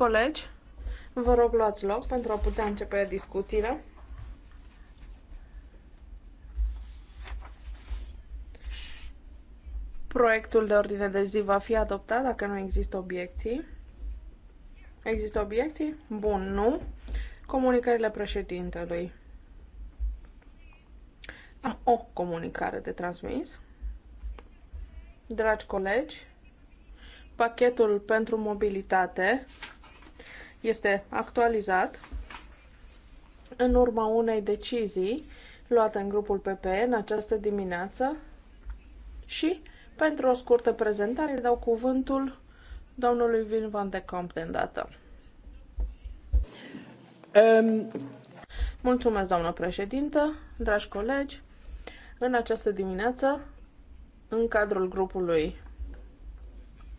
colegi, vă rog luați loc pentru a putea începe discuțiile. Proiectul de ordine de zi va fi adoptat dacă nu există obiecții. Există obiecții? Bun, nu. Comunicările președintelui. Am o comunicare de transmis. Dragi colegi, pachetul pentru mobilitate este actualizat în urma unei decizii luate în grupul PPE în această dimineață și pentru o scurtă prezentare dau cuvântul domnului Vin van de Comp de îndată. Um... Mulțumesc, doamnă președintă, dragi colegi. În această dimineață, în cadrul grupului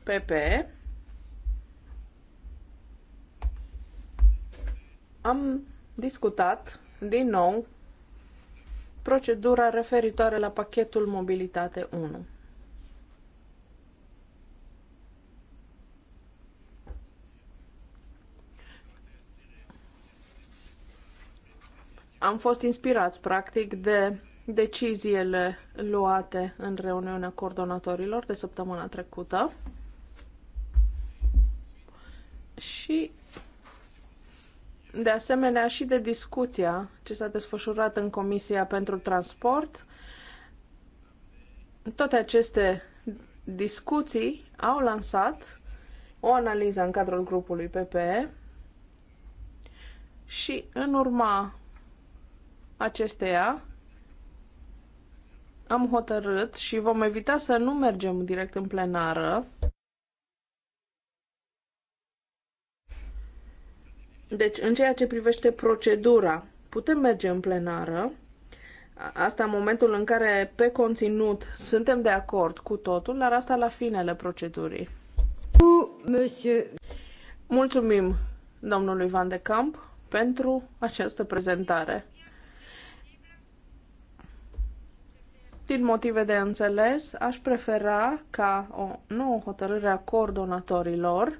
PPE, am discutat din nou procedura referitoare la pachetul Mobilitate 1. Am fost inspirați, practic, de deciziile luate în reuniunea coordonatorilor de săptămâna trecută și de asemenea și de discuția ce s-a desfășurat în Comisia pentru Transport. Toate aceste discuții au lansat o analiză în cadrul grupului PPE și în urma acesteia am hotărât și vom evita să nu mergem direct în plenară, Deci, în ceea ce privește procedura, putem merge în plenară. Asta în momentul în care, pe conținut, suntem de acord cu totul, dar asta la finele procedurii. Monsieur. Mulțumim domnului Van de Camp pentru această prezentare. Din motive de înțeles, aș prefera ca o nouă hotărâre a coordonatorilor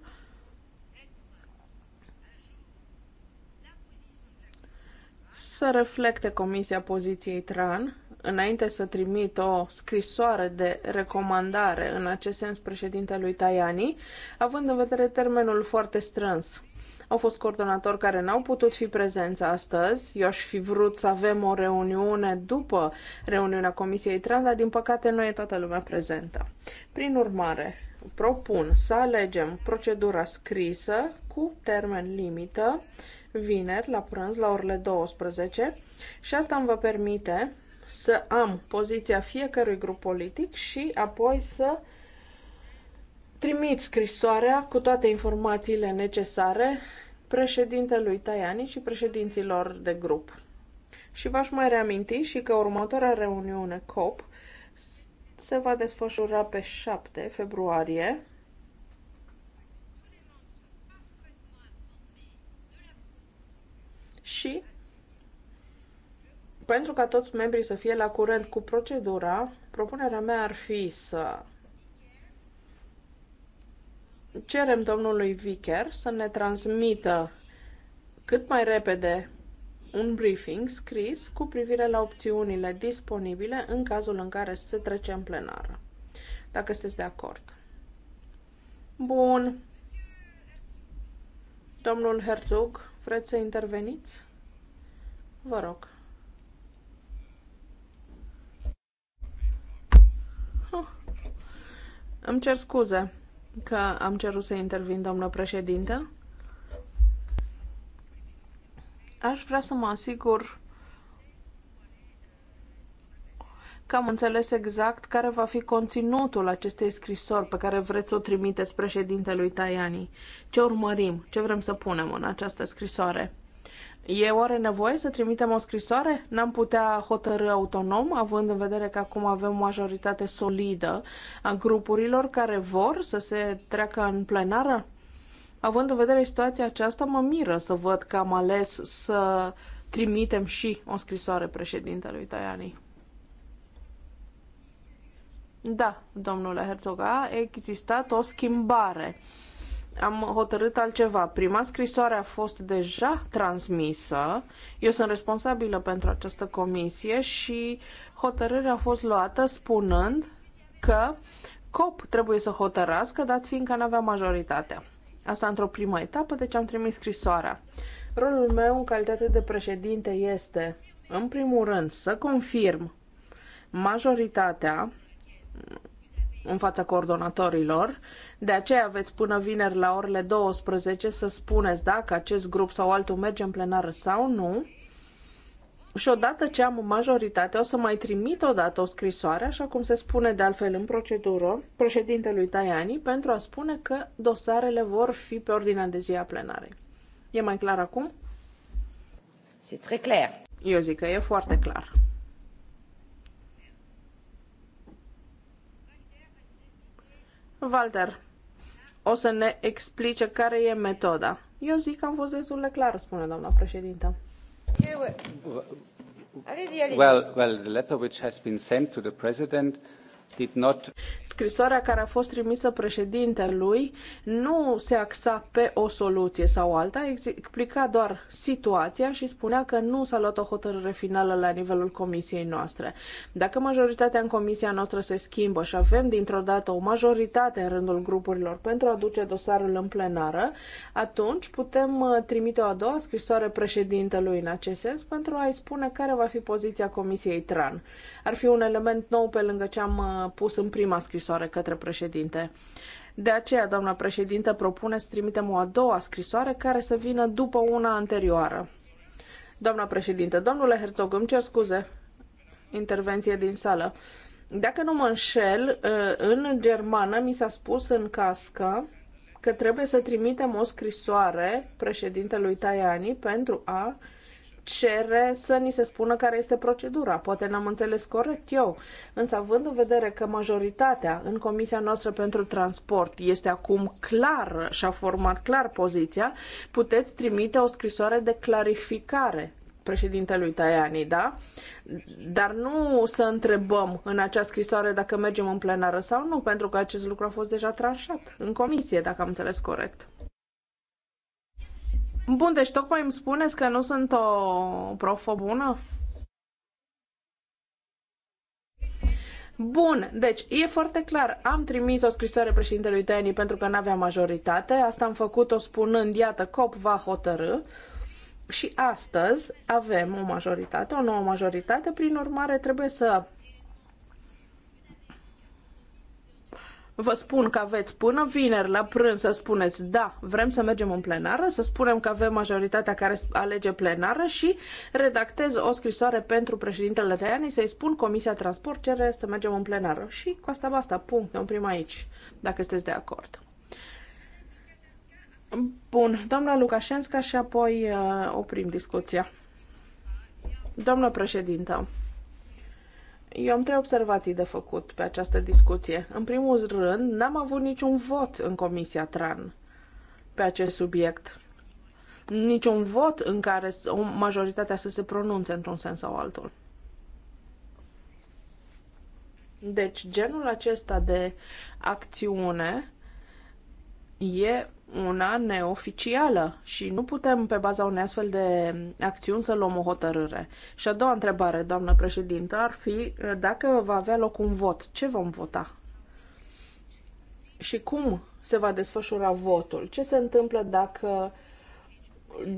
să reflecte Comisia Poziției TRAN, înainte să trimit o scrisoare de recomandare în acest sens președintelui Tajani, având în vedere termenul foarte strâns. Au fost coordonatori care n-au putut fi prezenți astăzi. Eu aș fi vrut să avem o reuniune după reuniunea Comisiei TRAN, dar din păcate nu e toată lumea prezentă. Prin urmare, propun să alegem procedura scrisă cu termen limită vineri, la prânz, la orele 12 și asta îmi va permite să am poziția fiecărui grup politic și apoi să trimit scrisoarea cu toate informațiile necesare președintelui Tajani și președinților de grup. Și v-aș mai reaminti și că următoarea reuniune COP se va desfășura pe 7 februarie și pentru ca toți membrii să fie la curent cu procedura, propunerea mea ar fi să cerem domnului Vicker să ne transmită cât mai repede un briefing scris cu privire la opțiunile disponibile în cazul în care se trece în plenară. Dacă sunteți de acord. Bun. Domnul Herzog Vreți să interveniți? Vă rog. Huh. Îmi cer scuze că am cerut să intervin, doamnă președinte. Aș vrea să mă asigur că am înțeles exact care va fi conținutul acestei scrisori pe care vreți să o trimiteți președintelui Tajani. Ce urmărim? Ce vrem să punem în această scrisoare? E oare nevoie să trimitem o scrisoare? N-am putea hotărâ autonom, având în vedere că acum avem majoritate solidă a grupurilor care vor să se treacă în plenară? Având în vedere situația aceasta, mă miră să văd că am ales să trimitem și o scrisoare președintelui Tajani. Da, domnule Herzog, a existat o schimbare. Am hotărât altceva. Prima scrisoare a fost deja transmisă. Eu sunt responsabilă pentru această comisie și hotărârea a fost luată spunând că COP trebuie să hotărască, dat fiindcă nu avea majoritatea. Asta într-o primă etapă, deci am trimis scrisoarea. Rolul meu în calitate de președinte este, în primul rând, să confirm majoritatea în fața coordonatorilor. De aceea aveți până vineri la orele 12 să spuneți dacă acest grup sau altul merge în plenară sau nu. Și odată ce am majoritate, o să mai trimit odată o scrisoare, așa cum se spune de altfel în procedură, președintelui Tajani, pentru a spune că dosarele vor fi pe ordinea de zi a plenarei. E mai clar acum? E très clar. Eu zic că e foarte clar. Walter, o să ne explice care e metoda. Eu zic că am fost destul de clar, spune doamna președintă. Well, well, the letter which has been sent to the president did not... Scrisoarea care a fost trimisă președintelui nu se axa pe o soluție sau alta, explica doar situația și spunea că nu s-a luat o hotărâre finală la nivelul comisiei noastre. Dacă majoritatea în comisia noastră se schimbă și avem dintr-o dată o majoritate în rândul grupurilor pentru a duce dosarul în plenară, atunci putem uh, trimite o a doua scrisoare președintelui în acest sens pentru a-i spune care va fi poziția comisiei TRAN ar fi un element nou pe lângă ce am uh, pus în prima scrisoare către președinte. De aceea, doamna președinte, propune să trimitem o a doua scrisoare care să vină după una anterioară. Doamna președinte, domnule Herzog, îmi cer scuze. Intervenție din sală. Dacă nu mă înșel, uh, în germană mi s-a spus în cască că trebuie să trimitem o scrisoare președintelui Tajani pentru a cere să ni se spună care este procedura. Poate n-am înțeles corect eu, însă având în vedere că majoritatea în Comisia noastră pentru transport este acum clar și-a format clar poziția, puteți trimite o scrisoare de clarificare președintelui Tajani, da? Dar nu să întrebăm în acea scrisoare dacă mergem în plenară sau nu, pentru că acest lucru a fost deja tranșat în comisie, dacă am înțeles corect. Bun, deci tocmai îmi spuneți că nu sunt o profă bună? Bun, deci e foarte clar. Am trimis o scrisoare președintelui Tajani pentru că nu avea majoritate. Asta am făcut-o spunând, iată, COP va hotărâ. Și astăzi avem o majoritate, o nouă majoritate, prin urmare trebuie să vă spun că aveți până vineri la prânz să spuneți da, vrem să mergem în plenară, să spunem că avem majoritatea care alege plenară și redactez o scrisoare pentru președintele Tajani să-i spun Comisia Transport cere să mergem în plenară. Și cu asta basta, punct, ne oprim aici, dacă sunteți de acord. Bun, doamna Lucașenska și apoi uh, oprim discuția. Doamnă președintă, eu am trei observații de făcut pe această discuție. În primul rând, n-am avut niciun vot în Comisia TRAN pe acest subiect. Niciun vot în care o majoritatea să se pronunțe într-un sens sau altul. Deci, genul acesta de acțiune e una neoficială și nu putem pe baza unei astfel de acțiuni să luăm o hotărâre. Și a doua întrebare, doamnă președintă, ar fi eh, dacă va avea loc un vot, ce vom vota? Și cum se va desfășura votul? Ce se întâmplă dacă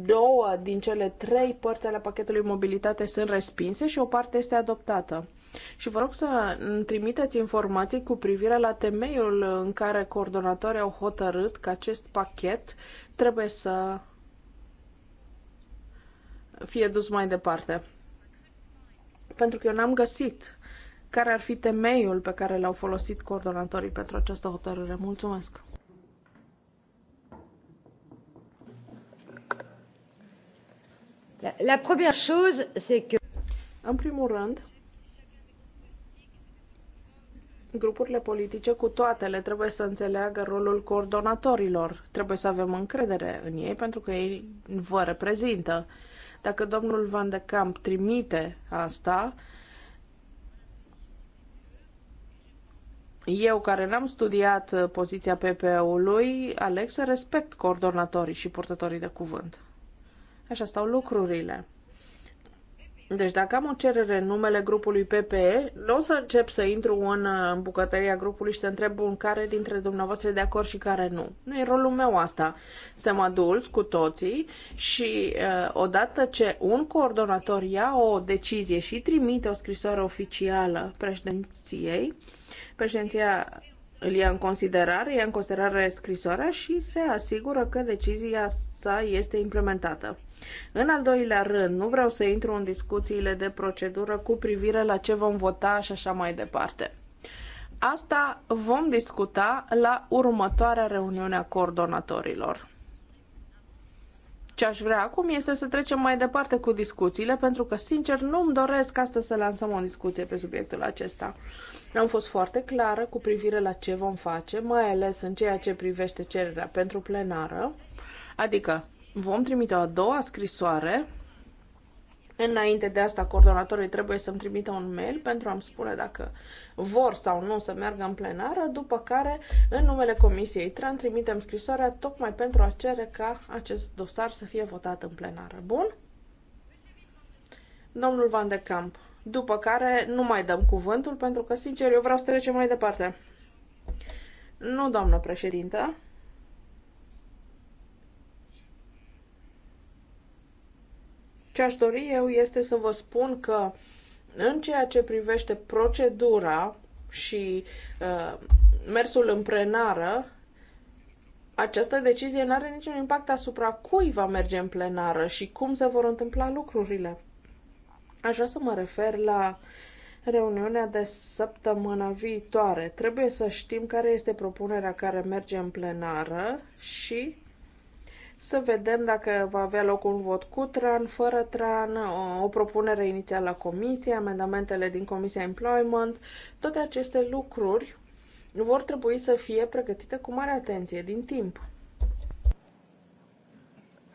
două din cele trei părți ale pachetului mobilitate sunt respinse și o parte este adoptată? Și vă rog să trimiteți informații cu privire la temeiul în care coordonatorii au hotărât că acest pachet trebuie să fie dus mai departe. Pentru că eu n-am găsit care ar fi temeiul pe care l-au folosit coordonatorii pentru această hotărâre. Mulțumesc! La, la première chose, c'est que... În primul rând, grupurile politice cu toatele trebuie să înțeleagă rolul coordonatorilor. Trebuie să avem încredere în ei pentru că ei vă reprezintă. Dacă domnul Van de Camp trimite asta, eu care n-am studiat poziția PPE-ului, aleg să respect coordonatorii și purtătorii de cuvânt. Așa stau lucrurile. Deci dacă am o cerere în numele grupului PPE, nu o să încep să intru în, uh, în bucătăria grupului și să întreb un care dintre dumneavoastră e de acord și care nu. Nu e rolul meu asta. Suntem adulți cu toții și uh, odată ce un coordonator ia o decizie și trimite o scrisoare oficială președinției, președinția îl ia în considerare, ia în considerare scrisoarea și se asigură că decizia sa este implementată. În al doilea rând, nu vreau să intru în discuțiile de procedură cu privire la ce vom vota și așa mai departe. Asta vom discuta la următoarea reuniune a coordonatorilor. Ce aș vrea acum este să trecem mai departe cu discuțiile, pentru că, sincer, nu-mi doresc astăzi să lansăm o discuție pe subiectul acesta. Am fost foarte clară cu privire la ce vom face, mai ales în ceea ce privește cererea pentru plenară, adică Vom trimite o a doua scrisoare. Înainte de asta, coordonatorii trebuie să-mi trimită un mail pentru a-mi spune dacă vor sau nu să meargă în plenară, după care, în numele Comisiei TRAN, trimitem scrisoarea tocmai pentru a cere ca acest dosar să fie votat în plenară. Bun? Domnul Van de Camp, după care nu mai dăm cuvântul, pentru că, sincer, eu vreau să trecem mai departe. Nu, doamnă președintă. Ce aș dori eu este să vă spun că în ceea ce privește procedura și uh, mersul în plenară, această decizie nu are niciun impact asupra cui va merge în plenară și cum se vor întâmpla lucrurile. Aș vrea să mă refer la reuniunea de săptămână viitoare. Trebuie să știm care este propunerea care merge în plenară și să vedem dacă va avea loc un vot cu TRAN, fără TRAN, o, o propunere inițială a Comisiei, amendamentele din Comisia Employment, toate aceste lucruri vor trebui să fie pregătite cu mare atenție din timp.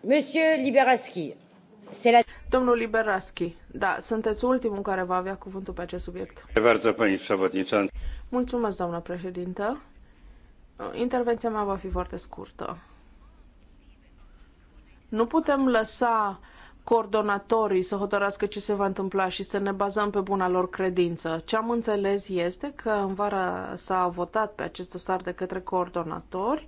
Monsieur Liberaschi, la... Domnul Liberaschi, da, sunteți ultimul care va avea cuvântul pe acest subiect. Mulțumesc, doamnă președintă. Intervenția mea va fi foarte scurtă. Nu putem lăsa coordonatorii să hotărască ce se va întâmpla și să ne bazăm pe buna lor credință. Ce am înțeles este că în vara s-a votat pe acest dosar de către coordonatori,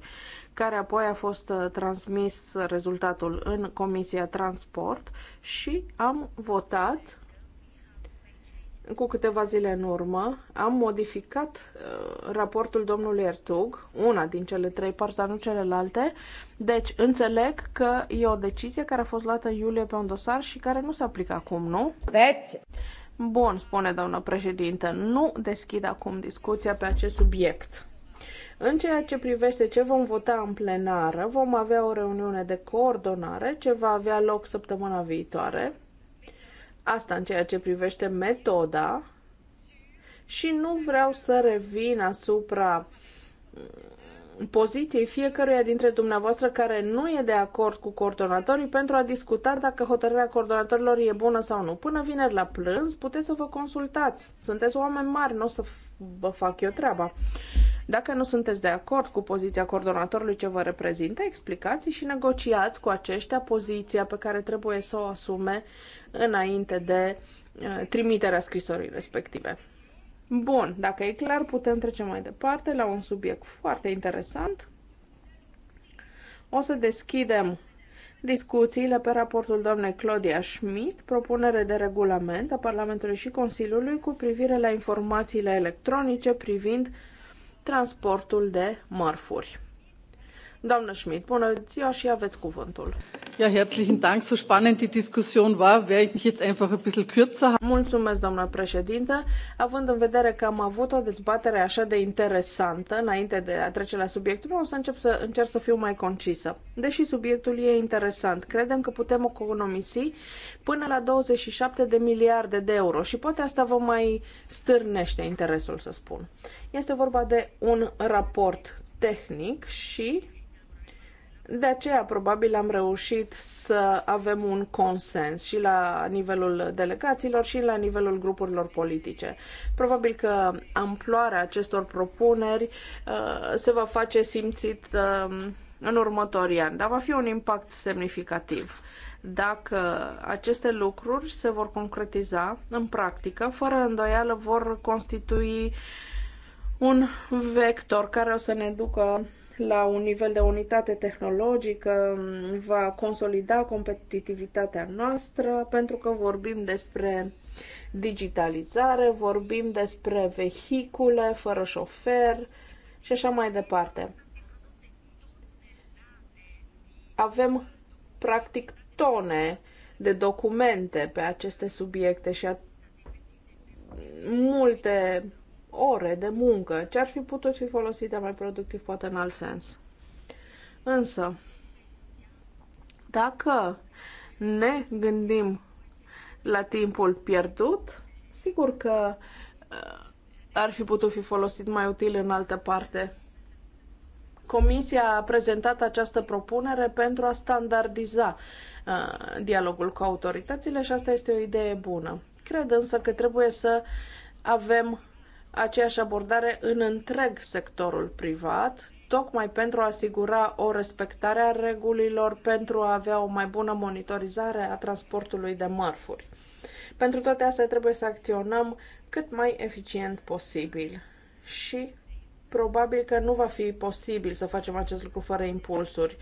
care apoi a fost uh, transmis rezultatul în Comisia Transport și am votat cu câteva zile în urmă, am modificat uh, raportul domnului Ertug, una din cele trei părți, dar nu celelalte. Deci, înțeleg că e o decizie care a fost luată în iulie pe un dosar și care nu se aplică acum, nu? Veți! Bun, spune doamna președintă, nu deschid acum discuția pe acest subiect. În ceea ce privește ce vom vota în plenară, vom avea o reuniune de coordonare ce va avea loc săptămâna viitoare, Asta în ceea ce privește metoda și nu vreau să revin asupra poziției fiecăruia dintre dumneavoastră care nu e de acord cu coordonatorii pentru a discuta dacă hotărârea coordonatorilor e bună sau nu. Până vineri la plânz puteți să vă consultați. Sunteți oameni mari, nu o să vă fac eu treaba. Dacă nu sunteți de acord cu poziția coordonatorului ce vă reprezintă, explicați și negociați cu aceștia poziția pe care trebuie să o asume înainte de uh, trimiterea scrisorii respective. Bun, dacă e clar, putem trece mai departe la un subiect foarte interesant. O să deschidem discuțiile pe raportul doamnei Claudia Schmidt, propunere de regulament a Parlamentului și Consiliului cu privire la informațiile electronice privind transportul de mărfuri. Doamnă Schmidt, bună ziua și aveți cuvântul. Ja, herzlichen Dank. So spannend die Diskussion war, wäre ich mich jetzt einfach ein bisschen kürzer. Mulțumesc, doamnă președinte. Având în vedere că am avut o dezbatere așa de interesantă înainte de a trece la subiectul meu, o să încep să încerc să fiu mai concisă. Deși subiectul e interesant, credem că putem economisi până la 27 de miliarde de euro și poate asta vă mai stârnește interesul, să spun. Este vorba de un raport tehnic și de aceea, probabil, am reușit să avem un consens și la nivelul delegațiilor și la nivelul grupurilor politice. Probabil că amploarea acestor propuneri uh, se va face simțit um, în următorii ani, dar va fi un impact semnificativ dacă aceste lucruri se vor concretiza în practică, fără îndoială vor constitui un vector care o să ne ducă la un nivel de unitate tehnologică, va consolida competitivitatea noastră, pentru că vorbim despre digitalizare, vorbim despre vehicule fără șofer și așa mai departe. Avem practic tone de documente pe aceste subiecte și multe ore de muncă, ce ar fi putut fi folosite mai productiv, poate în alt sens. Însă, dacă ne gândim la timpul pierdut, sigur că uh, ar fi putut fi folosit mai util în altă parte. Comisia a prezentat această propunere pentru a standardiza uh, dialogul cu autoritățile și asta este o idee bună. Cred însă că trebuie să avem aceeași abordare în întreg sectorul privat, tocmai pentru a asigura o respectare a regulilor, pentru a avea o mai bună monitorizare a transportului de mărfuri. Pentru toate astea trebuie să acționăm cât mai eficient posibil și probabil că nu va fi posibil să facem acest lucru fără impulsuri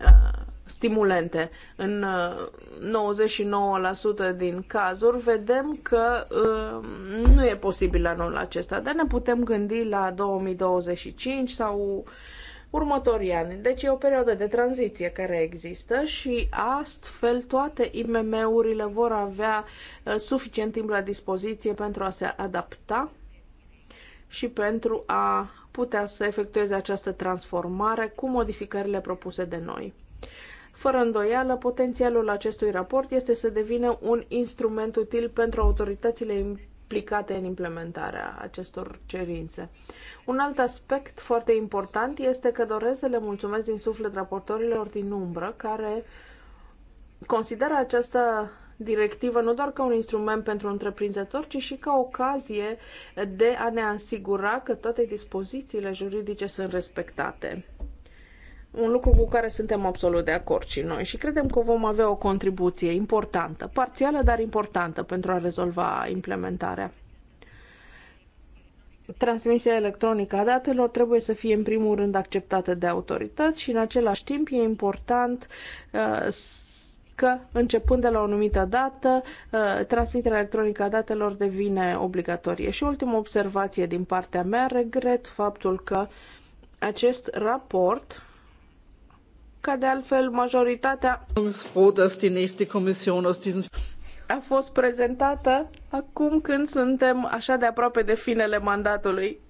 uh, stimulente. În uh, 99% din cazuri vedem că uh, nu e posibil anul acesta, dar ne putem gândi la 2025 sau următorii ani. Deci e o perioadă de tranziție care există și astfel toate IMM-urile vor avea uh, suficient timp la dispoziție pentru a se adapta și pentru a putea să efectueze această transformare cu modificările propuse de noi. Fără îndoială, potențialul acestui raport este să devină un instrument util pentru autoritățile implicate în implementarea acestor cerințe. Un alt aspect foarte important este că doresc să le mulțumesc din suflet raportorilor din umbră care consideră această directivă nu doar ca un instrument pentru întreprinzător, ci și ca ocazie de a ne asigura că toate dispozițiile juridice sunt respectate. Un lucru cu care suntem absolut de acord și noi și credem că vom avea o contribuție importantă, parțială, dar importantă pentru a rezolva implementarea. Transmisia electronică a datelor trebuie să fie în primul rând acceptată de autorități și în același timp e important uh, că începând de la o anumită dată, uh, transmiterea electronică a datelor devine obligatorie. Și ultima observație din partea mea, regret faptul că acest raport ca de altfel majoritatea a fost prezentată acum când suntem așa de aproape de finele mandatului.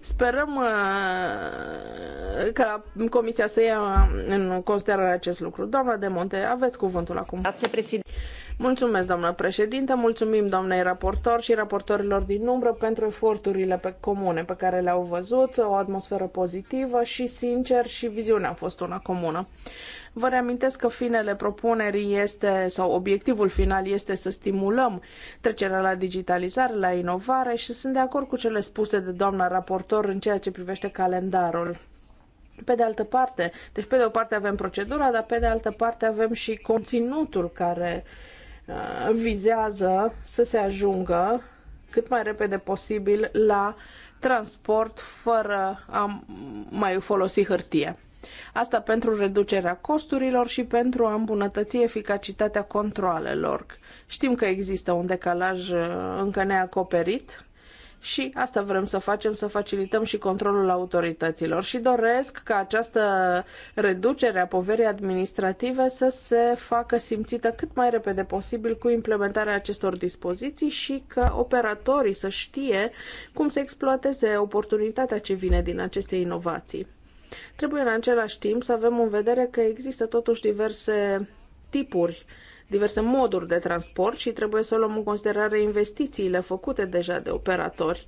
Sperăm uh, ca Comisia să ia în considerare acest lucru. Doamna de Monte, aveți cuvântul acum. Grazie, președinte. Mulțumesc, doamnă președinte, mulțumim doamnei raportor și raportorilor din umbră pentru eforturile pe comune pe care le-au văzut, o atmosferă pozitivă și, sincer, și viziunea a fost una comună. Vă reamintesc că finele propunerii este, sau obiectivul final este să stimulăm trecerea la digitalizare, la inovare și sunt de acord cu cele spuse de doamna raportor în ceea ce privește calendarul. Pe de altă parte, deci pe de o parte avem procedura, dar pe de altă parte avem și conținutul care uh, Uh, vizează să se ajungă cât mai repede posibil la transport fără a mai folosi hârtie. Asta pentru reducerea costurilor și pentru a îmbunătăți eficacitatea controalelor. Știm că există un decalaj uh, încă neacoperit și asta vrem să facem, să facilităm și controlul autorităților și doresc ca această reducere a poverii administrative să se facă simțită cât mai repede posibil cu implementarea acestor dispoziții și că operatorii să știe cum să exploateze oportunitatea ce vine din aceste inovații. Trebuie în același timp să avem în vedere că există totuși diverse tipuri uh, diverse moduri de transport și trebuie să luăm în considerare investițiile făcute deja de operatori.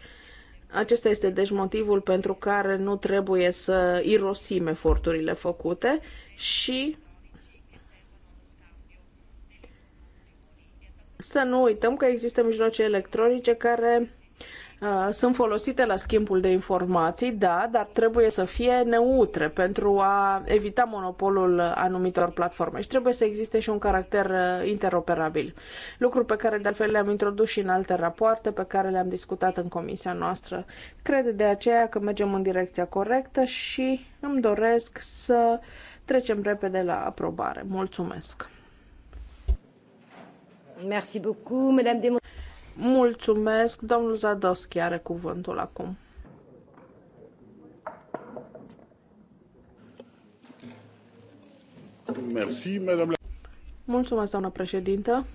Acesta este deci motivul pentru care nu trebuie să irosim eforturile făcute și să nu uităm că există mijloace electronice care Uh, sunt folosite la schimbul de informații, da, dar trebuie să fie neutre pentru a evita monopolul anumitor platforme și trebuie să existe și un caracter uh, interoperabil. Lucru pe care de altfel le-am introdus și în alte rapoarte pe care le-am discutat în comisia noastră. Cred de aceea că mergem în direcția corectă și îmi doresc să trecem repede la aprobare. Mulțumesc! Merci beaucoup, Madame Mulțumesc. Domnul Zadoschi are cuvântul acum. Merci, madame Mulțumesc, doamnă președintă.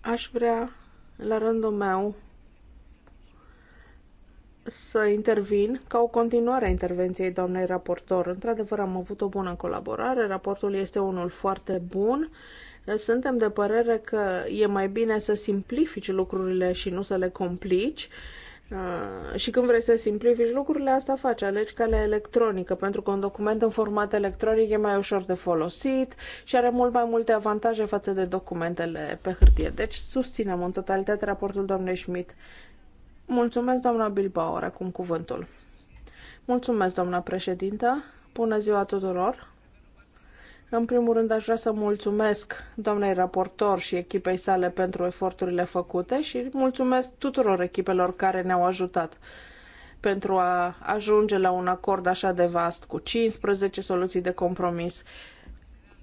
Aș vrea, la rândul meu, să intervin ca o continuare a intervenției doamnei raportor. Într-adevăr, am avut o bună colaborare, raportul este unul foarte bun suntem de părere că e mai bine să simplifici lucrurile și nu să le complici. Uh, și când vrei să simplifici lucrurile, asta faci, alegi calea electronică, pentru că un document în format electronic e mai ușor de folosit și are mult mai multe avantaje față de documentele pe hârtie. Deci susținem în totalitate raportul doamnei Schmidt. Mulțumesc, doamna Bilbao, acum cuvântul. Mulțumesc, doamna președintă. Bună ziua tuturor! În primul rând, aș vrea să mulțumesc doamnei raportor și echipei sale pentru eforturile făcute și mulțumesc tuturor echipelor care ne-au ajutat pentru a ajunge la un acord așa de vast cu 15 soluții de compromis.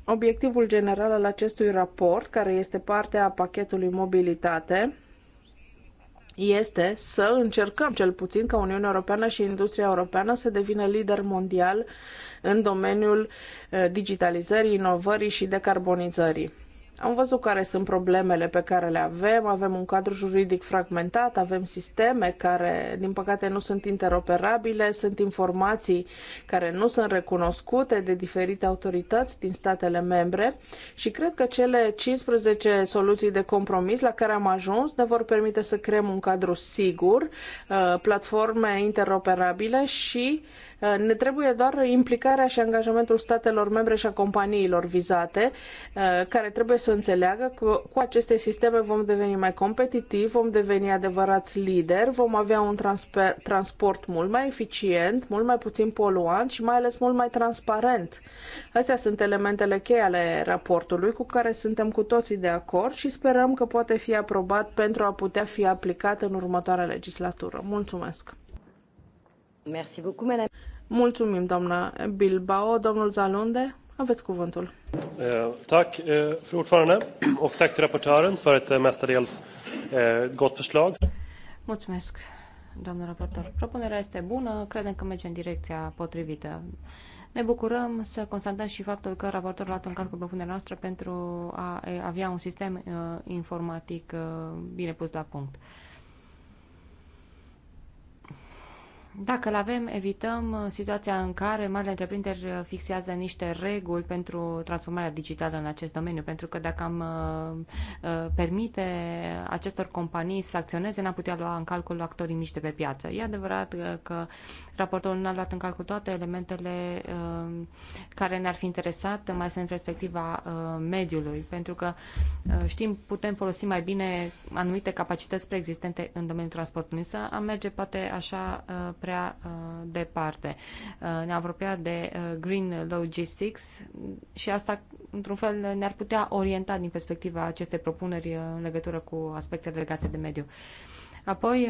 Obiectivul general al acestui raport, care este parte a pachetului mobilitate, este să încercăm cel puțin ca Uniunea Europeană și industria europeană să devină lider mondial în domeniul eh, digitalizării, inovării și decarbonizării. Am văzut care sunt problemele pe care le avem, avem un cadru juridic fragmentat, avem sisteme care, din păcate, nu sunt interoperabile, sunt informații care nu sunt recunoscute de diferite autorități din statele membre și cred că cele 15 soluții de compromis la care am ajuns ne vor permite să creăm un cadru sigur, uh, platforme interoperabile și Uh, ne trebuie doar implicarea și angajamentul statelor membre și a companiilor vizate, uh, care trebuie să înțeleagă că cu aceste sisteme vom deveni mai competitivi, vom deveni adevărați lideri, vom avea un transport mult mai eficient, mult mai puțin poluant și mai ales mult mai transparent. Astea sunt elementele cheie ale raportului cu care suntem cu toții de acord și sperăm că poate fi aprobat pentru a putea fi aplicat în următoarea legislatură. Mulțumesc! Merci beaucoup, madame. Mulțumim, doamna Bilbao. Domnul Zalunde, aveți cuvântul. Eh, tack, eh, fru ordförande, och tack till rapportören för ett eh, mestadels gott förslag. Mulțumesc, doamna raportor. Propunerea este bună, credem că merge în direcția potrivită. Ne bucurăm să constatăm și faptul că raportorul a luat în calcul propunerea noastră pentru a avea un sistem uh, informatic uh, bine pus la punct. Uh, Dacă îl avem, evităm uh, situația în care marile întreprinderi uh, fixează niște reguli pentru transformarea digitală în acest domeniu, pentru că dacă am uh, permite acestor companii să acționeze, n-am putea lua în calcul actorii mici de pe piață. E adevărat că raportul nu a luat în calcul toate elementele care ne-ar fi interesat, mai sunt în perspectiva mediului, pentru că știm, putem folosi mai bine anumite capacități preexistente în domeniul transportului, să am merge poate așa prea uh, departe. Uh, ne-am apropiat de uh, Green Logistics și asta, într-un fel, ne-ar putea orienta din perspectiva acestei propuneri în legătură cu aspectele legate de mediu. Apoi,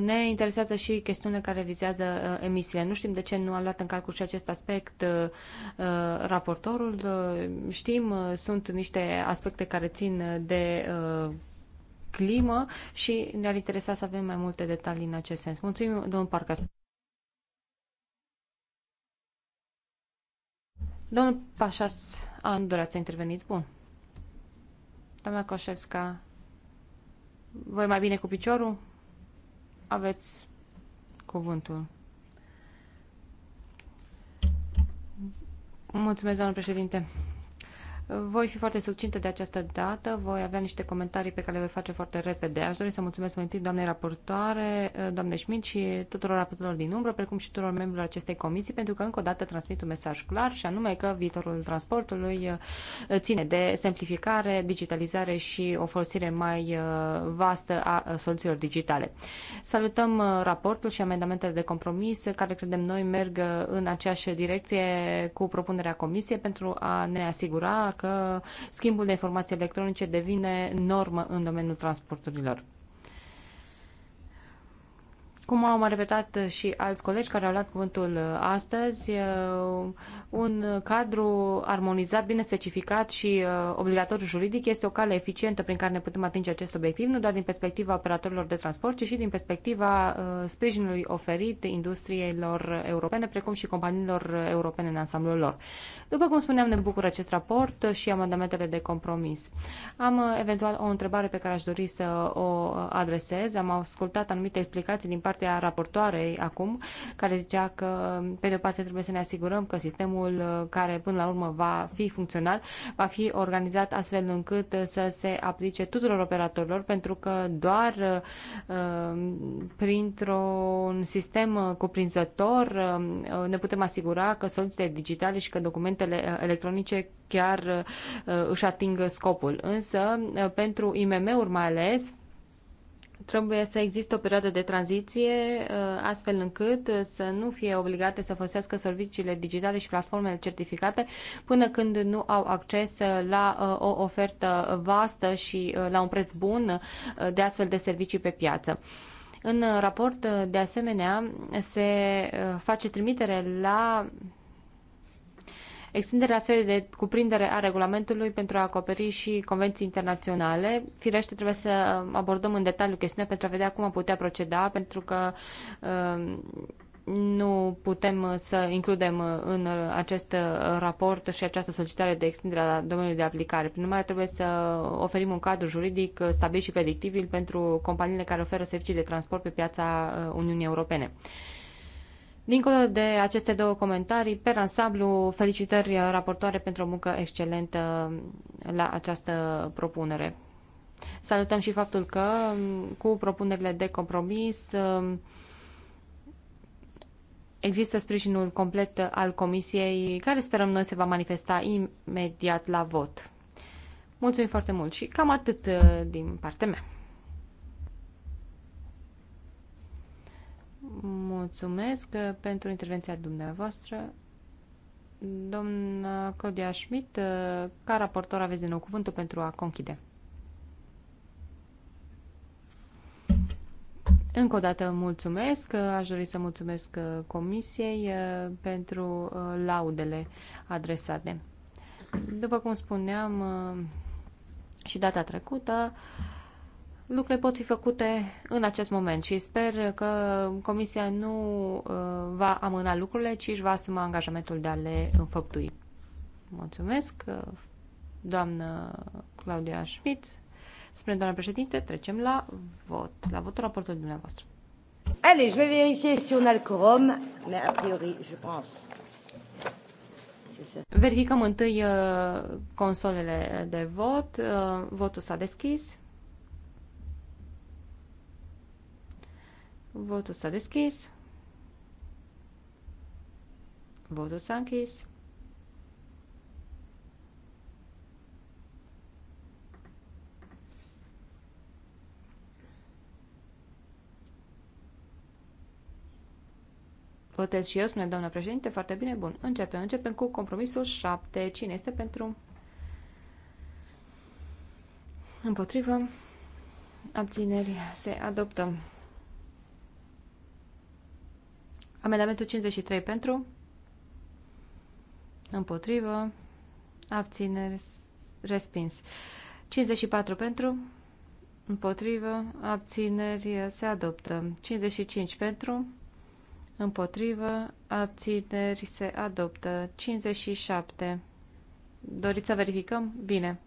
ne interesează și chestiunile care vizează uh, emisiile. Nu știm de ce nu a luat în calcul și acest aspect uh, raportorul. Uh, știm, uh, sunt niște aspecte care țin de uh, climă și ne-ar interesa să avem mai multe detalii în acest sens. Mulțumim, domnul Parcas. Domnul Pașas, a, nu doreați să interveniți? Bun. Doamna Coșevska, voi mai bine cu piciorul? Aveți cuvântul. Mulțumesc, doamnă președinte. Voi fi foarte succintă de această dată, voi avea niște comentarii pe care le voi face foarte repede. Aș dori să mulțumesc mai întâi doamnei raportoare, doamne Schmidt și tuturor raportorilor din umbră, precum și tuturor membrilor acestei comisii, pentru că încă o dată transmit un mesaj clar și anume că viitorul transportului uh, ține de simplificare, digitalizare și o folosire mai uh, vastă a uh, soluțiilor digitale. Salutăm raportul și amendamentele de compromis care credem noi merg în aceeași direcție cu propunerea comisiei pentru a ne asigura că schimbul de informații electronice devine normă în domeniul transporturilor. Cum au mai repetat și alți colegi care au luat cuvântul uh, astăzi, uh, un cadru armonizat, bine specificat și uh, obligatoriu juridic este o cale eficientă prin care ne putem atinge acest obiectiv, nu doar din perspectiva operatorilor de transport, ci și din perspectiva sprijinului oferit industriilor europene, precum și companiilor europene în ansamblul lor. După cum spuneam, ne bucură acest raport și amendamentele de compromis. Am eventual o întrebare pe care aș dori să o adresez. Am ascultat anumite explicații din partea partea raportoarei acum, care zicea că, pe de o parte, trebuie să ne asigurăm că sistemul uh, care, până la urmă, va fi funcțional, va fi organizat astfel încât uh, să se aplice tuturor operatorilor, pentru că doar uh, printr-un sistem uh, cuprinzător uh, ne putem asigura că soluțiile digitale și că documentele electronice chiar uh, își ating scopul. Însă, pentru IMM-uri mai ales, Trebuie să existe o perioadă de tranziție uh, astfel încât uh, să nu fie obligate să folosească serviciile digitale și platformele certificate până când nu au acces uh, la o ofertă vastă și la un preț bun de astfel de servicii pe piață. În raport, de asemenea, se face trimitere la Extinderea sferei de cuprindere a regulamentului pentru a acoperi și convenții internaționale. Firește, trebuie să abordăm în detaliu chestiunea pentru a vedea cum am putea proceda, pentru că um, nu putem să includem în acest raport și această solicitare de extindere a domeniului de aplicare. Prin urmare, trebuie să oferim un cadru juridic stabil și predictibil pentru companiile care oferă servicii de transport pe piața uh, Uniunii Europene. Dincolo de aceste două comentarii, per ansamblu, felicitări uh, raportoare pentru o muncă excelentă uh, la această propunere. Salutăm și faptul că um, cu propunerile de compromis um, există sprijinul complet al Comisiei, care sperăm noi se va manifesta imediat la vot. Mulțumim foarte mult și cam atât uh, din partea mea. mulțumesc uh, pentru intervenția dumneavoastră. Domnul Claudia Schmidt, uh, ca raportor aveți din nou cuvântul pentru a conchide. Încă o dată mulțumesc, uh, aș dori să mulțumesc Comisiei pentru laudele adresate. După cum spuneam și data trecută, lucrurile pot fi făcute în acest moment și sper că Comisia nu uh, va amâna lucrurile, ci își va asuma angajamentul de a le înfăptui. Mulțumesc, uh, doamnă Claudia Schmidt. Spre doamna președinte, trecem la vot, la votul raportului dumneavoastră. Allez, je vais vérifier si on a le quorum, mais a priori, je pense. Verificăm întâi uh, consolele de vot. Uh, votul s-a deschis. Votul s-a deschis. Votul s-a închis. Votez și eu, spune doamna președinte. Foarte bine, bun. Începem. Începem cu compromisul 7. Cine este pentru? Împotrivă. Abțineri. Se adoptă. Amendamentul 53 pentru, împotrivă, abțineri, respins. 54 pentru, împotrivă, abțineri, se adoptă. 55 pentru, împotrivă, abțineri, se adoptă. 57. Doriți să verificăm? Bine.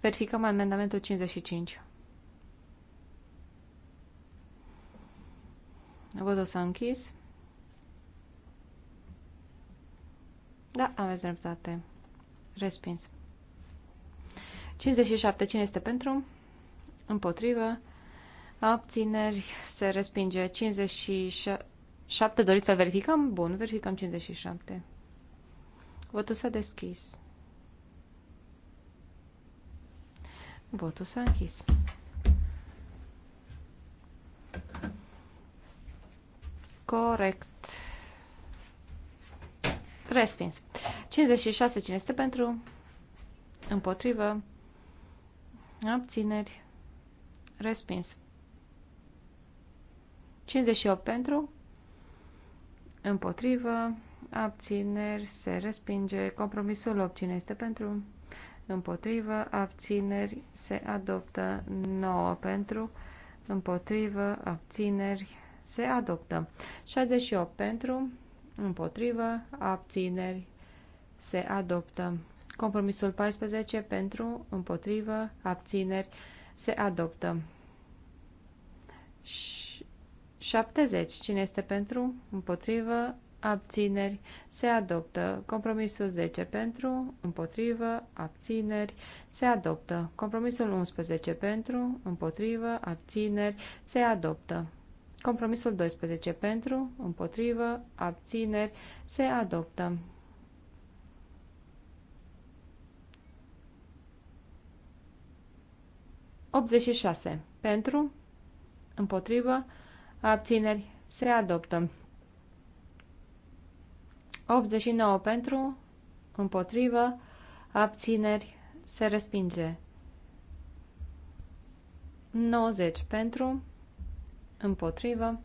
Verificăm amendamentul 55. Votul s-a închis. Da, aveți dreptate. Respins. 57. Cine este pentru? Împotrivă. Abțineri. Se respinge. 57. Doriți să verificăm? Bun, verificăm 57. Votul s-a deschis. Votul s-a închis. Corect. Respins. 56 cine este pentru? Împotrivă. Abțineri. Respins. 58 pentru. Împotrivă. Abțineri. Se respinge. Compromisul 8 cine este pentru? Împotrivă. Abțineri. Se adoptă. 9 pentru. Împotrivă. Abțineri. Se adoptă. 68 pentru împotrivă, abțineri, se adoptă. Compromisul 14 pentru, împotrivă, abțineri, se adoptă. 70. Cine este pentru, împotrivă, abțineri, se adoptă. Compromisul 10 pentru, împotrivă, abțineri, se adoptă. Compromisul 11 pentru, împotrivă, abțineri, se adoptă. Compromisul 12 pentru, împotrivă, abțineri, se adoptă. ...86. Pentru, împotrivă, abțineri, se adoptă. 89 pentru, împotrivă, abțineri, se respinge. 90 pentru, împotrivă,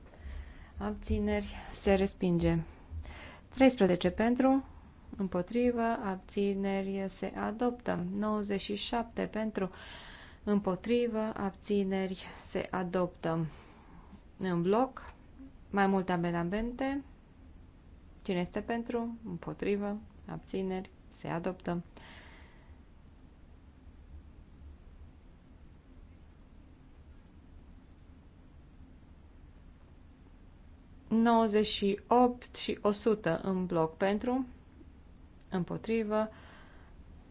abțineri, se respinge. 13 pentru, împotrivă, abțineri, se adoptă. 97 pentru, împotrivă, abțineri, se adoptă. În bloc, mai multe amendamente. Cine este pentru, împotrivă, abțineri, se adoptă. 98 și 100 în bloc pentru, împotrivă,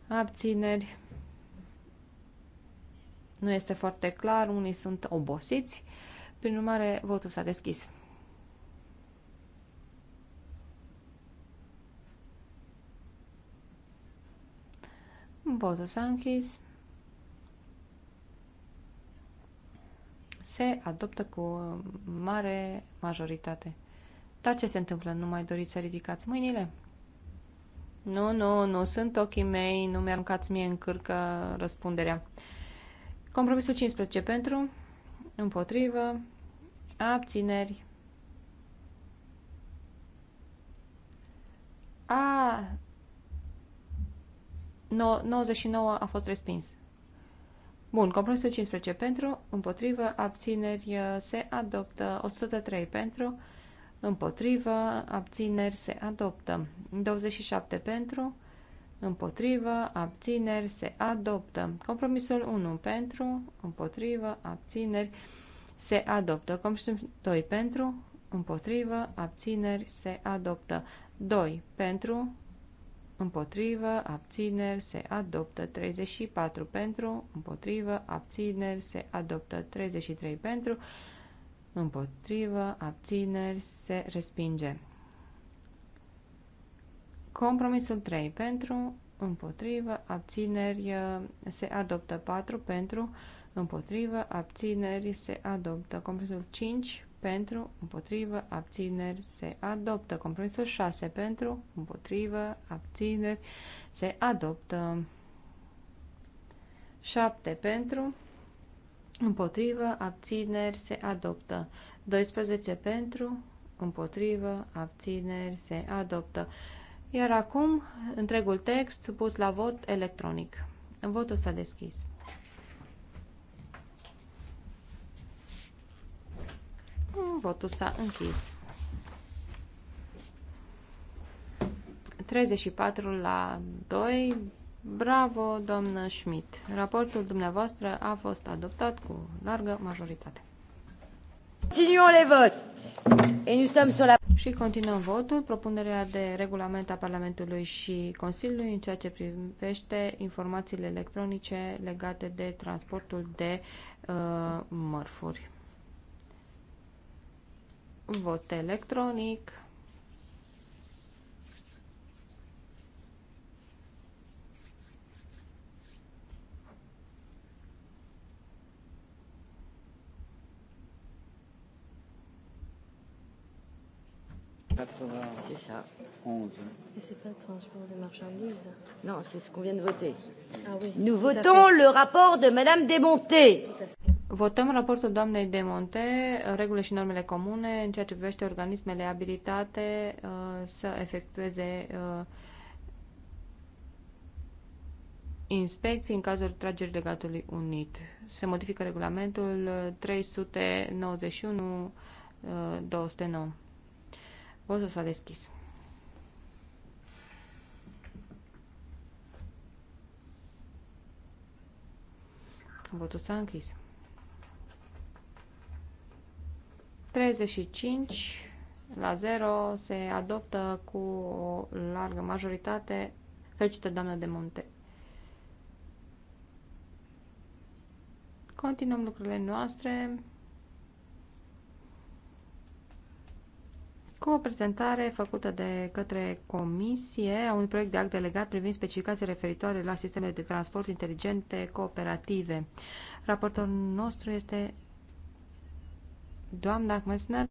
abțineri. Nu este foarte clar, unii sunt obosiți, prin urmare votul s-a deschis. Votul s-a închis. se adoptă cu mare majoritate. Dar ce se întâmplă? Nu mai doriți să ridicați mâinile? Nu, nu, nu sunt ochii mei, nu mi-aruncați mie în cârcă răspunderea. Compromisul 15 pentru, împotrivă, abțineri. A, no, 99 a fost respins. Bun, compromisul 15 uh, pentru, împotrivă, abțineri se adoptă, 103 pentru, împotrivă, abțineri se adoptă, 27 pentru, împotrivă, abțineri se adoptă, compromisul 1 pentru, împotrivă, abțineri se adoptă, compromisul 2 pentru, împotrivă, abțineri se adoptă, 2 pentru, împotrivă, abțineri, se adoptă 34 pentru, împotrivă, abțineri, se adoptă 33 pentru, împotrivă, abțineri, se respinge. Compromisul 3 pentru, împotrivă, abțineri, se adoptă 4 pentru, împotrivă, abțineri, se adoptă. Compromisul 5 pentru, împotrivă, abțineri, se adoptă. Compromisul 6 pentru, împotrivă, abțineri, se adoptă. 7 pentru, împotrivă, abțineri, se adoptă. 12 pentru, împotrivă, abțineri, se adoptă. Iar acum, întregul text supus la vot electronic. Votul s-a deschis. Votul s-a închis. 34 la 2. Bravo, doamnă Schmidt. Raportul dumneavoastră a fost adoptat cu largă majoritate. Continuăm le vot. Et nous sommes sur la... Și continuăm votul, propunerea de regulament a Parlamentului și Consiliului în ceea ce privește informațiile electronice legate de transportul de uh, mărfuri. Vot electronic. C'est ça. 11. Et c'est pas le transport des marchandises Non, c'est ce qu'on vient de voter. Ah oui. Nous votons le rapport de Madame Desmonté. Votăm raportul doamnei de Monte, regulile și normele comune în ceea ce privește organismele abilitate uh, să efectueze uh, inspecții în cazul tragerii legatului unit. Se modifică regulamentul 391 uh, 209. Votul s-a deschis. Votul s-a închis. 35 la 0 se adoptă cu o largă majoritate. Felicită, doamnă de munte! Continuăm lucrurile noastre cu o prezentare făcută de către Comisie a unui proiect de act delegat privind specificații referitoare la sistemele de transport inteligente cooperative. Raportorul nostru este Doamna Măsner?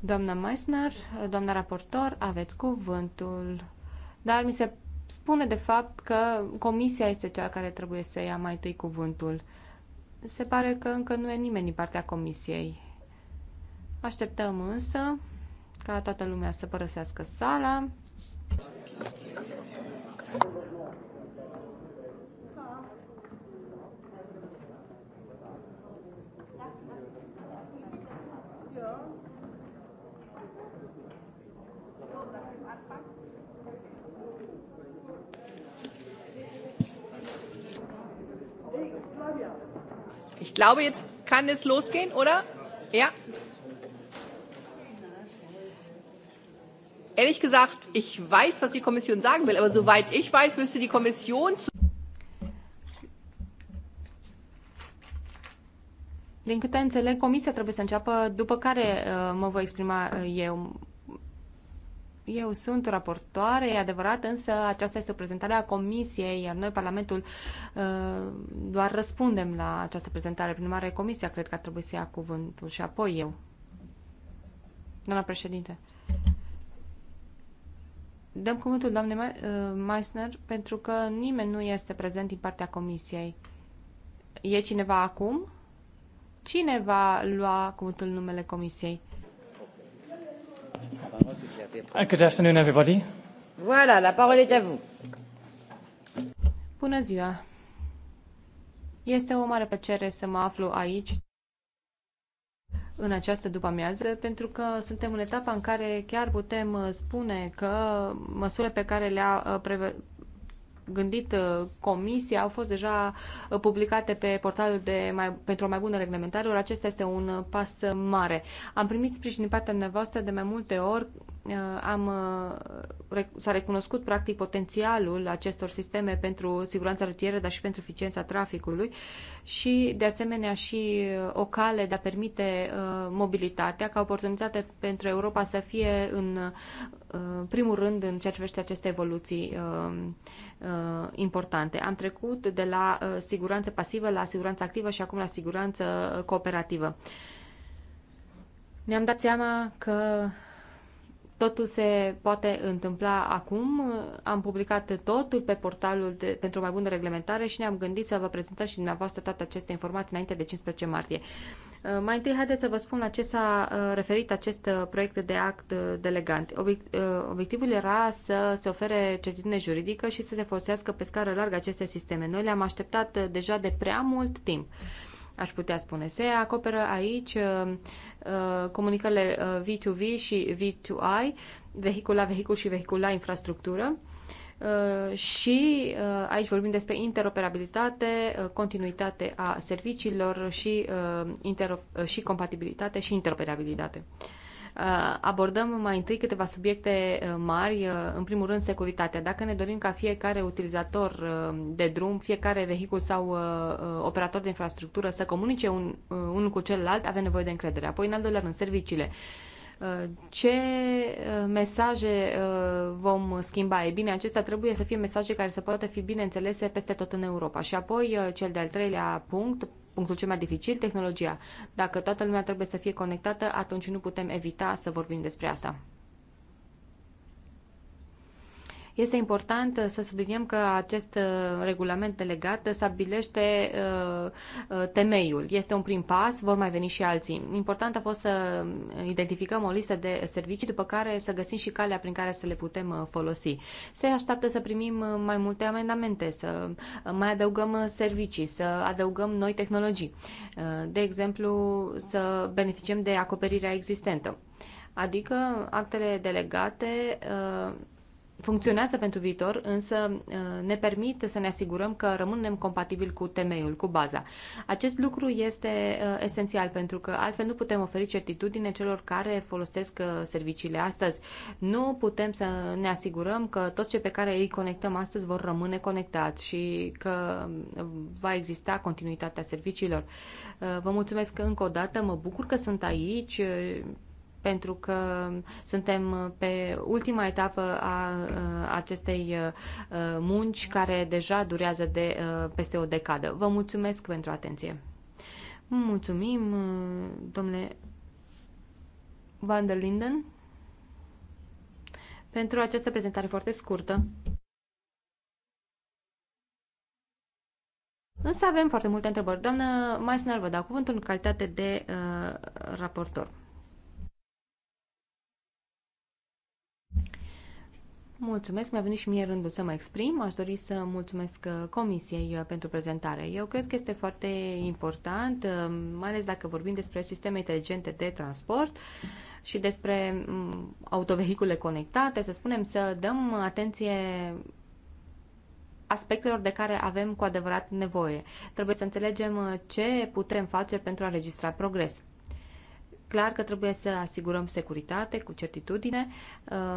Doamna Meissner, doamna raportor, aveți cuvântul. Dar mi se spune de fapt că comisia este cea care trebuie să ia mai întâi cuvântul. Se pare că încă nu e nimeni din partea comisiei. Așteptăm însă ca toată lumea să părăsească sala. Ich glaube, jetzt kann es losgehen, oder? Ja. Ehrlich gesagt, ich weiß, was die Kommission sagen will, aber soweit ich weiß, müsste die Kommission zu Din câte înțeleg, comisia trebuie să înceapă, după care uh, mă voi exprima uh, eu. Eu sunt raportoare, e adevărat, însă aceasta este o prezentare a Comisiei, iar noi, Parlamentul, uh, doar răspundem la această prezentare. Prin urmare, Comisia cred că ar trebui să ia cuvântul și apoi eu. Doamna președinte. Dăm cuvântul doamnei uh, Meissner pentru că nimeni nu este prezent din partea Comisiei. E cineva acum? Cine va lua cuvântul numele Comisiei? Uh, good afternoon, everybody. Voilà, la parole est à vous. Bună ziua! Este o mare plăcere să mă aflu aici în această după-amiază, pentru că suntem în etapa în care chiar putem uh, spune că măsurile pe care le-a uh, preve- gândit comisia au fost deja publicate pe portalul de mai, pentru o mai bună reglementare, ori acesta este un pas mare. Am primit sprijin din partea dumneavoastră de mai multe ori Uh, am, uh, s-a recunoscut practic potențialul acestor sisteme pentru siguranța rutieră, dar și pentru eficiența traficului și de asemenea și uh, o cale de a permite mobilitatea ca oportunitate pentru Europa să fie în primul rând în ceea ce privește aceste evoluții importante. Am trecut de la siguranță pasivă la siguranță activă și acum la siguranță cooperativă. Ne-am dat seama că Totul se poate întâmpla acum. Am publicat totul pe portalul de, pentru mai bună reglementare și ne-am gândit să vă prezentăm și dumneavoastră toate aceste informații înainte de 15 martie. Uh, mai întâi, haideți să vă spun la ce s-a uh, referit acest uh, proiect de act delegant. Obiectivul era să se ofere certitudine juridică și să se folosească pe scară largă aceste sisteme. Noi le-am așteptat deja de prea mult timp aș putea spune. Se acoperă aici uh, uh, comunicările V2V uh, și V2I, vehicul la vehicul și vehicul la infrastructură. Și aici vorbim despre interoperabilitate, continuitate a serviciilor și, și compatibilitate și interoperabilitate. Uh, abordăm mai întâi câteva subiecte uh, mari, uh, în primul rând securitatea. Dacă ne dorim ca fiecare utilizator de drum, fiecare vehicul sau operator de infrastructură să comunice un, unul cu celălalt, avem nevoie de încredere. Apoi, în al doilea rând, serviciile ce uh, mesaje uh, vom schimba? E bine, acestea trebuie să fie mesaje care să poată fi bine înțelese peste tot în Europa. Și apoi, uh, cel de-al treilea punct, punctul cel mai dificil, tehnologia. Dacă toată lumea trebuie să fie conectată, atunci nu putem evita să vorbim despre asta. Este important uh, să subliniem că acest uh, regulament delegat stabilește uh, temeiul. Este un prim pas, vor mai veni și alții. Important a fost să identificăm o listă de servicii, după care să găsim și calea prin care să le putem folosi. Se așteaptă să primim mai multe amendamente, să mai adăugăm servicii, să adăugăm noi tehnologii. De exemplu, să beneficiem de acoperirea existentă. Adică actele delegate funcționează pentru viitor, însă uh, ne permite să ne asigurăm că rămânem compatibili cu temeiul, cu baza. Acest lucru este uh, esențial pentru că altfel nu putem oferi certitudine celor care folosesc uh, serviciile astăzi. Nu putem să ne asigurăm că tot ce pe care îi conectăm astăzi vor rămâne conectați și că va exista continuitatea serviciilor. Vă mulțumesc încă o dată, mă bucur că sunt aici pentru că suntem pe ultima etapă a acestei munci care deja durează de peste o decadă. Vă mulțumesc pentru atenție. Mulțumim, domnule Van der Linden, pentru această prezentare foarte scurtă. Însă avem foarte multe întrebări. Doamnă Meissner, vă dau cuvântul în calitate de uh, raportor. Mulțumesc, mi-a venit și mie rândul să mă exprim. Aș dori să mulțumesc uh, Comisiei uh, pentru prezentare. Eu cred că este foarte important, uh, mai ales dacă vorbim despre sisteme inteligente de transport și despre mm, autovehicule conectate, să spunem, să dăm atenție aspectelor de care avem cu adevărat nevoie. Trebuie să înțelegem ce putem face pentru a registra progres clar că trebuie să asigurăm securitate cu certitudine,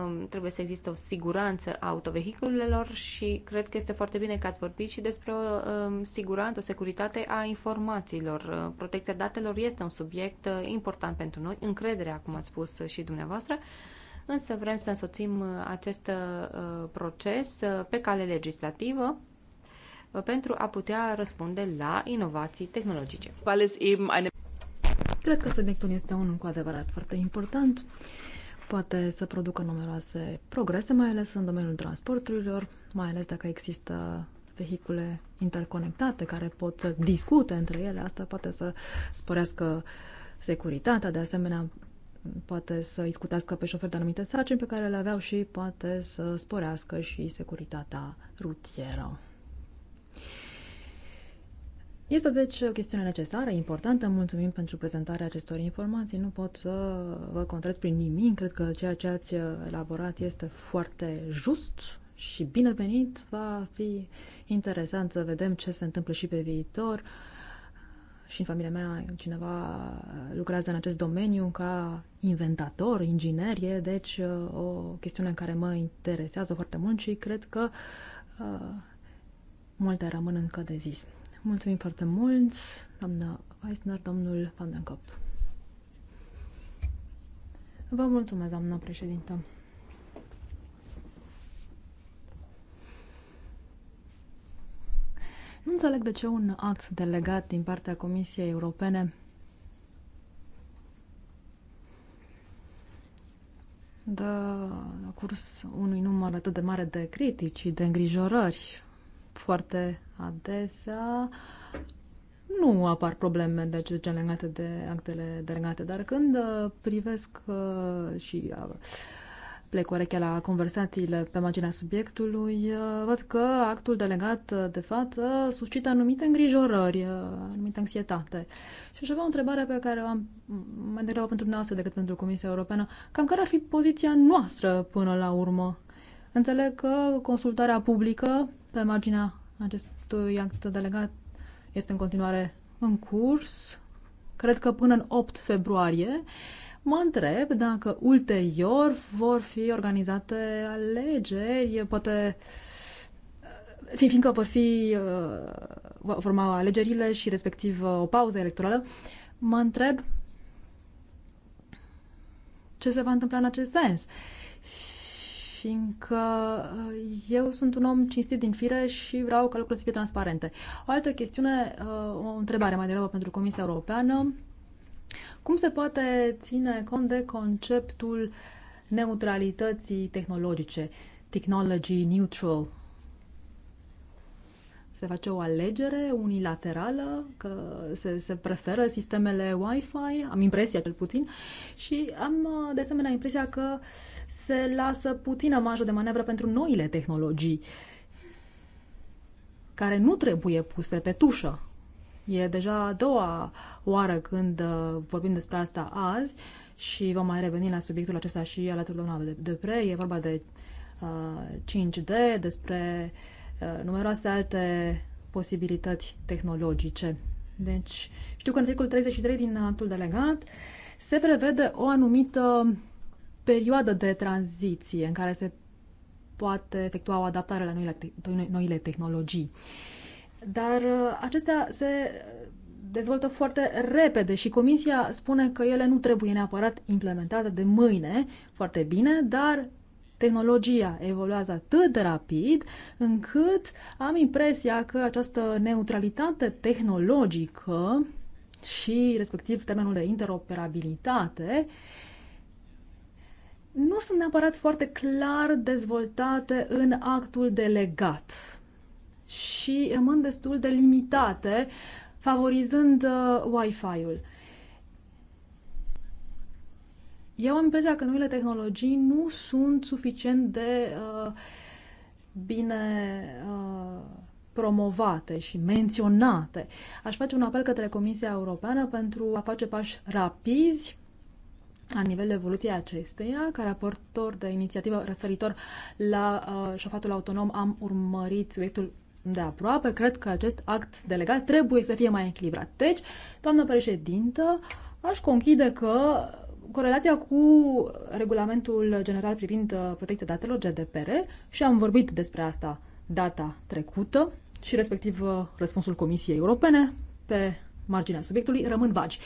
um, trebuie să există o siguranță a autovehiculelor și cred că este foarte bine că ați vorbit și despre o um, siguranță, o securitate a informațiilor. Uh, protecția datelor este un subiect uh, important pentru noi, încrederea, cum ați spus și dumneavoastră, însă vrem să însoțim uh, acest proces pe cale legislativă pentru a putea răspunde la inovații tehnologice. Cred că subiectul este unul cu adevărat foarte important. Poate să producă numeroase progrese, mai ales în domeniul transporturilor, mai ales dacă există vehicule interconectate care pot să discute între ele. Asta poate să sporească securitatea, de asemenea poate să îi scutească pe șofer de anumite sarcini pe care le aveau și poate să sporească și securitatea rutieră. Este deci o chestiune necesară, importantă. Mulțumim pentru prezentarea acestor informații. Nu pot să vă contrez prin nimic. Cred că ceea ce ați elaborat este foarte just și binevenit. Va fi interesant să vedem ce se întâmplă și pe viitor. Și în familia mea cineva lucrează în acest domeniu ca inventator, inginer, e deci o chestiune care mă interesează foarte mult și cred că uh, multe rămân încă de zis. Mulțumim foarte mult, doamna Weisner, domnul Van den Kopp. Vă mulțumesc, doamna președintă. Nu înțeleg de ce un act delegat din partea Comisiei Europene dă curs unui număr atât de mare de critici și de îngrijorări foarte adesea nu apar probleme de acest gen legate de actele delegate, dar când uh, privesc uh, și uh, plec urechea la conversațiile pe marginea subiectului, văd că actul delegat de față suscită anumite îngrijorări, anumite anxietate. Și aș avea o întrebare pe care o am mai degrabă pentru dumneavoastră decât pentru Comisia Europeană. Cam care ar fi poziția noastră până la urmă? Înțeleg că consultarea publică pe marginea acestui act delegat este în continuare în curs, cred că până în 8 februarie. Mă întreb dacă ulterior vor fi organizate alegeri, poate fi, fiindcă vor fi uh, forma alegerile și respectiv uh, o pauză electorală, mă întreb ce se va întâmpla în acest sens fiindcă uh, eu sunt un om cinstit din fire și vreau ca lucrurile să fie transparente. O altă chestiune, uh, o întrebare mai degrabă pentru Comisia Europeană. Cum se poate ține cont de conceptul neutralității tehnologice, technology neutral se face o alegere unilaterală, că se, se preferă sistemele Wi-Fi, am impresia cel puțin, și am uh, de asemenea impresia că se lasă puțină marjă de manevră pentru noile tehnologii care nu trebuie puse pe tușă. E deja a doua oară când uh, vorbim despre asta azi și vom mai reveni la subiectul acesta și alături de doamna Depre. E vorba de uh, 5D, despre uh, Uh, numeroase alte posibilități tehnologice. Deci, știu că în articolul 33 din actul delegat se prevede o anumită perioadă de tranziție în care se poate efectua o adaptare la noile, noile tehnologii. Dar uh, acestea se dezvoltă foarte repede și Comisia spune că ele nu trebuie neapărat implementate de mâine foarte bine, dar tehnologia evoluează atât de rapid încât am impresia că această neutralitate tehnologică și respectiv termenul de interoperabilitate nu sunt neapărat foarte clar dezvoltate în actul delegat și rămân destul de limitate, favorizând uh, Wi-Fi-ul eu am impresia că noile tehnologii nu sunt suficient de uh, bine uh, promovate și menționate. Aș face un apel către Comisia Europeană pentru a face pași rapizi la nivelul evoluției acesteia, ca raportor de inițiativă referitor la uh, șofatul autonom, am urmărit subiectul de aproape. Cred că acest act delegat trebuie să fie mai echilibrat. Deci, doamnă președintă, aș conchide că corelația cu regulamentul general privind uh, protecția datelor, GDPR, și am vorbit despre asta data trecută și respectiv uh, răspunsul Comisiei Europene pe marginea subiectului rămân vagi.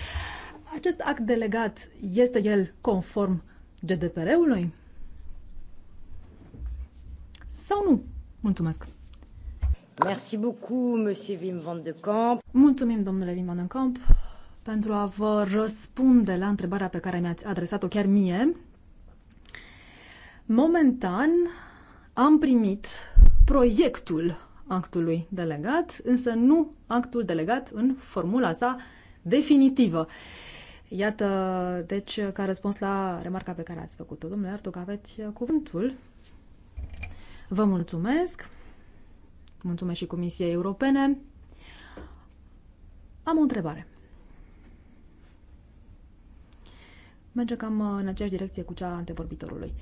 Acest act delegat este el conform GDPR-ului? Sau nu? Mulțumesc! Merci beaucoup, monsieur Wim van de Kamp. Mulțumim, domnule Wim van de Kamp pentru a vă răspunde la întrebarea pe care mi-ați adresat-o chiar mie. Momentan am primit proiectul actului delegat, însă nu actul delegat în formula sa definitivă. Iată, deci, ca răspuns la remarca pe care ați făcut-o, domnule Artuc, aveți cuvântul. Vă mulțumesc. Mulțumesc și Comisiei Europene. Am o întrebare. merge cam uh, în aceeași direcție cu cea antevorbitorului.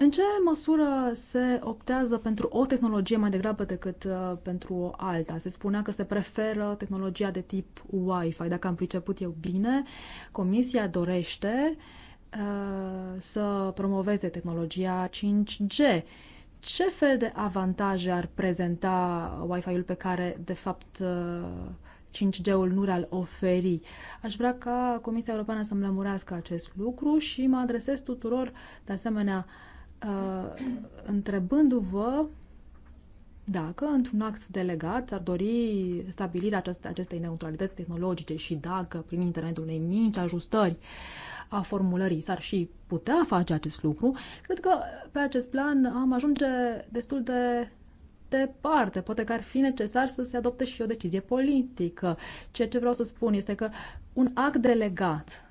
În ce măsură se optează pentru o tehnologie mai degrabă decât uh, pentru alta? Se spunea că se preferă tehnologia de tip Wi-Fi. Dacă am priceput eu bine, Comisia dorește uh, să promoveze tehnologia 5G. Ce fel de avantaje ar prezenta Wi-Fi-ul pe care, de fapt, 5G-ul uh, nu le-ar oferi. Aș vrea ca Comisia Europeană să-mi lămurească acest lucru și mă adresez tuturor, de asemenea, uh, întrebându-vă dacă, într-un act delegat, ar dori stabilirea acestei neutralități tehnologice și dacă, prin intermediul unei mici ajustări a formulării. S-ar și putea face acest lucru. Cred că pe acest plan am ajunge destul de departe. Poate că ar fi necesar să se adopte și o decizie politică. Ceea ce vreau să spun este că un act delegat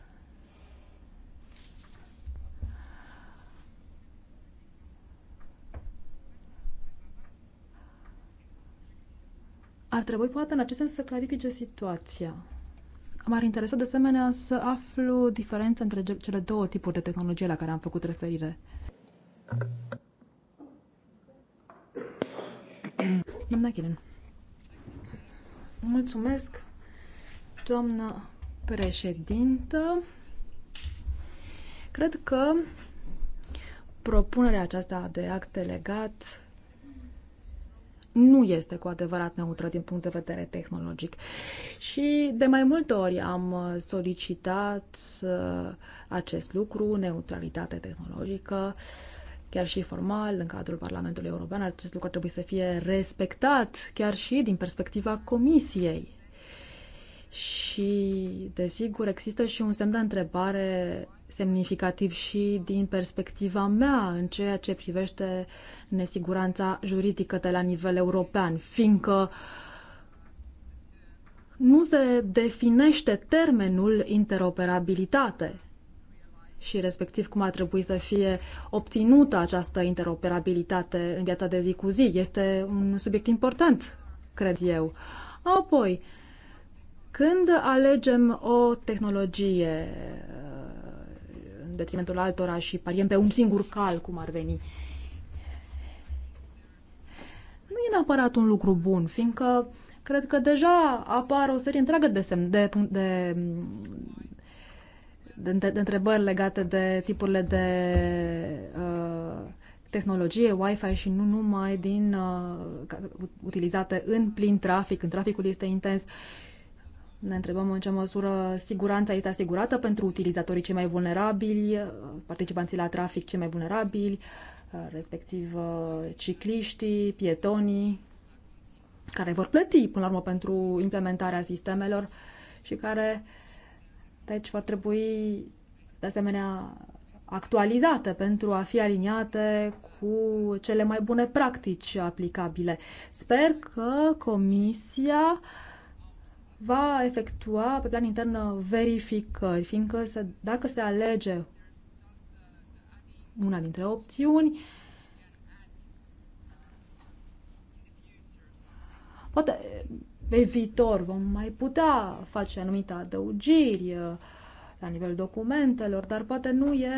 ar trebui poate în acest sens să clarifice situația. M-ar interesa de asemenea să aflu diferența între cele două tipuri de tehnologie la care am făcut referire. Doamna Chilin. Mulțumesc, doamnă președintă. Cred că propunerea aceasta de act delegat nu este cu adevărat neutră din punct de vedere tehnologic. Și de mai multe ori am solicitat uh, acest lucru, neutralitate tehnologică, chiar și formal, în cadrul Parlamentului European, acest lucru trebuie să fie respectat chiar și din perspectiva Comisiei. Și, desigur, există și un semn de întrebare semnificativ și din perspectiva mea în ceea ce privește nesiguranța juridică de la nivel european, fiindcă nu se definește termenul interoperabilitate și respectiv cum ar trebui să fie obținută această interoperabilitate în viața de zi cu zi. Este un subiect important, cred eu. Apoi, când alegem o tehnologie detrimentul altora și pariem pe un singur cal, cum ar veni. Nu e neapărat un lucru bun, fiindcă cred că deja apar o serie întreagă de, semn, de, de, de, de întrebări legate de tipurile de uh, tehnologie, Wi-Fi și nu numai din uh, utilizate în plin trafic, când traficul este intens ne întrebăm în ce măsură siguranța este asigurată pentru utilizatorii cei mai vulnerabili, participanții la trafic cei mai vulnerabili, respectiv uh, cicliștii, pietonii, care vor plăti până la urmă pentru implementarea sistemelor și care deci vor trebui de asemenea actualizate pentru a fi aliniate cu cele mai bune practici aplicabile. Sper că Comisia uh, va efectua pe plan intern verificări, fiindcă se, dacă se alege una dintre opțiuni, poate pe viitor vom mai putea face anumite adăugiri, la nivel documentelor, dar poate nu e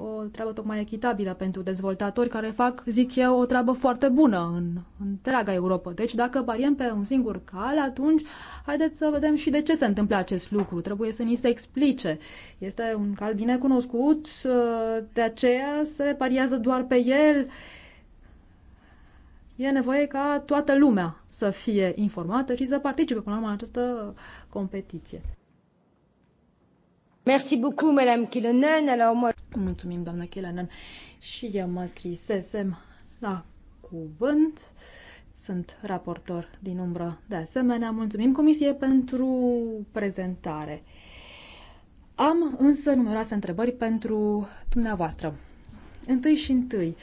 o treabă tocmai echitabilă pentru dezvoltatori care fac, zic eu, o treabă foarte bună în întreaga Europa. Deci dacă bariem pe un singur cal, atunci haideți să vedem și de ce se întâmplă acest lucru. Trebuie să ni se explice. Este un cal bine cunoscut, de aceea se pariază doar pe el e nevoie ca toată lumea să fie informată și să participe până la urmă această competiție. Merci beaucoup, Madame Alors, moi... Mulțumim, doamna Kilonen. Și eu mă scrisesem la cuvânt. Sunt raportor din umbră de asemenea. Mulțumim Comisie pentru prezentare. Am însă numeroase întrebări pentru dumneavoastră. Întâi și întâi,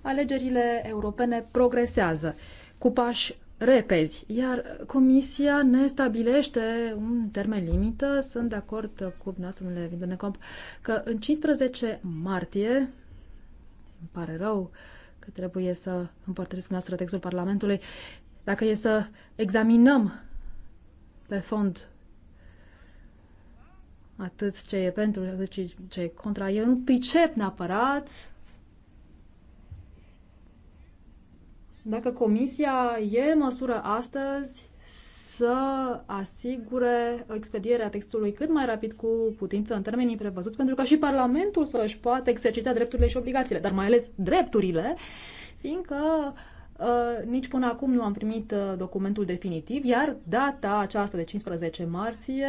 alegerile europene progresează cu pași repezi, iar Comisia ne stabilește un termen limită. Sunt de acord cu dumneavoastră, domnule Vindenecomp, că în 15 martie, îmi pare rău că trebuie să împărtășesc dumneavoastră textul Parlamentului, dacă e să examinăm pe fond atât ce e pentru, atât ce e contra, eu nu pricep neapărat dacă Comisia e în măsură astăzi să asigure expedierea textului cât mai rapid cu putință în termenii prevăzuți, pentru ca și Parlamentul să își poată exercita drepturile și obligațiile, dar mai ales drepturile, fiindcă uh, nici până acum nu am primit uh, documentul definitiv, iar data aceasta de 15 martie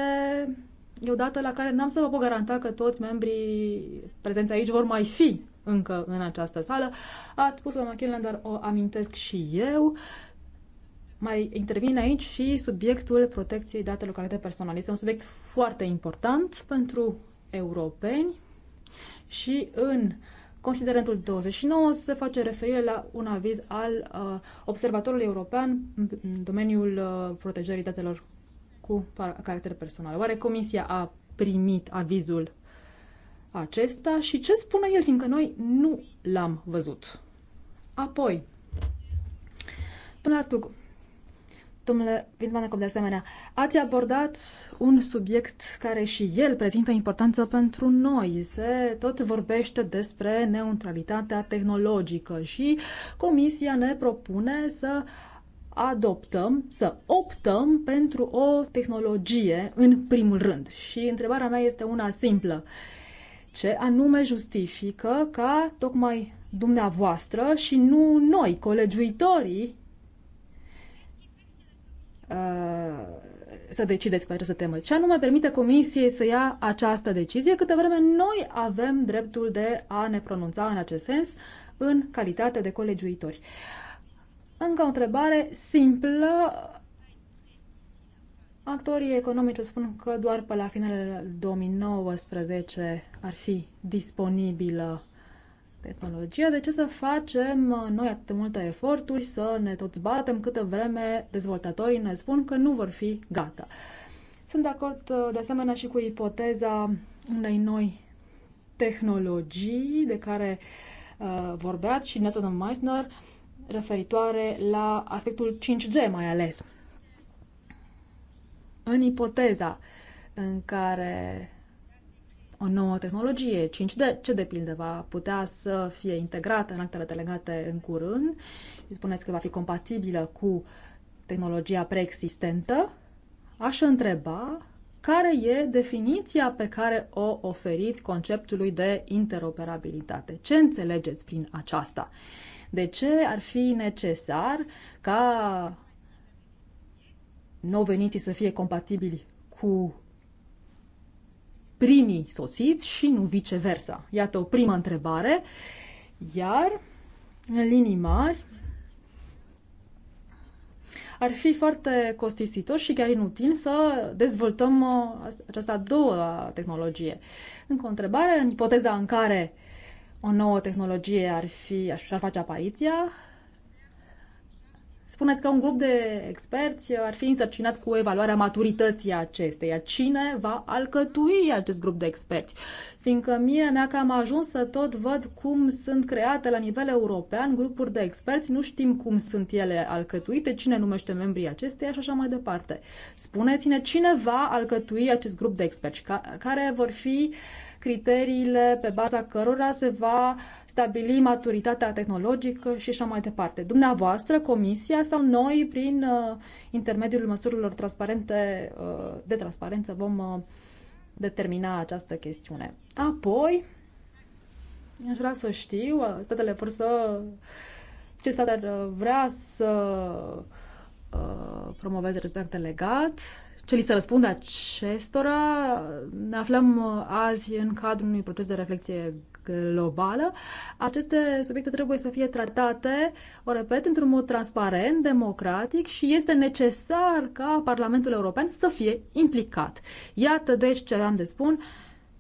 e o dată la care n-am să vă pot garanta că toți membrii prezenți aici vor mai fi încă în această sală. A spus-o McKinley, dar o amintesc și eu. Mai intervine aici și subiectul protecției datelor care de personal. Este un subiect foarte important pentru europeni și în Considerentul 29 se face referire la un aviz al uh, Observatorului European în domeniul uh, protejării datelor cu caracter personal. Oare Comisia a primit avizul acesta și ce spune el, fiindcă noi nu l-am văzut. Apoi, domnule Artug, domnule Vindmanecov, de asemenea, ați abordat un subiect care și el prezintă importanță pentru noi. Se tot vorbește despre neutralitatea tehnologică și Comisia ne propune să adoptăm, să optăm pentru o tehnologie în primul rând. Și întrebarea mea este una simplă ce anume justifică ca tocmai dumneavoastră și nu noi, colegiuitorii, uh, să decideți pe această temă. Ce anume permite Comisiei să ia această decizie, câte vreme noi avem dreptul de a ne pronunța în acest sens în calitate de colegiuitori. Încă o întrebare simplă Actorii economici spun că doar pe la finalul 2019 ar fi disponibilă tehnologia. De ce să facem noi atât multe eforturi să ne tot zbatem câtă vreme dezvoltatorii ne spun că nu vor fi gata? Sunt de acord de asemenea și cu ipoteza unei noi tehnologii de care uh, vorbeați și Nesodon Meissner referitoare la aspectul 5G mai ales în ipoteza în care o nouă tehnologie, 5D, ce de pildă, va putea să fie integrată în actele delegate în curând și spuneți că va fi compatibilă cu tehnologia preexistentă, aș întreba care e definiția pe care o oferiți conceptului de interoperabilitate. Ce înțelegeți prin aceasta? De ce ar fi necesar ca nou veniți să fie compatibili cu primii soțiți și nu viceversa? Iată o prima întrebare. Iar, în linii mari, ar fi foarte costisitor și chiar inutil să dezvoltăm uh, această a doua tehnologie. Încă o întrebare, în ipoteza în care o nouă tehnologie ar, fi, ar face apariția, Spuneți că un grup de experți ar fi însărcinat cu evaluarea maturității acesteia. Cine va alcătui acest grup de experți? Fiindcă mie mi-a cam ajuns să tot văd cum sunt create la nivel european grupuri de experți, nu știm cum sunt ele alcătuite, cine numește membrii acesteia și așa mai departe. Spuneți-ne cine va alcătui acest grup de experți, care vor fi uh, criteriile pe baza cărora se va stabili maturitatea tehnologică și așa mai departe. Dumneavoastră, Comisia sau noi, prin uh, intermediul măsurilor transparente, uh, de transparență, vom uh, determina această chestiune. Apoi, aș vrea să știu, statele vor să... Ce stat ar vrea să promoveze respect legat ce li se răspunde acestora ne aflăm uh, azi în cadrul unui proces de reflexie globală. Aceste subiecte trebuie să fie tratate, o repet, într-un mod transparent, democratic și este necesar ca Parlamentul European să fie implicat. Iată deci ce am de spun.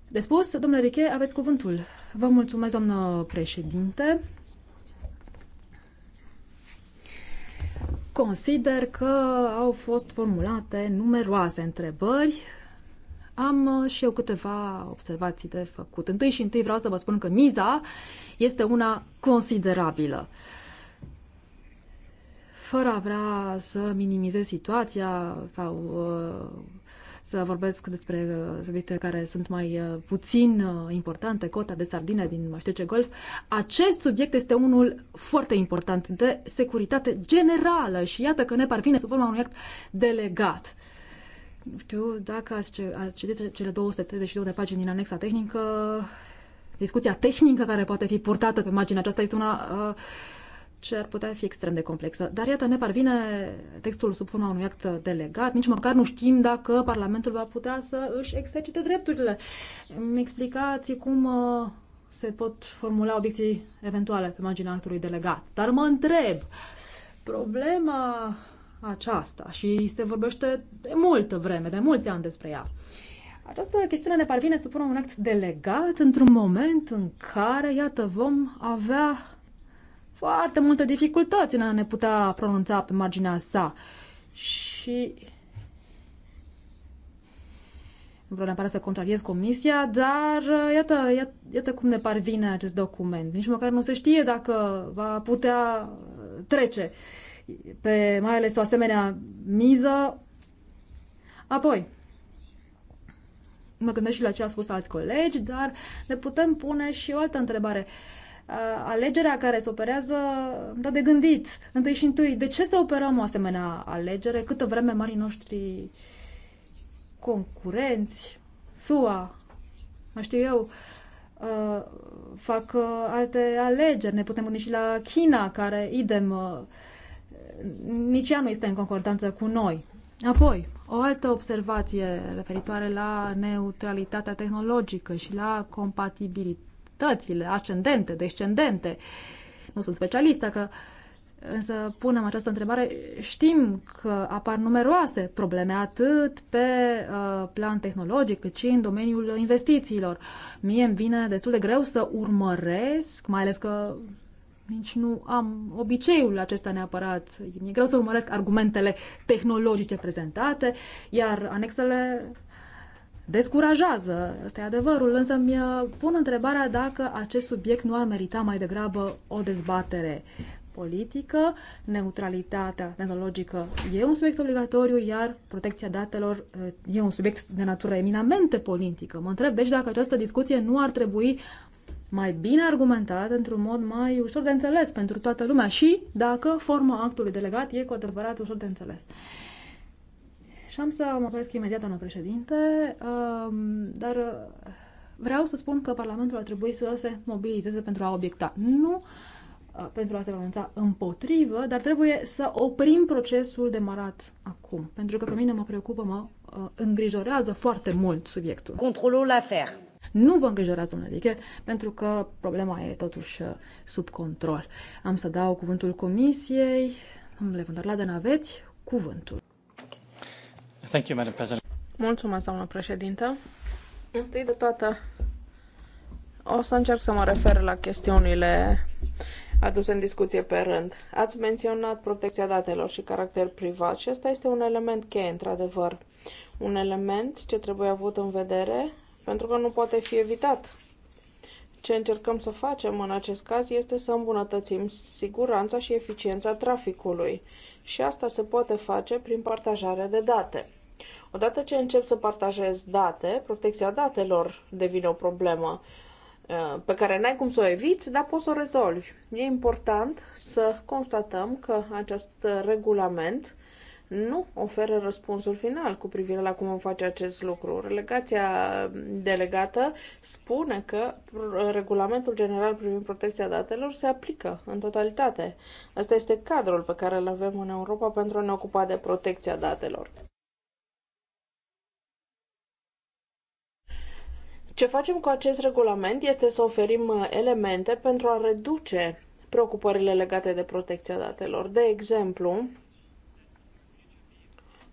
De spus, domnule Riche, aveți cuvântul. Vă mulțumesc, doamnă președinte. Consider că au fost formulate numeroase întrebări. Am uh, și eu câteva observații de făcut. Întâi și întâi vreau să vă spun că miza este una considerabilă. Fără a vrea să minimizez situația sau uh, să vorbesc despre uh, subiecte care sunt mai uh, puțin uh, importante, cota de sardine din mai știu ce golf, acest subiect este unul foarte important de securitate generală și iată că ne parvine sub forma unui act delegat. Nu știu dacă ați, citit cele 232 de pagini din anexa tehnică, discuția tehnică care poate fi purtată pe marginea aceasta este una uh, ce ar putea fi extrem de complexă. Dar iată, ne parvine textul sub forma unui act delegat, nici măcar nu știm dacă Parlamentul va putea să își exercite drepturile. Îmi explicați cum uh, se pot formula obiecții eventuale pe marginea actului delegat. Dar mă întreb, problema aceasta și se vorbește de multă vreme, de mulți ani despre ea. Această chestiune ne parvine să punem un act delegat într-un moment în care, iată, vom avea foarte multe dificultăți în a ne putea pronunța pe marginea sa. Și nu vreau neapărat să contrariez comisia, dar uh, iată, iată, iată cum ne parvine acest document. Nici măcar nu se știe dacă va putea uh, trece pe mai ales o asemenea miză. Apoi, mă gândesc și la ce a spus alți colegi, dar ne putem pune și o altă întrebare. Uh, Uh, alegerea care se operează îmi dă de gândit. Întâi și întâi, de ce să operăm o asemenea alegere câtă vreme marii noștri concurenți, SUA, mai știu eu, uh, fac uh, alte alegeri. Ne putem gândi și la China, care, idem, nici ea nu este în concordanță cu noi. Apoi, o altă observație referitoare la neutralitatea tehnologică și la compatibilitate polaritățile ascendente, descendente. Nu sunt specialistă, că însă punem această întrebare. Știm că apar numeroase probleme atât pe uh, plan tehnologic, cât și în domeniul investițiilor. Mie îmi vine destul de greu să urmăresc, mai ales că nici nu am obiceiul acesta neapărat. Mi-e greu să urmăresc argumentele tehnologice prezentate, iar anexele descurajează, ăsta e adevărul, însă mi uh, pun întrebarea dacă acest subiect nu ar merita mai degrabă o dezbatere politică, neutralitatea tehnologică e un subiect obligatoriu, iar protecția datelor uh, e un subiect de natură eminamente politică. Mă întreb, deci, dacă această discuție nu ar trebui mai bine argumentat, într-un mod mai ușor de înțeles pentru toată lumea și dacă forma actului delegat e cu adevărat ușor de înțeles. Uh, și am să mă opresc imediat, doamnă președinte, um, dar uh, vreau să spun că Parlamentul ar trebui să se mobilizeze pentru a obiecta. Nu uh, pentru a se pronunța împotrivă, dar trebuie să oprim procesul demarat acum. Pentru că pe mine mă preocupă, mă uh, îngrijorează foarte mult subiectul. Controlul fer. Nu vă îngrijorați, domnule Riche, pentru că problema e totuși sub control. Am să dau cuvântul comisiei. Domnule Vândarladen, aveți cuvântul. Thank you, Madam President. Mulțumesc, doamnă președintă. Întâi de toate, o să încerc să mă refer la chestiunile aduse în discuție pe rând. Ați menționat protecția datelor și caracter privat și ăsta este un element cheie, într-adevăr. Un element ce trebuie avut în vedere pentru că nu poate fi evitat. Ce încercăm să facem în acest caz este să îmbunătățim siguranța și eficiența traficului și asta se poate face prin partajare de date. Odată ce încep să partajez date, protecția datelor devine o problemă uh, pe care n-ai cum să o eviți, dar poți să o rezolvi. E important să constatăm că acest regulament nu oferă răspunsul final cu privire la cum vom face acest lucru. Relegația delegată spune că regulamentul general privind protecția datelor se aplică în totalitate. Asta este cadrul pe care îl avem în Europa pentru a ne ocupa de protecția datelor. Ce facem cu acest regulament este să oferim uh, elemente pentru a reduce preocupările legate de protecția datelor. De exemplu,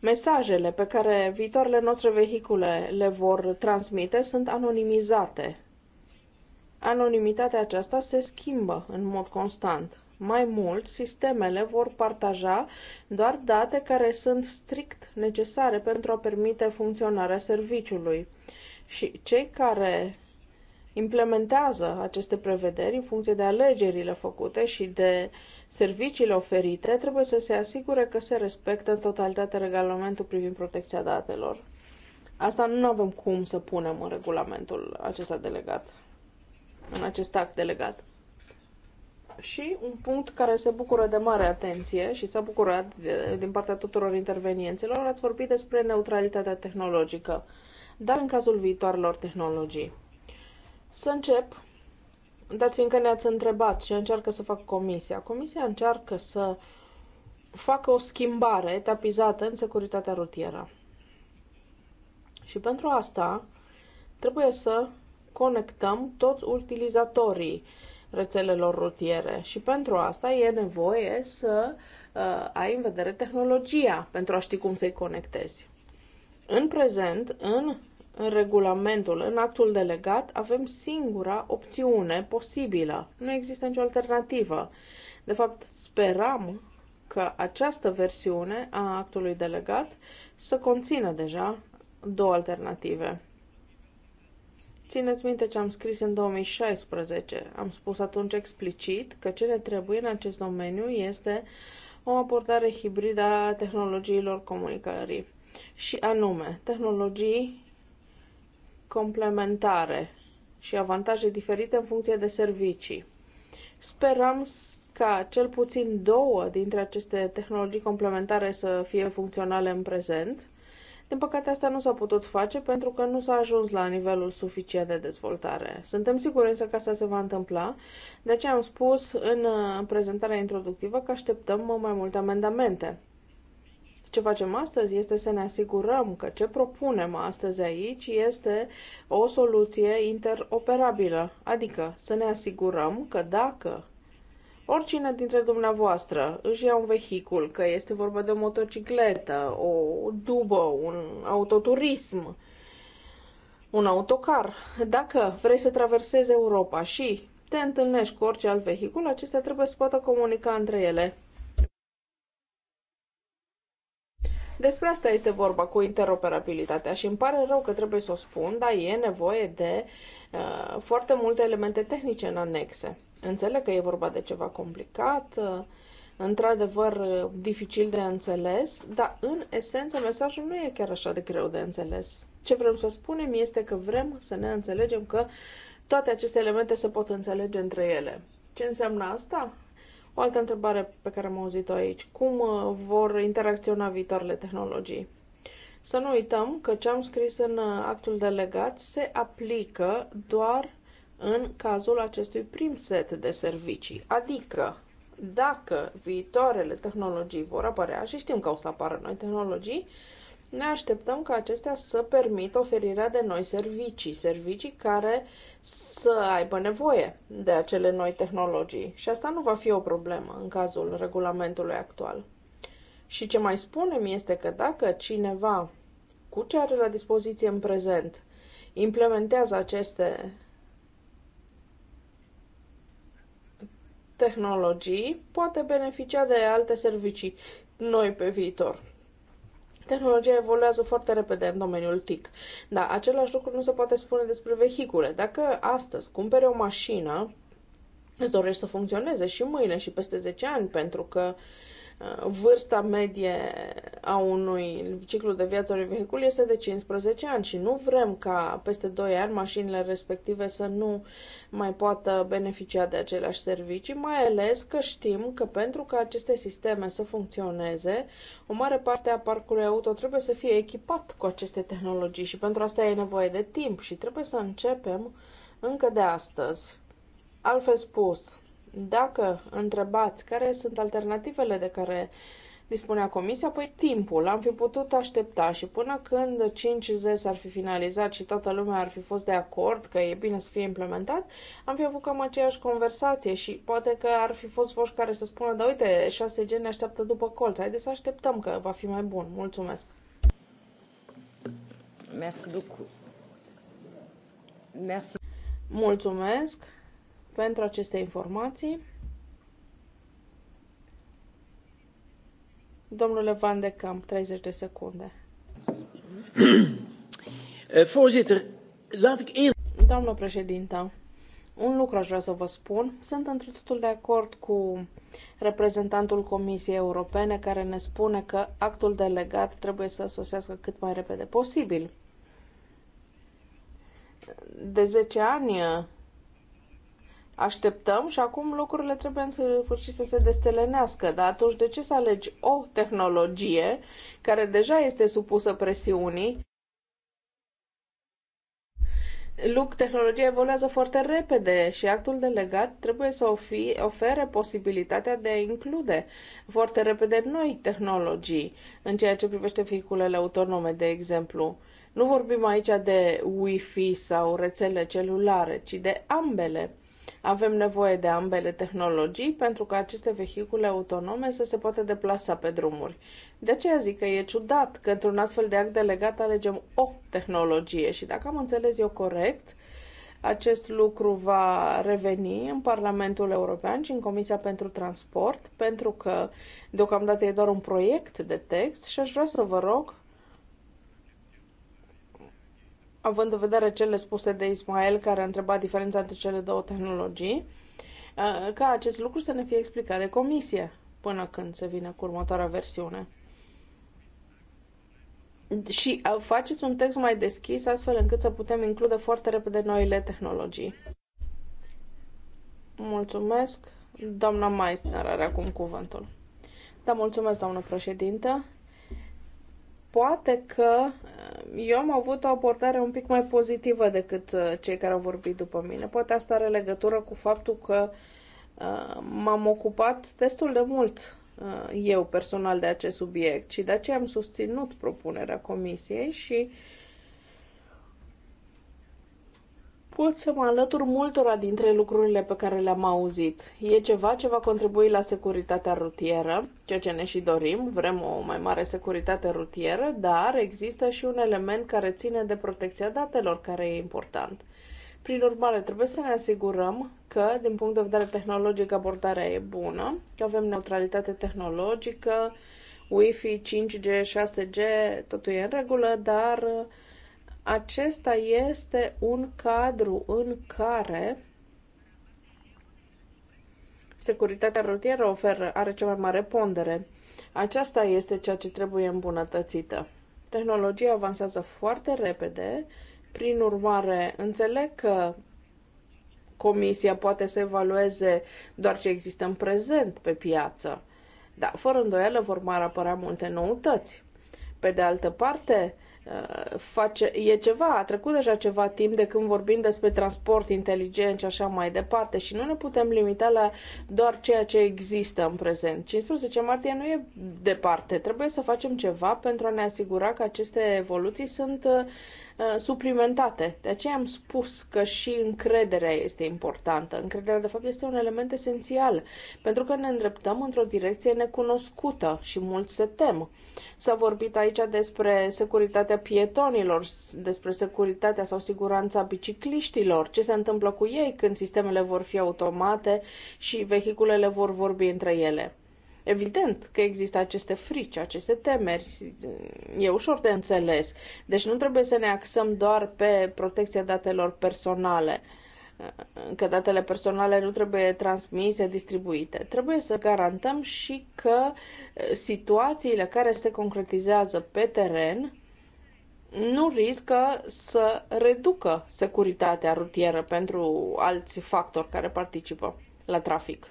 mesajele pe care viitoarele noastre vehicule le vor transmite sunt anonimizate. Anonimitatea aceasta se schimbă în mod constant. Mai mult, sistemele vor partaja doar date care sunt strict necesare pentru a permite funcționarea serviciului. Și cei care implementează aceste prevederi în funcție de alegerile făcute și de serviciile oferite, trebuie să se asigure că se respectă în totalitate regulamentul privind protecția datelor. Asta nu avem cum să punem în regulamentul acesta delegat, în acest act delegat. Și un punct care se bucură de mare atenție și s-a bucurat de, din partea tuturor intervenienților, ați vorbit despre neutralitatea tehnologică dar în cazul viitoarelor tehnologii. Să încep, dat fiindcă ne-ați întrebat ce încearcă să facă Comisia. Comisia încearcă să facă o schimbare etapizată în securitatea rutieră. Și pentru asta trebuie să conectăm toți utilizatorii rețelelor rutiere și pentru asta e nevoie să uh, ai în vedere tehnologia pentru a ști cum să-i conectezi. În prezent, în regulamentul, în actul delegat, avem singura opțiune posibilă. Nu există nicio alternativă. De fapt, speram că această versiune a actului delegat să conțină deja două alternative. Țineți minte ce am scris în 2016. Am spus atunci explicit că ce ne trebuie în acest domeniu este o abordare hibridă a tehnologiilor comunicării și anume tehnologii complementare și avantaje diferite în funcție de servicii. Sperăm ca cel puțin două dintre aceste tehnologii complementare să fie funcționale în prezent. Din păcate, asta nu s-a putut face pentru că nu s-a ajuns la nivelul suficient de dezvoltare. Suntem siguri însă că asta se va întâmpla, de aceea am spus în prezentarea introductivă că așteptăm mai multe amendamente. Ce facem astăzi este să ne asigurăm că ce propunem astăzi aici este o soluție interoperabilă, adică să ne asigurăm că dacă oricine dintre dumneavoastră își ia un vehicul, că este vorba de o motocicletă, o dubă, un autoturism, un autocar, dacă vrei să traversezi Europa și te întâlnești cu orice alt vehicul, acestea trebuie să poată comunica între ele. Despre asta este vorba cu interoperabilitatea și îmi pare rău că trebuie să o spun, dar e nevoie de uh, foarte multe elemente tehnice în anexe. Înțeleg că e vorba de ceva complicat, uh, într-adevăr uh, dificil de înțeles, dar în esență mesajul nu e chiar așa de greu de înțeles. Ce vrem să spunem este că vrem să ne înțelegem că toate aceste elemente se pot înțelege între ele. Ce înseamnă asta? O altă întrebare pe care am auzit-o aici. Cum uh, vor interacționa viitoarele tehnologii? Să nu uităm că ce am scris în uh, actul delegat se aplică doar în cazul acestui prim set de servicii. Adică, dacă viitoarele tehnologii vor apărea, și știm că o să apară noi tehnologii, ne așteptăm ca acestea să permită oferirea de noi servicii, servicii care să aibă nevoie de acele noi tehnologii. Și asta nu va fi o problemă în cazul regulamentului actual. Și ce mai spunem este că dacă cineva cu ce are la dispoziție în prezent implementează aceste tehnologii, poate beneficia de alte servicii noi pe viitor. Tehnologia evoluează foarte repede în domeniul TIC, dar același lucru nu se poate spune despre vehicule. Dacă astăzi cumpere o mașină, îți dorești să funcționeze și mâine și peste 10 ani, pentru că Uh, vârsta medie a unui ciclu de viață a unui vehicul este de 15 ani și nu vrem ca peste 2 ani mașinile respective să nu mai poată beneficia de aceleași servicii, mai ales că știm că pentru ca aceste sisteme să funcționeze, o mare parte a parcului auto trebuie să fie echipat cu aceste tehnologii și pentru asta e nevoie de timp și trebuie să începem încă de astăzi. Altfel spus, dacă întrebați care sunt alternativele de care dispunea comisia, păi timpul. Am fi putut aștepta și până când 5Z s-ar fi finalizat și toată lumea ar fi fost de acord că e bine să fie implementat, am fi avut cam aceeași conversație și poate că ar fi fost voși care să spună, da uite, 6G ne așteaptă după colț, haideți să așteptăm că va fi mai bun. Mulțumesc! Merci beaucoup. Merci. Mulțumesc! pentru aceste informații. Domnule Van de Camp, 30 de secunde. Eh, voorzitter, laat ik eerst... Doamnă președintă, un lucru aș vrea să vă spun. Sunt într totul de acord cu reprezentantul Comisiei Europene care ne spune că actul delegat trebuie să sosească cât mai repede posibil. De 10 ani așteptăm și acum lucrurile trebuie în sfârșit să se destelenească. Dar atunci de ce să alegi o tehnologie care deja este supusă presiunii? Luc, tehnologia evoluează foarte repede și actul delegat trebuie să ofere posibilitatea de a include foarte repede noi tehnologii în ceea ce privește vehiculele autonome, de exemplu. Nu vorbim aici de Wi-Fi sau rețele celulare, ci de ambele avem nevoie de ambele tehnologii pentru ca aceste vehicule autonome să se poată deplasa pe drumuri. De aceea zic că e ciudat că într-un astfel de act delegat alegem o tehnologie și dacă am înțeles eu corect, acest lucru va reveni în Parlamentul European și în Comisia pentru Transport, pentru că deocamdată e doar un proiect de text și aș vrea să vă rog având în vedere cele spuse de Ismael, care a întrebat diferența între cele două tehnologii, uh, ca acest lucru să ne fie explicat de comisie până când se vine cu următoarea versiune. Și uh, faceți un text mai deschis astfel încât să putem include foarte repede noile tehnologii. Mulțumesc. Doamna Meissner are acum cuvântul. Da, mulțumesc, doamnă președintă. Poate că eh, eu am avut o abordare un pic mai pozitivă decât eh, cei care au vorbit după mine. Poate asta are legătură cu faptul că eh, m-am ocupat destul de mult eu personal de acest subiect și de aceea am susținut propunerea comisiei și uh, Pot să mă alătur multora dintre lucrurile pe care le-am auzit. E ceva ce va contribui la securitatea rutieră, ceea ce ne și dorim, vrem o mai mare securitate rutieră, dar există și un element care ține de protecția datelor, care e important. Prin urmare, trebuie să ne asigurăm că, din punct de vedere tehnologic, abordarea e bună, că avem neutralitate tehnologică, Wi-Fi, 5G, 6G, totul e în regulă, dar acesta este un cadru în care securitatea rutieră oferă, are cea mai mare pondere. Aceasta este ceea ce trebuie îmbunătățită. Tehnologia avansează foarte repede, prin urmare, înțeleg că comisia poate să evalueze doar ce există în prezent pe piață. Dar, fără îndoială, vor mai apărea multe noutăți. Pe de altă parte, Uh, face, e ceva, a trecut deja ceva timp de când vorbim despre transport inteligent și așa mai departe și nu ne putem limita la doar ceea ce există în prezent. 15 martie nu e departe, trebuie să facem ceva pentru a ne asigura că aceste evoluții sunt uh, Uh, suplimentate. De aceea am spus că și încrederea este importantă. Încrederea, de fapt, este un element esențial, pentru că ne îndreptăm într-o direcție necunoscută și mulți se tem. S-a vorbit aici despre securitatea pietonilor, despre securitatea sau siguranța bicicliștilor, ce se întâmplă cu ei când sistemele vor fi automate și vehiculele vor vorbi între ele. Evident că există aceste frici, aceste temeri, e ușor de înțeles. Deci nu trebuie să ne axăm doar pe protecția datelor personale, că datele personale nu trebuie transmise, distribuite. Trebuie să garantăm și că situațiile care se concretizează pe teren nu riscă să reducă securitatea rutieră pentru alți factori care participă la trafic.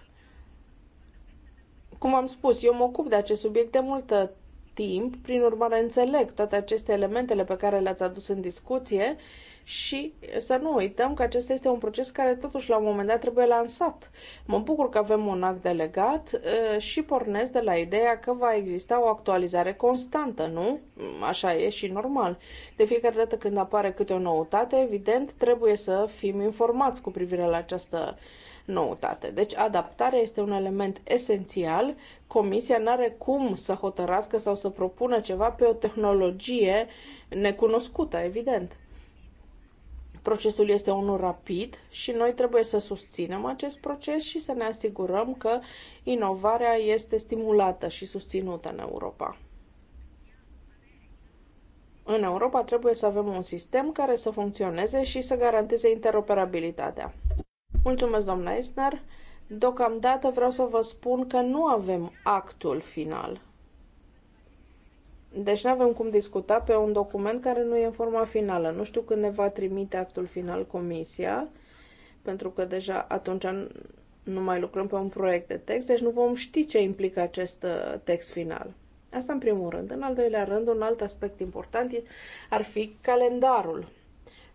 Cum am spus, eu mă ocup de acest subiect de multă timp, prin urmare înțeleg toate aceste elementele pe care le-ați adus în discuție și să nu uităm că acesta este un proces care totuși la un moment dat trebuie lansat. Mă bucur că avem un act delegat ă, și pornesc de la ideea că va exista o actualizare constantă, nu? Așa e și normal. De fiecare dată când apare câte o noutate, evident, trebuie să fim informați cu privire la această uh, noutate. Deci adaptarea este un element esențial. Comisia nu are cum să hotărască sau să propună ceva pe o tehnologie necunoscută, evident. Procesul este unul rapid și noi trebuie să susținem acest proces și să ne asigurăm că inovarea este stimulată și susținută în Europa. În Europa trebuie să avem un sistem care să funcționeze și să garanteze interoperabilitatea. Mulțumesc, doamna Eisner. Deocamdată vreau să vă spun că nu avem actul final. Deci nu avem cum discuta pe un document care nu e în forma finală. Nu știu când ne va trimite actul final comisia, pentru că deja atunci nu mai lucrăm pe un proiect de text, deci nu vom ști ce implică acest uh, text final. Asta în primul rând. În al doilea rând, un alt aspect important ar fi calendarul.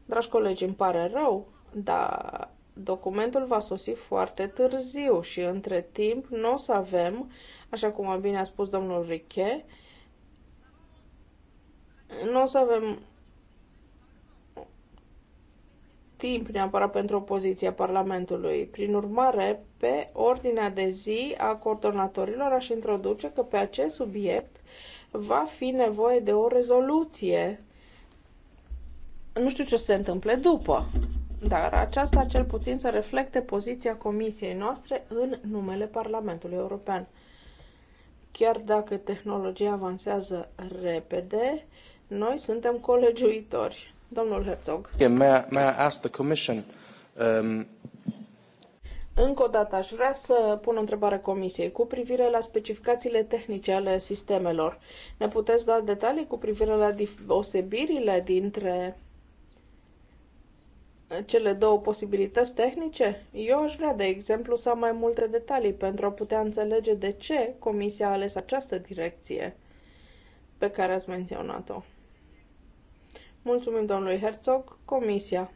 Dragi colegi, îmi pare rău, dar documentul va sosi foarte târziu și între timp nu o să avem, așa cum a bine a spus domnul Riche, nu o să avem timp neapărat pentru opoziția Parlamentului. Prin urmare, pe ordinea de zi a coordonatorilor aș introduce că pe acest subiect va fi nevoie de o rezoluție. Nu știu ce se întâmple după dar aceasta cel puțin să reflecte poziția Comisiei noastre în numele Parlamentului European. Chiar dacă tehnologia avansează repede, noi suntem colegiuitori. Domnul Herzog. Yeah, may I, may I ask the commission, um... Încă o dată aș vrea să pun o întrebare comisiei cu privire la specificațiile tehnice ale sistemelor. Ne puteți da detalii cu privire la osebirile dintre cele două posibilități tehnice? Eu aș vrea, de exemplu, să am mai multe detalii pentru a putea înțelege de ce Comisia a ales această direcție pe care ați menționat-o. Mulțumim domnului Herzog, Comisia.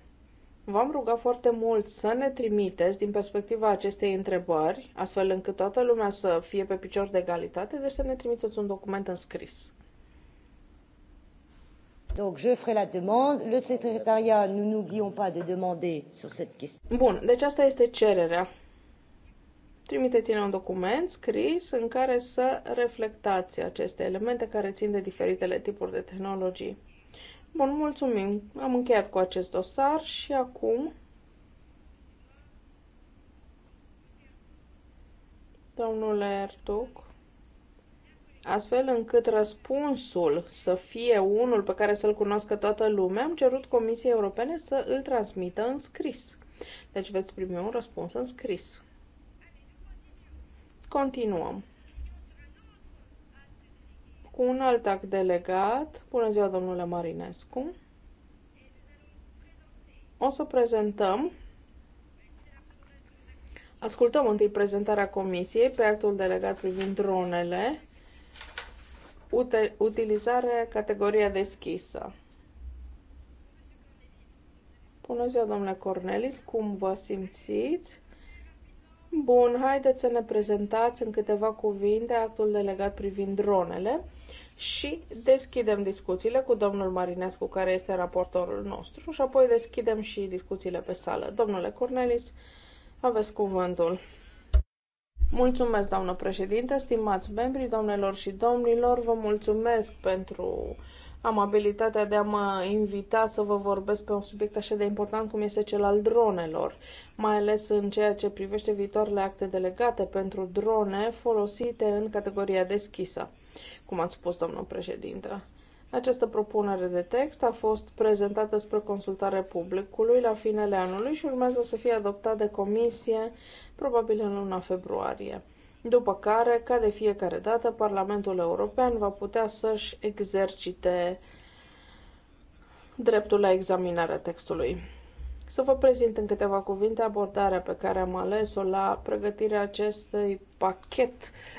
V-am rugat foarte mult să ne trimiteți din perspectiva acestei întrebări, astfel încât toată lumea să fie pe picior de egalitate, deci să ne trimiteți un document în scris. Donc je ferai la demande. Le secrétariat, nous n'oublions pas de demander sur cette question. Bun, deci asta este cererea. Trimiteți-ne un document scris în care să reflectați aceste elemente care țin de diferitele tipuri de tehnologii. Bun, mulțumim. Am încheiat cu acest dosar și acum domnule Ertuc, Astfel încât răspunsul să fie unul pe care să-l cunoască toată lumea, am cerut Comisiei Europene să îl transmită în scris. Deci veți primi un răspuns în scris. Continuăm cu un alt act delegat. Bună ziua, domnule Marinescu! O să prezentăm. Ascultăm întâi prezentarea comisiei pe actul delegat privind dronele utilizare categoria deschisă. Bună ziua, domnule Cornelis, cum vă simțiți? Bun, haideți să ne prezentați în câteva cuvinte actul delegat privind dronele și deschidem discuțiile cu domnul Marinescu, care este raportorul nostru, și apoi deschidem și discuțiile pe sală. Domnule Cornelis, aveți cuvântul. Mulțumesc, doamnă președinte, stimați membri, domnilor și domnilor, vă mulțumesc pentru amabilitatea de a mă invita să vă vorbesc pe un subiect așa de important cum este cel al dronelor, mai ales în ceea ce privește viitoarele acte delegate pentru drone folosite în categoria deschisă, cum ați spus, domnul președinte. Această propunere de text a fost prezentată spre consultare publicului la finele anului și urmează să fie adoptată de comisie probabil în luna februarie. După care, ca de fiecare dată, Parlamentul European va putea să-și exercite dreptul la examinarea textului. Să vă prezint în câteva cuvinte abordarea pe care am ales-o la pregătirea acestui pachet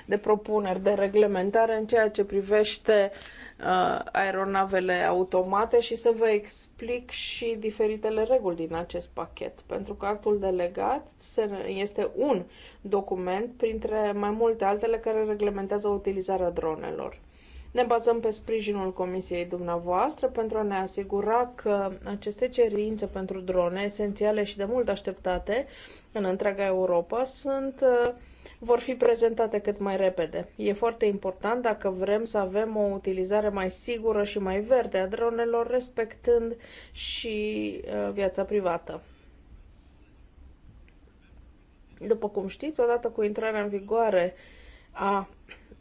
de propuneri de reglementare în ceea ce privește uh, uh, aeronavele automate și să vă explic și diferitele reguli din acest pachet, pentru că actul delegat este un document printre mai multe altele care reglementează utilizarea dronelor. Ne bazăm pe sprijinul Comisiei dumneavoastră pentru a ne asigura că aceste cerințe pentru drone, esențiale și de mult așteptate în întreaga Europa, sunt uh, vor fi prezentate cât mai repede. E foarte important dacă vrem să avem o utilizare mai sigură și mai verde a dronelor, respectând și uh, viața privată. După cum știți, odată cu intrarea în vigoare a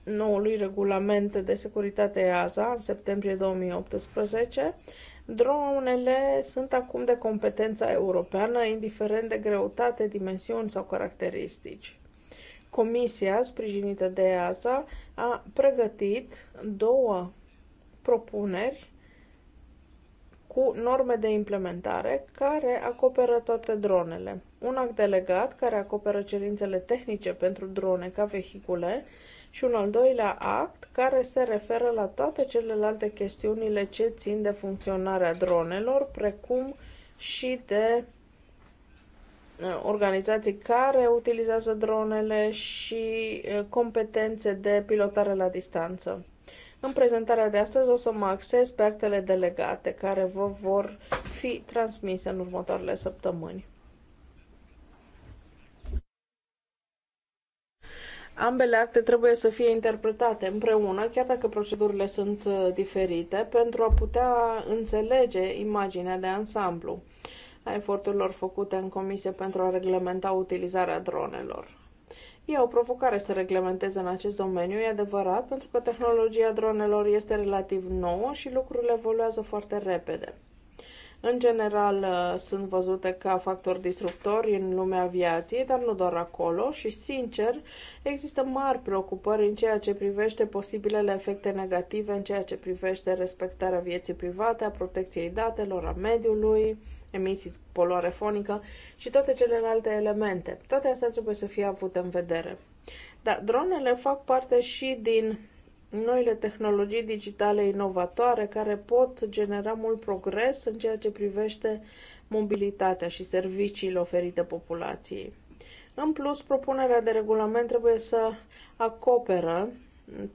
noului regulament de securitate EASA în septembrie 2018, Dronele sunt acum de competența europeană, indiferent de greutate, dimensiuni sau caracteristici. Comisia, sprijinită de EASA, a pregătit două propuneri cu norme de implementare care acoperă toate dronele. Un act delegat care acoperă cerințele tehnice pentru drone ca vehicule și un al doilea act care se referă la toate celelalte chestiunile ce țin de funcționarea dronelor, precum și de Uh, organizații care utilizează dronele și uh, competențe de pilotare la distanță. În prezentarea de astăzi o să mă acces pe actele delegate care vă vor fi transmise în următoarele săptămâni. Ambele acte trebuie să fie interpretate împreună, chiar dacă procedurile sunt uh, diferite, pentru a putea înțelege imaginea de ansamblu a eforturilor făcute în comisie pentru a reglementa utilizarea dronelor. E o provocare să reglementeze în acest domeniu, e adevărat, pentru că tehnologia dronelor este relativ nouă și lucrurile evoluează foarte repede. În general, uh, sunt văzute ca factori disruptori în lumea aviației, dar nu doar acolo și, sincer, există mari preocupări în ceea ce privește posibilele efecte negative în ceea ce privește respectarea vieții private, a protecției datelor, a mediului, emisii, poluare fonică și toate celelalte elemente. Toate astea trebuie să fie avute în vedere. Dar dronele fac parte și din noile tehnologii digitale inovatoare care pot genera mult progres în ceea ce privește mobilitatea și serviciile oferite populației. În plus, propunerea de regulament trebuie să acoperă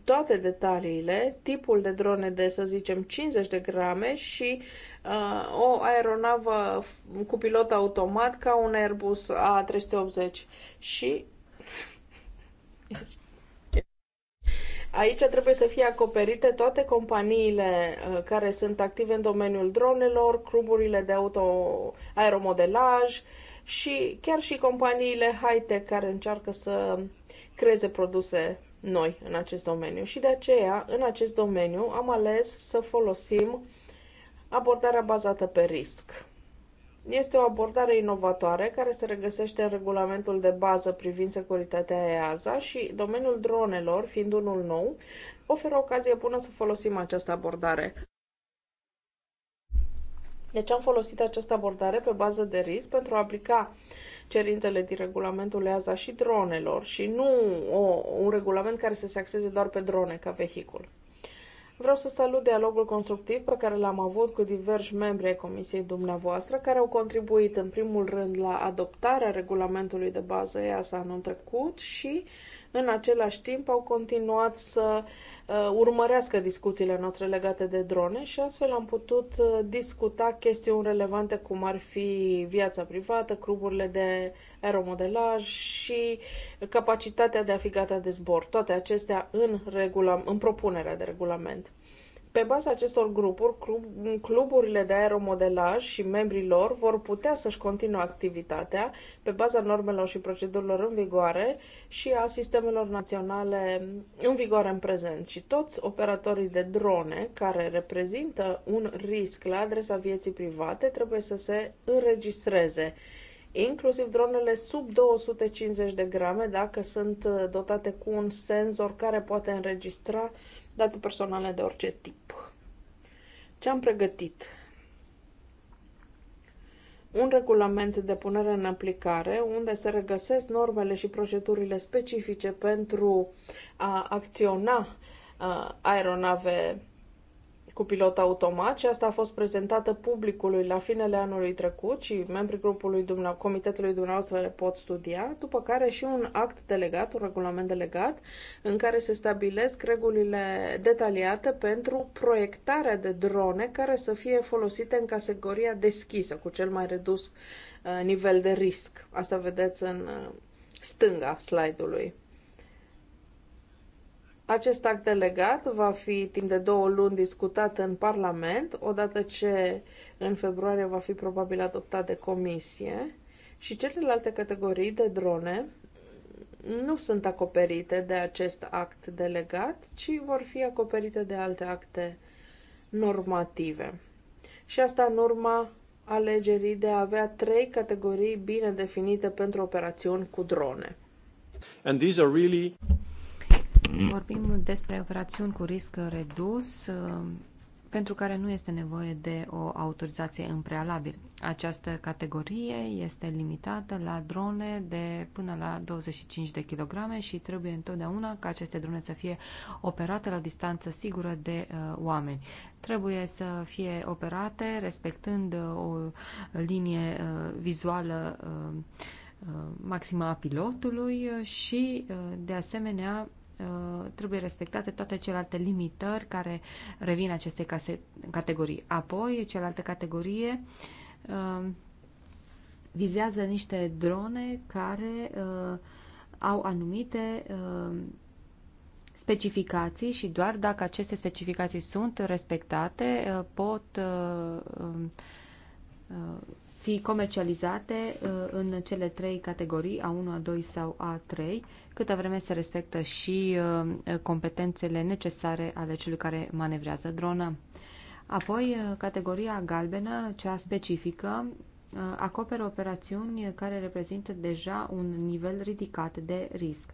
toate detaliile, tipul de drone de, să zicem, 50 de grame și Uh, o aeronavă cu pilot automat ca un Airbus A380 și Aici trebuie să fie acoperite toate companiile uh, care sunt active în domeniul dronelor, cluburile de auto aeromodelaj și chiar și companiile high-tech care încearcă să creeze produse noi în acest domeniu. Și de aceea, în acest domeniu, am ales să folosim abordarea bazată pe risc. Este o abordare inovatoare care se regăsește în regulamentul de bază privind securitatea EASA și domeniul dronelor, fiind unul nou, oferă ocazie bună să folosim această abordare. Deci am folosit această abordare pe bază de risc pentru a aplica cerințele din regulamentul EASA și dronelor și nu o, un regulament care să se axeze doar pe drone ca vehicul. Vreau să salut dialogul constructiv pe care l-am avut cu diversi membri ai comisiei dumneavoastră, care au contribuit în primul rând la adoptarea regulamentului de bază EASA anul trecut și în același timp au continuat să uh, urmărească discuțiile noastre legate de drone și astfel am putut uh, discuta chestiuni relevante cum ar fi viața privată, cluburile de aeromodelaj și capacitatea de a fi gata de zbor. Toate acestea în, regula, în propunerea de regulament. Pe baza acestor grupuri, cluburile de aeromodelaj și membrii lor vor putea să-și continue activitatea pe baza normelor și procedurilor în vigoare și a sistemelor naționale în vigoare în prezent. Și toți operatorii de drone care reprezintă un risc la adresa vieții private trebuie să se înregistreze inclusiv dronele sub 250 de grame, dacă sunt dotate cu un senzor care poate înregistra date personale de orice tip. Ce am pregătit? un regulament de punere în aplicare unde se regăsesc normele și procedurile specifice pentru a acționa aeronave cu pilot automat și asta a fost prezentată publicului la finele anului trecut și membrii grupului dumneav- comitetului dumneavoastră le pot studia, după care și un act delegat, un regulament delegat, în care se stabilesc regulile detaliate pentru proiectarea de drone care să fie folosite în categoria deschisă, cu cel mai redus uh, nivel de risc. Asta vedeți în uh, stânga slide-ului. Acest act delegat va fi timp de două luni discutat în Parlament, odată ce în februarie va fi probabil adoptat de Comisie și celelalte categorii de drone nu sunt acoperite de acest act delegat, ci vor fi acoperite de alte acte normative. Și asta în urma alegerii de a avea trei categorii bine definite pentru operațiuni cu drone. And these are really Mm. Vorbim despre operațiuni cu risc redus, uh, pentru care nu este nevoie de o autorizație în prealabil. Această categorie este limitată la drone de până la 25 de kilograme și trebuie întotdeauna ca aceste drone să fie operate la distanță sigură de uh, oameni. Trebuie să fie operate respectând uh, o linie uh, vizuală uh, uh maximă a pilotului și, uh, de asemenea, Uh, trebuie respectate toate celelalte limitări care revin acestei case, categorii. Apoi, cealaltă categorie uh, vizează niște drone care uh, au anumite specificații și doar dacă aceste specificații sunt respectate, pot um, fi comercializate în cele trei categorii, A1, A2 sau A3 câtă vreme se respectă și uh, competențele necesare ale celui care manevrează drona. Apoi, uh, categoria galbenă, cea specifică, uh, acoperă operațiuni care reprezintă deja un nivel ridicat de risc.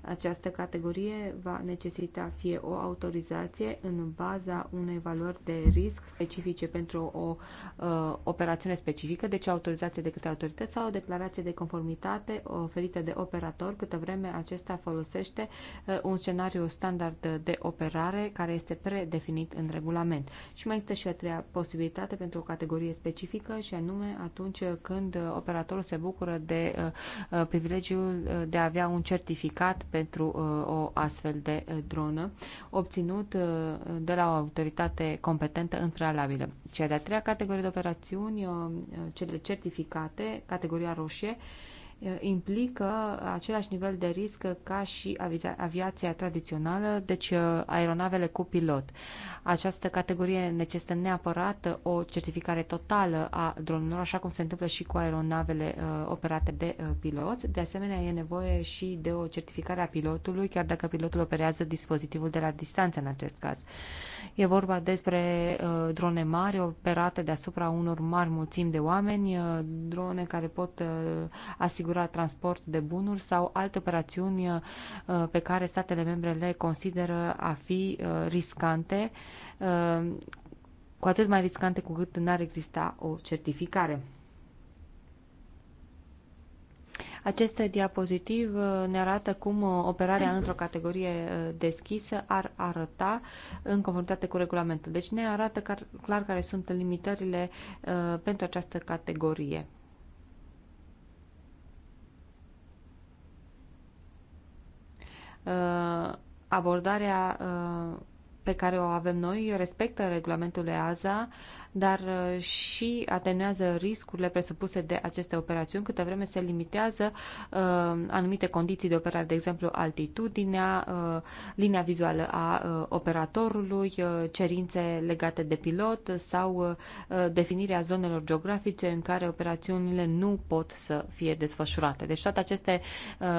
Această categorie va necesita fie o autorizație în baza unei valori de risc specifice pentru o uh, operațiune specifică, deci o autorizație de către autorități sau o declarație de conformitate oferită de operator, câtă vreme acesta folosește uh, un scenariu standard de operare care este predefinit în regulament. Și mai este și a treia posibilitate pentru o categorie specifică și anume atunci când operatorul se bucură de uh, uh privilegiul de a avea un certificat pentru uh, o astfel de uh, dronă, obținut uh, de la o autoritate competentă în prealabilă. Cea de-a treia categorie de operațiuni, cele certificate, categoria roșie, implică același nivel de risc ca și aviația tradițională, deci aeronavele cu pilot. Această categorie necesită neapărat o certificare totală a dronelor, așa cum se întâmplă și cu aeronavele operate de piloți. De asemenea, e nevoie și de o certificare a pilotului, chiar dacă pilotul operează dispozitivul de la distanță în acest caz. E vorba despre drone mari operate deasupra unor mari mulțimi de oameni, drone care pot asigura asigura transport de bunuri sau alte operațiuni uh, pe care statele membre le consideră a fi uh, riscante, uh, cu atât mai riscante cu cât n-ar exista o certificare. Acest diapozitiv ne arată cum operarea într-o categorie deschisă ar arăta în conformitate cu regulamentul. Deci ne arată clar care sunt limitările pentru această categorie. abordarea uh, pe care o avem noi respectă regulamentul EASA, dar uh, și atenuează riscurile presupuse de aceste operațiuni, câtă vreme se limitează uh, anumite condiții de operare, de exemplu altitudinea, uh, linia vizuală a operatorului, cerințe legate de pilot sau definirea zonelor geografice în care operațiunile nu pot să fie desfășurate. Deci toate aceste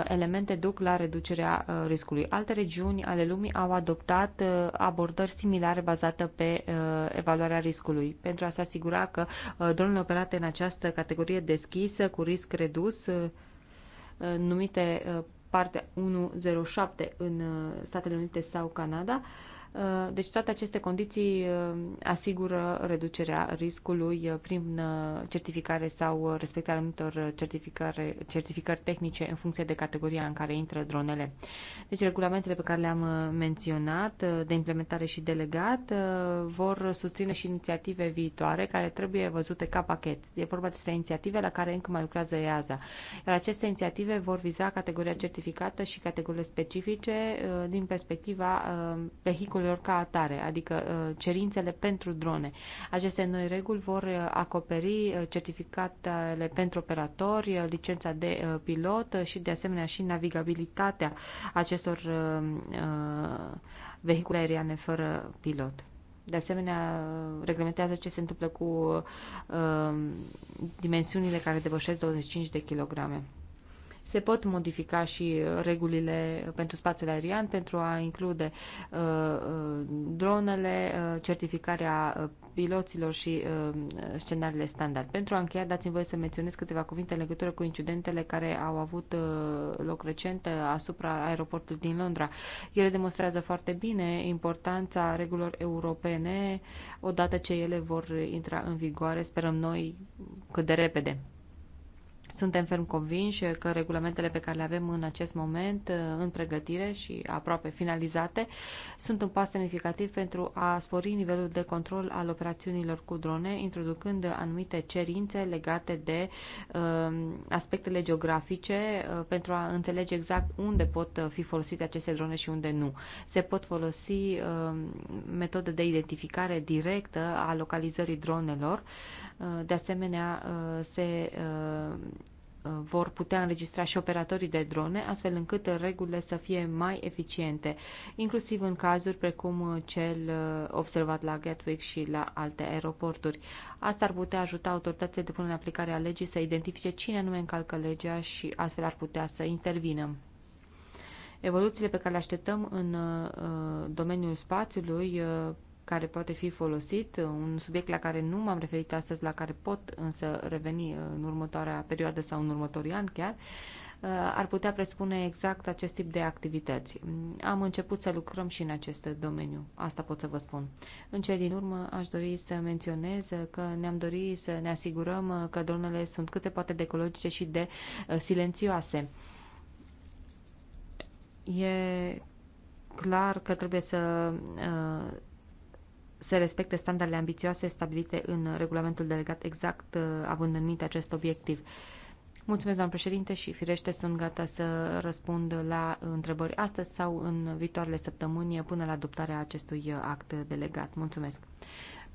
elemente duc la reducerea riscului. Alte regiuni ale lumii au adoptat abordări similare bazate pe evaluarea riscului pentru a se asigura că uh, dronele operate în această categorie deschisă, cu risc redus, uh, uh, numite partea 107 în Statele Unite sau Canada, Uh, deci toate aceste condiții uh, asigură reducerea riscului uh, prin certificare sau respectarea anumitor certificare, certificări tehnice în funcție de categoria în care intră dronele. Deci regulamentele pe care le-am menționat, de implementare și delegat, vor susține și inițiative viitoare care trebuie văzute ca pachet. E vorba despre inițiative la care încă mai lucrează EASA. Iar aceste inițiative vor viza categoria certificată și categoriile specifice din perspectiva vehiculului regulilor ca atare, adică uh, cerințele pentru drone. Aceste noi reguli vor uh, acoperi uh, certificatele pentru operatori, licența de pilot și de asemenea și navigabilitatea acestor vehicule aeriane fără pilot. De asemenea, reglementează ce se întâmplă cu uh, dimensiunile care depășesc 25 de kilograme. Se pot modifica și uh, regulile pentru spațiul aerian pentru a include uh, uh, dronele, certificarea piloților și uh, scenariile standard. Pentru a încheia, dați-mi voie să menționez câteva cuvinte în legătură cu incidentele care au avut uh, loc recent asupra aeroportului din Londra. Ele demonstrează foarte bine importanța regulilor europene odată ce ele vor intra în vigoare, sperăm noi cât de repede. Suntem ferm convinși că regulamentele pe care le avem în acest moment uh, în pregătire și aproape finalizate sunt un pas semnificativ pentru a spori nivelul de control al operațiunilor cu drone, introducând anumite cerințe legate de uh, aspectele geografice uh, pentru a înțelege exact unde pot fi folosite aceste drone și unde nu. Se pot folosi metode de identificare directă a localizării dronelor. De asemenea, se vor putea înregistra și operatorii de drone, astfel încât regulile să fie mai eficiente, inclusiv în cazuri precum uh, cel uh, observat la Gatwick și la alte aeroporturi. Asta ar putea ajuta autoritățile de punere în aplicare a legii să identifice cine anume încalcă legea și astfel ar putea să intervină. Evoluțiile pe care le așteptăm în uh, domeniul spațiului care poate fi folosit, un subiect la care nu m-am referit astăzi, la care pot însă reveni în următoarea perioadă sau în următorii ani chiar, uh, ar putea presupune exact acest tip de activități. Am început să lucrăm și în acest domeniu, asta pot să vă spun. În cele din urmă aș dori să menționez că ne-am dorit să ne asigurăm că dronele sunt cât se poate de ecologice și de uh, silențioase. E clar că trebuie să uh, se respecte standardele ambițioase stabilite în regulamentul delegat exact, uh, având în minte acest obiectiv. Mulțumesc, doamnă președinte, și firește sunt gata să răspund la întrebări astăzi sau în viitoarele săptămâni până la adoptarea acestui act delegat. Mulțumesc!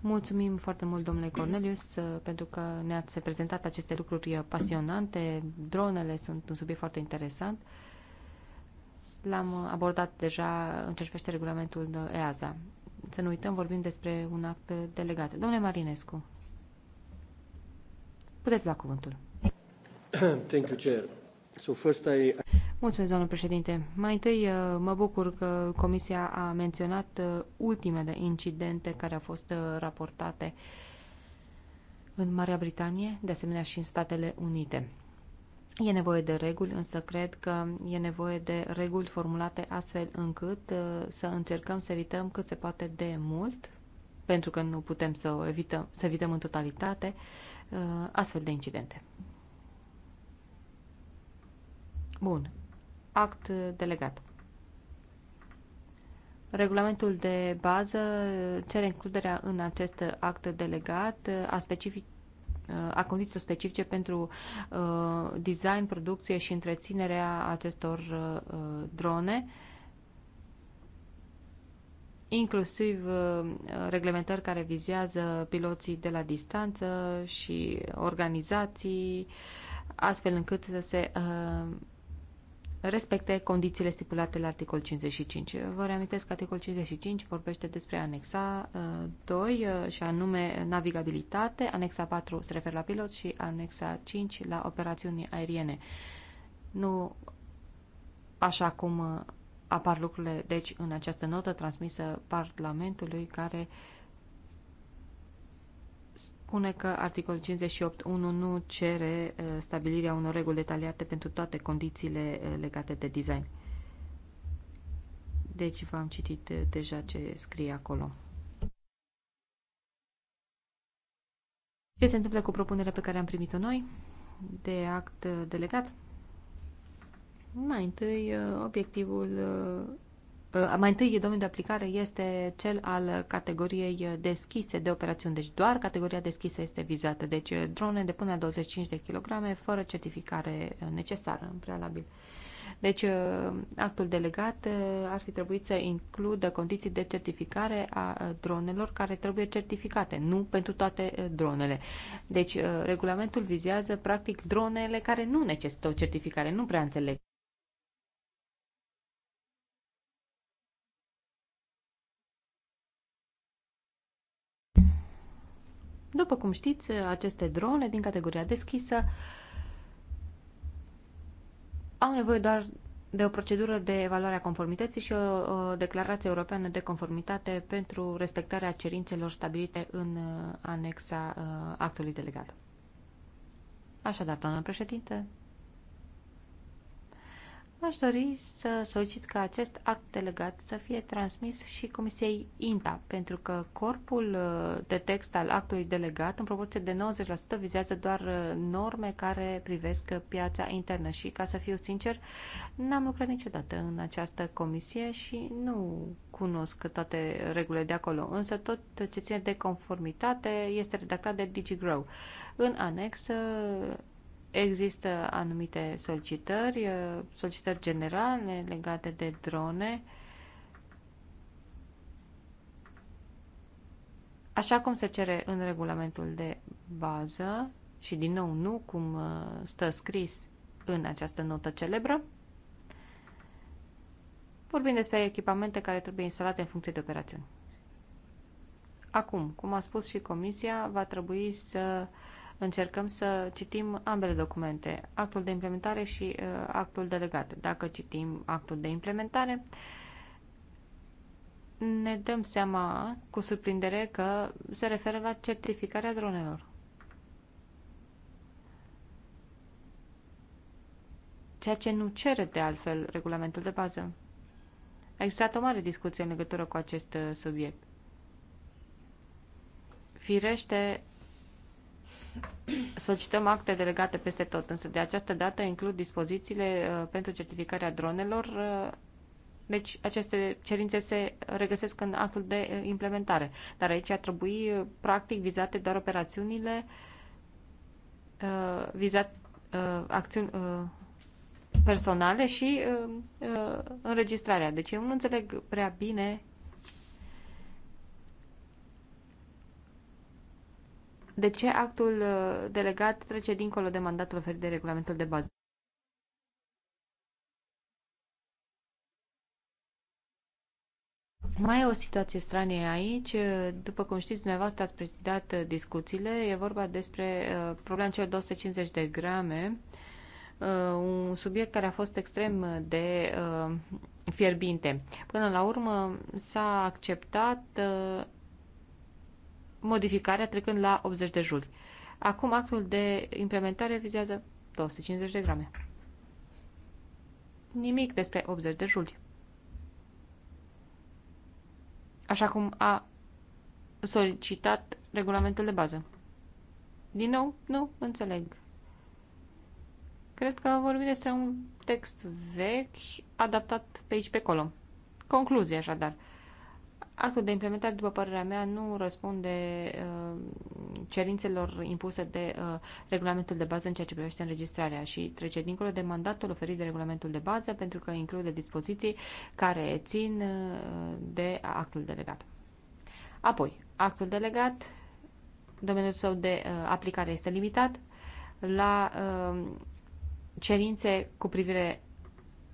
Mulțumim foarte mult, domnule Cornelius, pentru că ne-ați prezentat aceste lucruri pasionante. Dronele sunt un subiect foarte interesant. L-am abordat deja în ce regulamentul de EASA să nu uităm, vorbim despre un act delegat. Domnule Marinescu, puteți lua cuvântul. Thank you, Chair. So first I... Mulțumesc, domnul președinte. Mai întâi uh, mă bucur că Comisia a menționat uh, ultimele incidente care au fost uh, raportate în Marea Britanie, de asemenea și în Statele Unite. E nevoie de reguli, însă cred că e nevoie de reguli formulate astfel încât uh, să încercăm să evităm cât se poate de mult, pentru că nu putem să, evităm, să evităm în totalitate uh, astfel de incidente. Bun. Act delegat. Regulamentul de bază cere includerea în acest act delegat uh, a specific a condițiilor specifice pentru uh, design, producție și întreținerea acestor uh, drone inclusiv uh, reglementări care vizează piloții de la distanță și organizații, astfel încât să se respecte condițiile stipulate la articol 55. Vă reamintesc că articol 55 vorbește despre anexa 2 uh, uh, și anume navigabilitate, anexa 4 se referă la pilot și anexa 5 la operațiuni aeriene. Nu așa cum uh, apar lucrurile, deci, în această notă transmisă Parlamentului care uh, spune că articolul 58.1 nu cere uh, stabilirea unor reguli detaliate pentru toate condițiile uh, legate de design. Deci v-am citit uh, deja ce scrie acolo. Ce se întâmplă cu propunerea pe care am primit-o noi de act delegat? Mai întâi, obiectivul Uh, mai întâi domeniul de aplicare este cel al categoriei deschise de operațiuni, deci doar categoria deschisă este vizată, deci drone de până la 25 de kg fără certificare necesară în prealabil. Deci, uh, actul delegat uh, ar fi trebuit să includă condiții de certificare a dronelor care trebuie certificate, nu pentru toate dronele. Deci, regulamentul vizează, practic, dronele care nu necesită o certificare. Nu prea înțeleg După cum știți, aceste drone din categoria deschisă au nevoie doar de o procedură de evaluare a conformității și o, o declarație europeană de conformitate pentru respectarea cerințelor stabilite în uh, anexa uh, actului delegat. Așadar, doamnă președinte, Aș dori să solicit ca acest act delegat să fie transmis și Comisiei INTA, pentru că corpul uh, de text al actului delegat, în proporție de 90%, vizează doar uh, norme care privesc piața internă și, ca să fiu sincer, n-am lucrat niciodată în această comisie și nu cunosc toate regulile de acolo, însă tot ce ține de conformitate este redactat de DigiGrow. În anexă Există anumite solicitări, uh, solicitări generale legate de drone, așa cum se cere în regulamentul de bază și din nou nu cum uh, stă scris în această notă celebră. Vorbim despre echipamente care trebuie instalate în funcție de operațiuni. Acum, cum a spus și Comisia, va trebui să uh, încercăm să citim ambele documente, actul de implementare și uh, actul delegat. Dacă citim actul de implementare, ne dăm seama cu surprindere că se referă la certificarea dronelor. Ceea ce nu cere de altfel regulamentul de bază. A existat o mare discuție în legătură cu acest uh, subiect. Firește, solicităm acte delegate peste tot, însă de această dată includ dispozițiile uh, pentru certificarea dronelor, uh, deci aceste cerințe se regăsesc în actul de uh, implementare. Dar aici ar trebui practic vizate doar operațiunile vizat acțiuni personale și înregistrarea. Deci eu nu înțeleg prea bine de ce actul uh, delegat trece dincolo de mandatul oferit de regulamentul de bază. Mai e o situație stranie aici. După cum știți, dumneavoastră ați prezidat uh, discuțiile. E vorba despre uh, problema celor 250 de grame, un subiect care a fost extrem de fierbinte. Până la urmă s-a acceptat modificarea trecând la 80 de juli. Acum actul de implementare vizează 250 de grame. Nimic despre 80 de juli. Așa cum a solicitat regulamentul de bază. Din nou, nu înțeleg. Cred că vorbim despre un text vechi, adaptat pe aici, pe acolo. Concluzie, așadar. Actul de implementare, după părerea mea, nu răspunde uh, cerințelor impuse de uh, regulamentul de bază în ceea ce privește înregistrarea și trece dincolo de mandatul oferit de regulamentul de bază pentru că include dispoziții care țin uh, de actul delegat. Apoi, actul delegat, domeniul său de uh, aplicare este limitat la uh, cerințe cu privire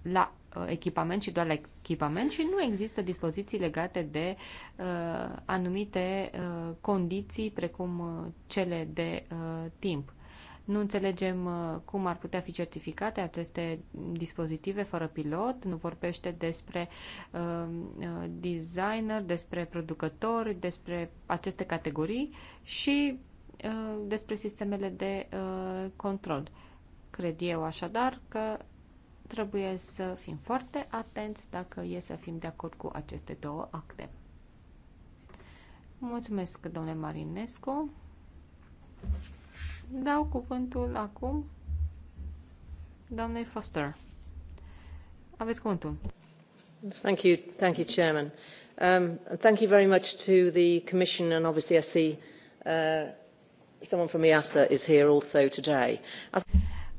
la Uh, echipament și doar la echipament și nu există dispoziții legate de uh, anumite uh, condiții precum uh, cele de uh, timp. Nu înțelegem uh, cum ar putea fi certificate aceste dispozitive fără pilot, nu vorbește despre uh, uh, designer, despre producători, despre aceste categorii și uh, despre sistemele de uh, control. Cred eu așadar că Trebuie să fim foarte atenți dacă e să fim de acord cu aceste două acte. Mulțumesc, domnule Marinescu. Dau cuvântul acum doamnei Foster. Aveți cuvântul. Thank you, thank you, Chairman. Um, and thank you very much to the Commission and obviously I see uh, someone from EASA is here also today. I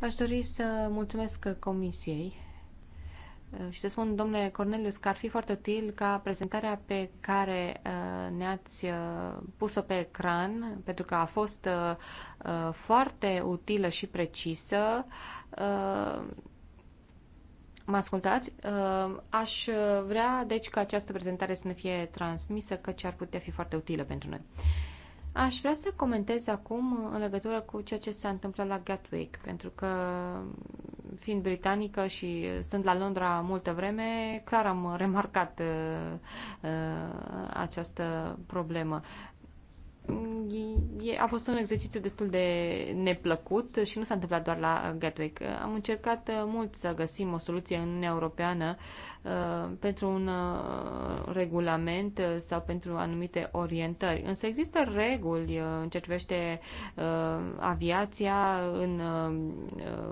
Aș dori să mulțumesc Comisiei uh, și să spun, domnule Cornelius, că ar fi foarte util ca prezentarea pe care uh, ne-ați uh, pus-o pe ecran, pentru că a fost foarte utilă și precisă, Mă ascultați? Aș vrea, deci, ca această prezentare să ne fie transmisă, căci ar putea fi foarte utilă pentru noi. Aș vrea să comentez acum în legătură cu ceea ce s-a întâmplat la Gatwick, pentru că fiind britanică și stând la Londra multă vreme, clar am remarcat uh, uh această problemă. E, a fost un exercițiu destul de neplăcut și nu s-a întâmplat doar la Gatwick. Am încercat uh, mult să găsim o soluție în Uniunea Europeană uh, Uh, pentru un uh, regulament uh, sau pentru anumite orientări. Însă există reguli în ce privește aviația în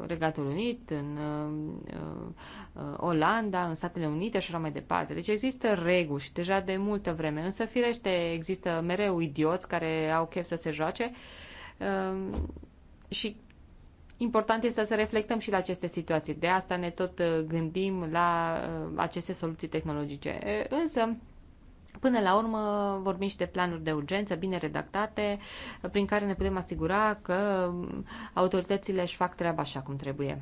Regatul Unit, în Olanda, în Statele Unite și așa mai departe. Deci există reguli și deja de multă vreme. Însă, firește, există mereu idioți care au chef să se joace și important este să reflectăm și la aceste situații. De asta ne tot uh, gândim la uh, aceste soluții tehnologice. Însă, Până la urmă vorbim și de planuri de urgență bine redactate, prin care ne putem asigura că autoritățile își fac treaba așa cum trebuie.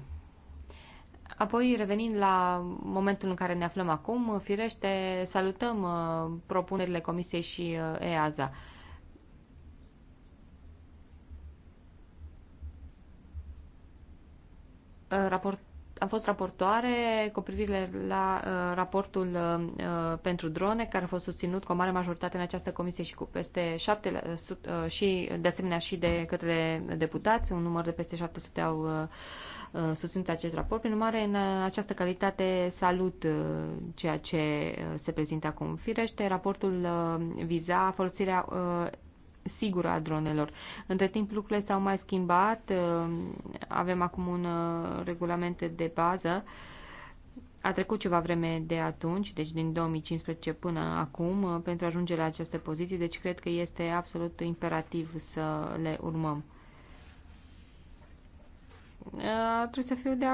Apoi, revenind la momentul în care ne aflăm acum, firește, salutăm uh, propunerile Comisiei și EASA. Uh, raport, am fost raportoare cu privire la uh, raportul uh, pentru drone, care a fost susținut cu o mare majoritate în această comisie și cu peste 7 uh, și de asemenea și de către deputați, un număr de peste 700 au uh, uh, susținut acest raport. Prin urmare, în uh, această calitate salut ceea ce se prezintă acum. Firește, raportul viza folosirea sigură a dronelor. Între timp lucrurile s-au mai schimbat, uh, avem acum un uh, regulament de bază. A trecut ceva vreme de atunci, deci din 2015 până acum, uh, pentru a ajunge la această poziție, deci cred că este absolut imperativ să le urmăm. Trebuie să fiu de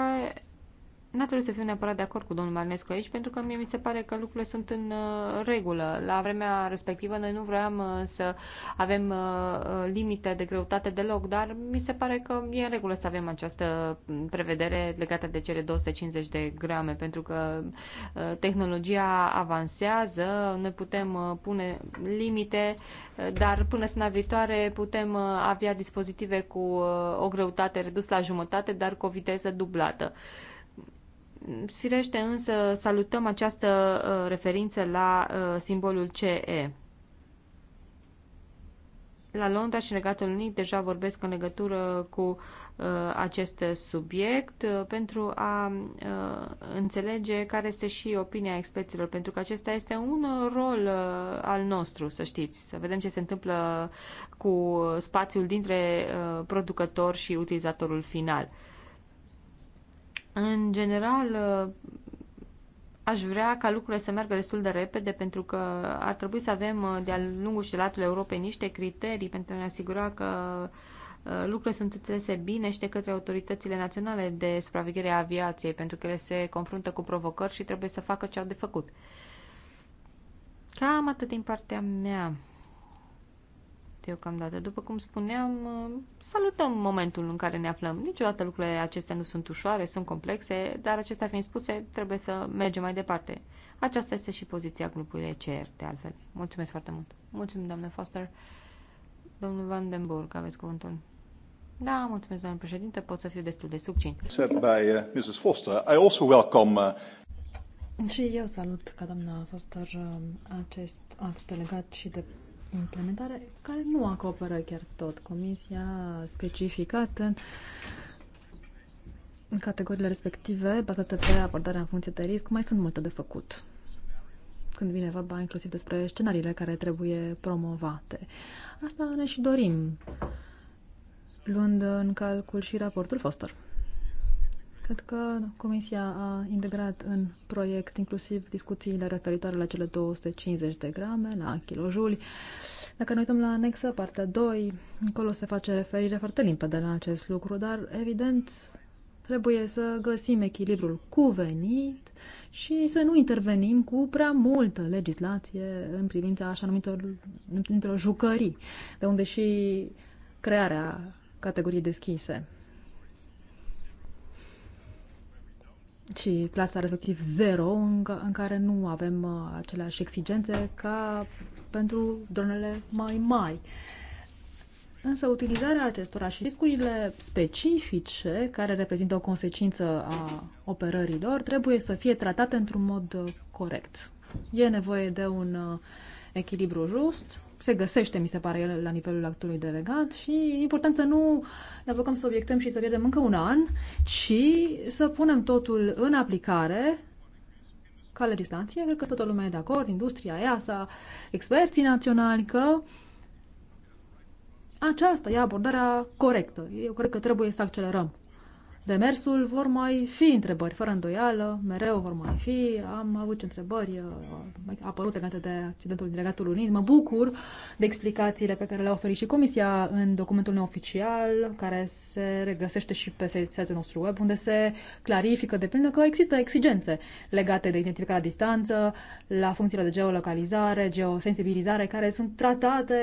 N-a trebuit să fiu neapărat de acord cu domnul Marnescu aici, pentru că mie mi se pare că lucrurile sunt în uh, regulă. La vremea respectivă noi nu vreau uh, să avem uh, limite de greutate deloc, dar mi se pare că e în regulă să avem această prevedere legată de cele 250 de grame, pentru că tehnologia avansează, noi putem pune limite, dar până săptămâna viitoare putem avea dispozitive cu o greutate redusă la jumătate, dar cu o viteză dublată. Firește însă salutăm această uh, referință la uh, simbolul CE. La Londra și în Regatul Unit deja vorbesc în legătură cu uh, acest subiect pentru a înțelege care este și opinia experților, pentru că acesta este un rol al nostru, să știți, să vedem ce se întâmplă cu spațiul dintre producător și utilizatorul final. În general, uh, aș vrea ca lucrurile să meargă destul de repede, pentru că ar trebui să avem uh, de-a lungul și de latul Europei niște criterii pentru a ne asigura că uh, lucrurile sunt înțelese bine și de către autoritățile naționale de supraveghere a aviației, pentru că ele se confruntă cu provocări și trebuie să facă ce au de făcut. Cam atât din partea mea deocamdată. După cum spuneam, uh, salutăm momentul în care ne aflăm. Niciodată lucrurile acestea nu sunt ușoare, sunt complexe, dar acestea fiind spuse, trebuie să mergem mai departe. Aceasta este și poziția grupului ECR, de altfel. Mulțumesc foarte mult. Mulțumim, doamne Foster. Domnul Vandenburg, aveți cuvântul. Da, mulțumesc, doamne președinte, pot să fiu destul de succint. by uh, Mrs. Foster, I also welcome uh... Și eu salut ca doamna Foster uh, acest act delegat și de implementare care nu acoperă chiar tot. Comisia specificată specificat în în categoriile respective, bazate pe abordarea în funcție de risc, mai sunt multe de făcut. Când vine vorba inclusiv despre scenariile care trebuie promovate. Asta ne și dorim, luând în calcul și raportul Foster. Cred că Comisia a integrat în proiect inclusiv discuțiile referitoare la cele 250 de grame, la kilojuli. Dacă ne uităm la anexă, partea 2, acolo se face referire foarte limpede la acest lucru, dar evident trebuie să găsim echilibrul cuvenit și să nu intervenim cu prea multă legislație în privința așa numitor, o jucării, de unde și crearea categoriei deschise. și clasa respectiv 0, în, în care nu avem uh, aceleași exigențe ca pentru dronele mai mai. Însă utilizarea acestora și riscurile specifice care reprezintă o consecință a operărilor trebuie să fie tratate într-un mod uh, corect. E nevoie de un uh, echilibru just se găsește, mi se pare, el la nivelul actului delegat și e important să nu ne apucăm să obiectăm și să pierdem încă un an, ci să punem totul în aplicare ca legislație. Cred că toată lumea e de acord, industria, EASA, experții naționali, că aceasta e abordarea corectă. Eu cred că trebuie să accelerăm demersul, vor mai fi întrebări, fără îndoială, mereu vor mai fi. Am avut și întrebări uh, apărute legate de accidentul din Regatul Unit. Mă bucur de explicațiile pe care le-a oferit și Comisia în documentul neoficial, care se regăsește și pe site-ul nostru web, unde se clarifică de plină că există exigențe legate de identificarea distanță, la funcțiile de geolocalizare, geosensibilizare, care sunt tratate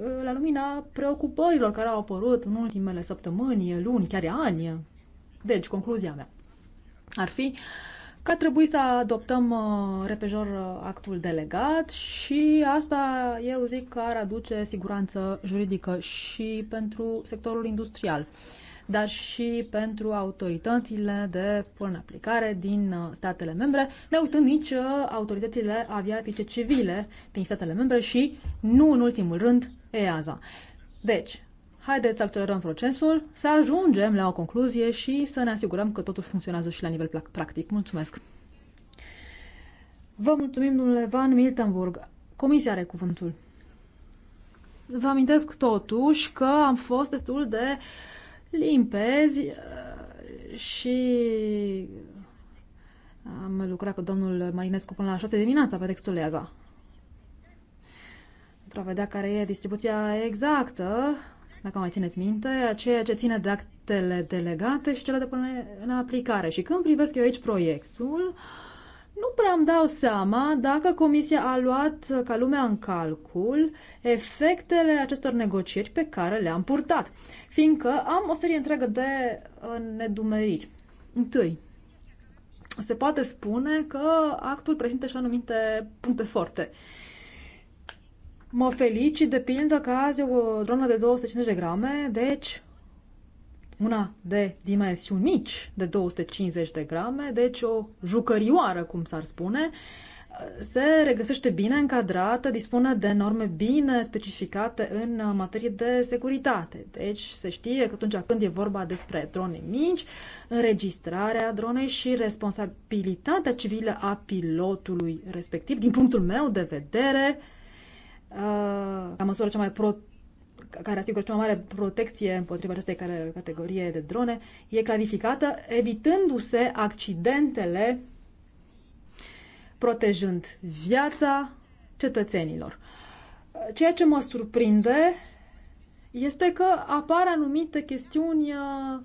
uh, la lumina preocupărilor care au apărut în ultimele săptămâni, luni, chiar ani ani. Deci, concluzia mea ar fi că trebuie să adoptăm uh, repejor uh, actul delegat și asta eu zic că ar aduce siguranță juridică și pentru sectorul industrial dar și pentru autoritățile de punere aplicare din uh, statele membre, ne uitând nici autoritățile aviatice civile din statele membre și, nu în ultimul rând, EASA. Deci, haideți să accelerăm procesul, să ajungem la o concluzie și să ne asigurăm că totul funcționează și la nivel practic. Mulțumesc! Vă mulțumim, domnule Van Miltenburg. Comisia are cuvântul. Vă amintesc totuși că am fost destul de limpezi uh, și am lucrat cu domnul Marinescu până la 6 dimineața pe textul Leaza. Pentru a vedea care e distribuția exactă, dacă mai țineți minte, ceea ce ține de actele delegate și cele de până în aplicare. Și când privesc eu aici proiectul, nu prea îmi dau seama dacă Comisia a luat ca lumea în calcul efectele acestor negocieri pe care le-am purtat, fiindcă am o serie întreagă de uh, nedumeriri. Întâi, se poate spune că actul prezintă și anumite puncte forte. Uh, Mă felicit de pildă că azi e o dronă de 250 de grame, deci una de dimensiuni mici de 250 de grame, deci o jucărioară, cum s-ar spune, se regăsește bine încadrată, dispune de norme bine specificate în materie de securitate. Deci se știe că atunci când e vorba despre drone mici, înregistrarea dronei și responsabilitatea civilă a pilotului respectiv, din punctul meu de vedere, uh, Uh, ca măsură cea mai pro, care asigură cea mai mare protecție împotriva acestei categorie de drone, e clarificată, evitându-se accidentele, protejând viața cetățenilor. Uh, ceea ce mă surprinde este că apar anumite chestiuni uh,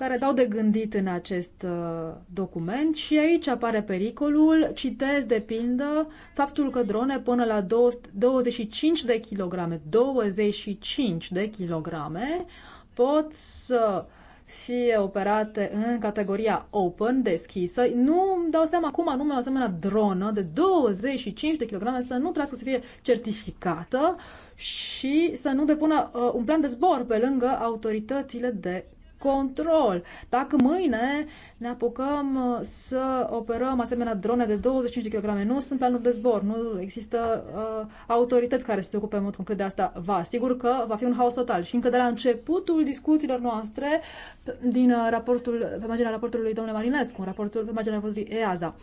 care dau de gândit în acest uh, document și aici apare pericolul, citez de pildă faptul că drone până la 25 de kilograme, 25 de kilograme pot să fie operate în categoria open, deschisă. Nu îmi dau seama cum anume o asemenea dronă de 25 de kilograme să nu trească să fie certificată și să nu depună uh, un plan de zbor pe lângă autoritățile de control. Dacă mâine ne apucăm uh, să operăm asemenea drone de 25 de kg, nu sunt planuri de zbor, nu există uh, autorități care se ocupe în mod concret de asta. Va, sigur că va fi un haos total. Și încă de la începutul discuțiilor noastre, din uh, raportul, pe imaginea raportului domnule Marinescu, raportul, pe imaginea raportului EASA,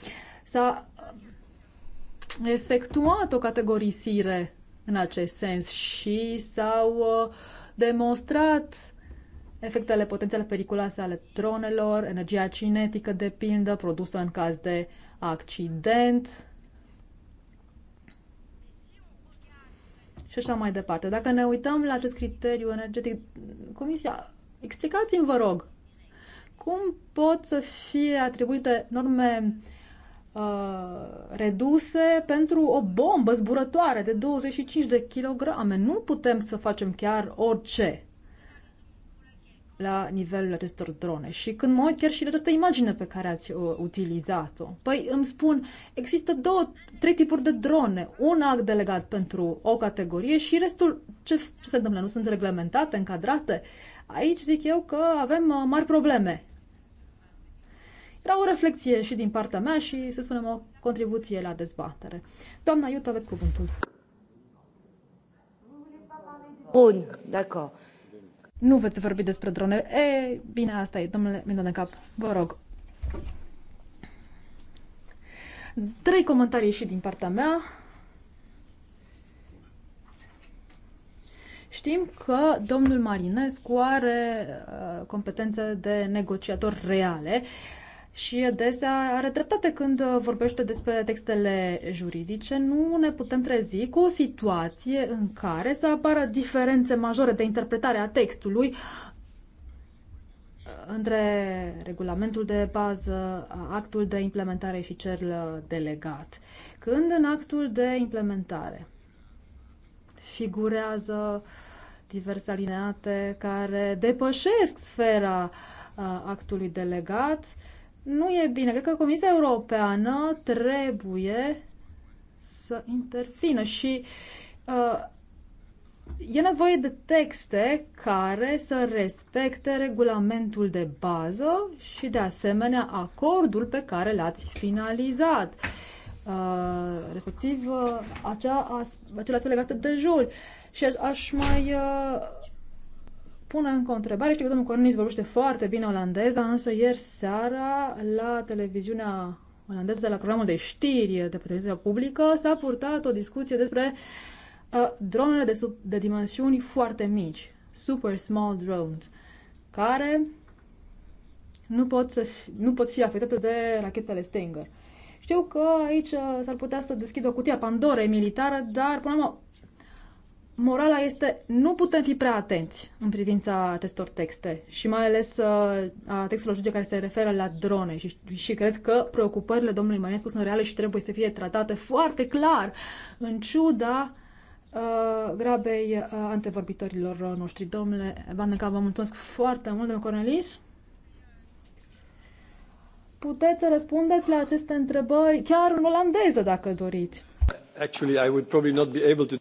s-a uh, efectuat o categorisire în acest sens și s-au demonstrat efectele potențiale periculoase ale dronelor, energia cinetică, de pildă, produsă în caz de accident și așa mai departe. Dacă ne uităm la acest criteriu energetic, Comisia, explicați-mi, vă rog, cum pot să fie atribuite norme uh, reduse pentru o bombă zburătoare de 25 de kilograme? Nu putem să facem chiar orice la nivelul acestor drone. Și când mă uit chiar și la această imagine pe care ați uh, utilizat-o, păi îmi spun, există două, trei tipuri de drone, un act delegat pentru o categorie și restul, ce, ce se întâmplă, nu sunt reglementate, încadrate? Aici zic eu că avem uh, mari probleme. Era o reflexie și din partea mea și, să spunem, o contribuție la dezbatere. Doamna Iuto, aveți cuvântul. Bun, d'accord. Nu veți vorbi despre drone. E, bine, asta e, domnule Mindone Cap, vă rog. Trei comentarii și din partea mea. Știm că domnul Marinescu are uh, competențe de negociator reale și adesea are dreptate când uh, vorbește despre textele juridice, nu ne putem trezi cu o situație în care să apară diferențe majore de interpretare a textului uh, între regulamentul de bază, actul de implementare și cel uh, delegat. Când în actul de implementare figurează diverse alineate care depășesc sfera actului delegat, uh, nu e bine. Cred că Comisia Europeană trebuie să intervină și uh, e nevoie de texte care să respecte regulamentul de bază și, de asemenea, acordul pe care l-ați finalizat. Uh, respectiv, uh, acea as- acel aspect legat de jul. Și aș, aș mai uh, pună încă o întrebare. Știu că domnul Cornis vorbește foarte bine olandeza, însă ieri seara la televiziunea olandeză, la programul de știri de pe televiziunea publică, s-a purtat o discuție despre uh, dronele de, sub, de dimensiuni foarte mici, super small drones, care nu pot, să fi, nu pot fi afectate de rachetele Stinger. Știu că aici uh, s-ar putea să deschidă o cutie a Pandorei militară, dar până la urmă morala este nu putem fi prea atenți în privința acestor texte și mai ales uh, a textelor juge care se referă la drone și, și cred că preocupările domnului Mănescu sunt reale și trebuie să fie tratate foarte clar în ciuda uh, grabei uh, antevorbitorilor noștri. Domnule Bandeca, vă mulțumesc foarte mult, domnule Cornelis. Puteți să răspundeți la aceste întrebări chiar în olandeză, dacă doriți. Actually, I would probably not be able to...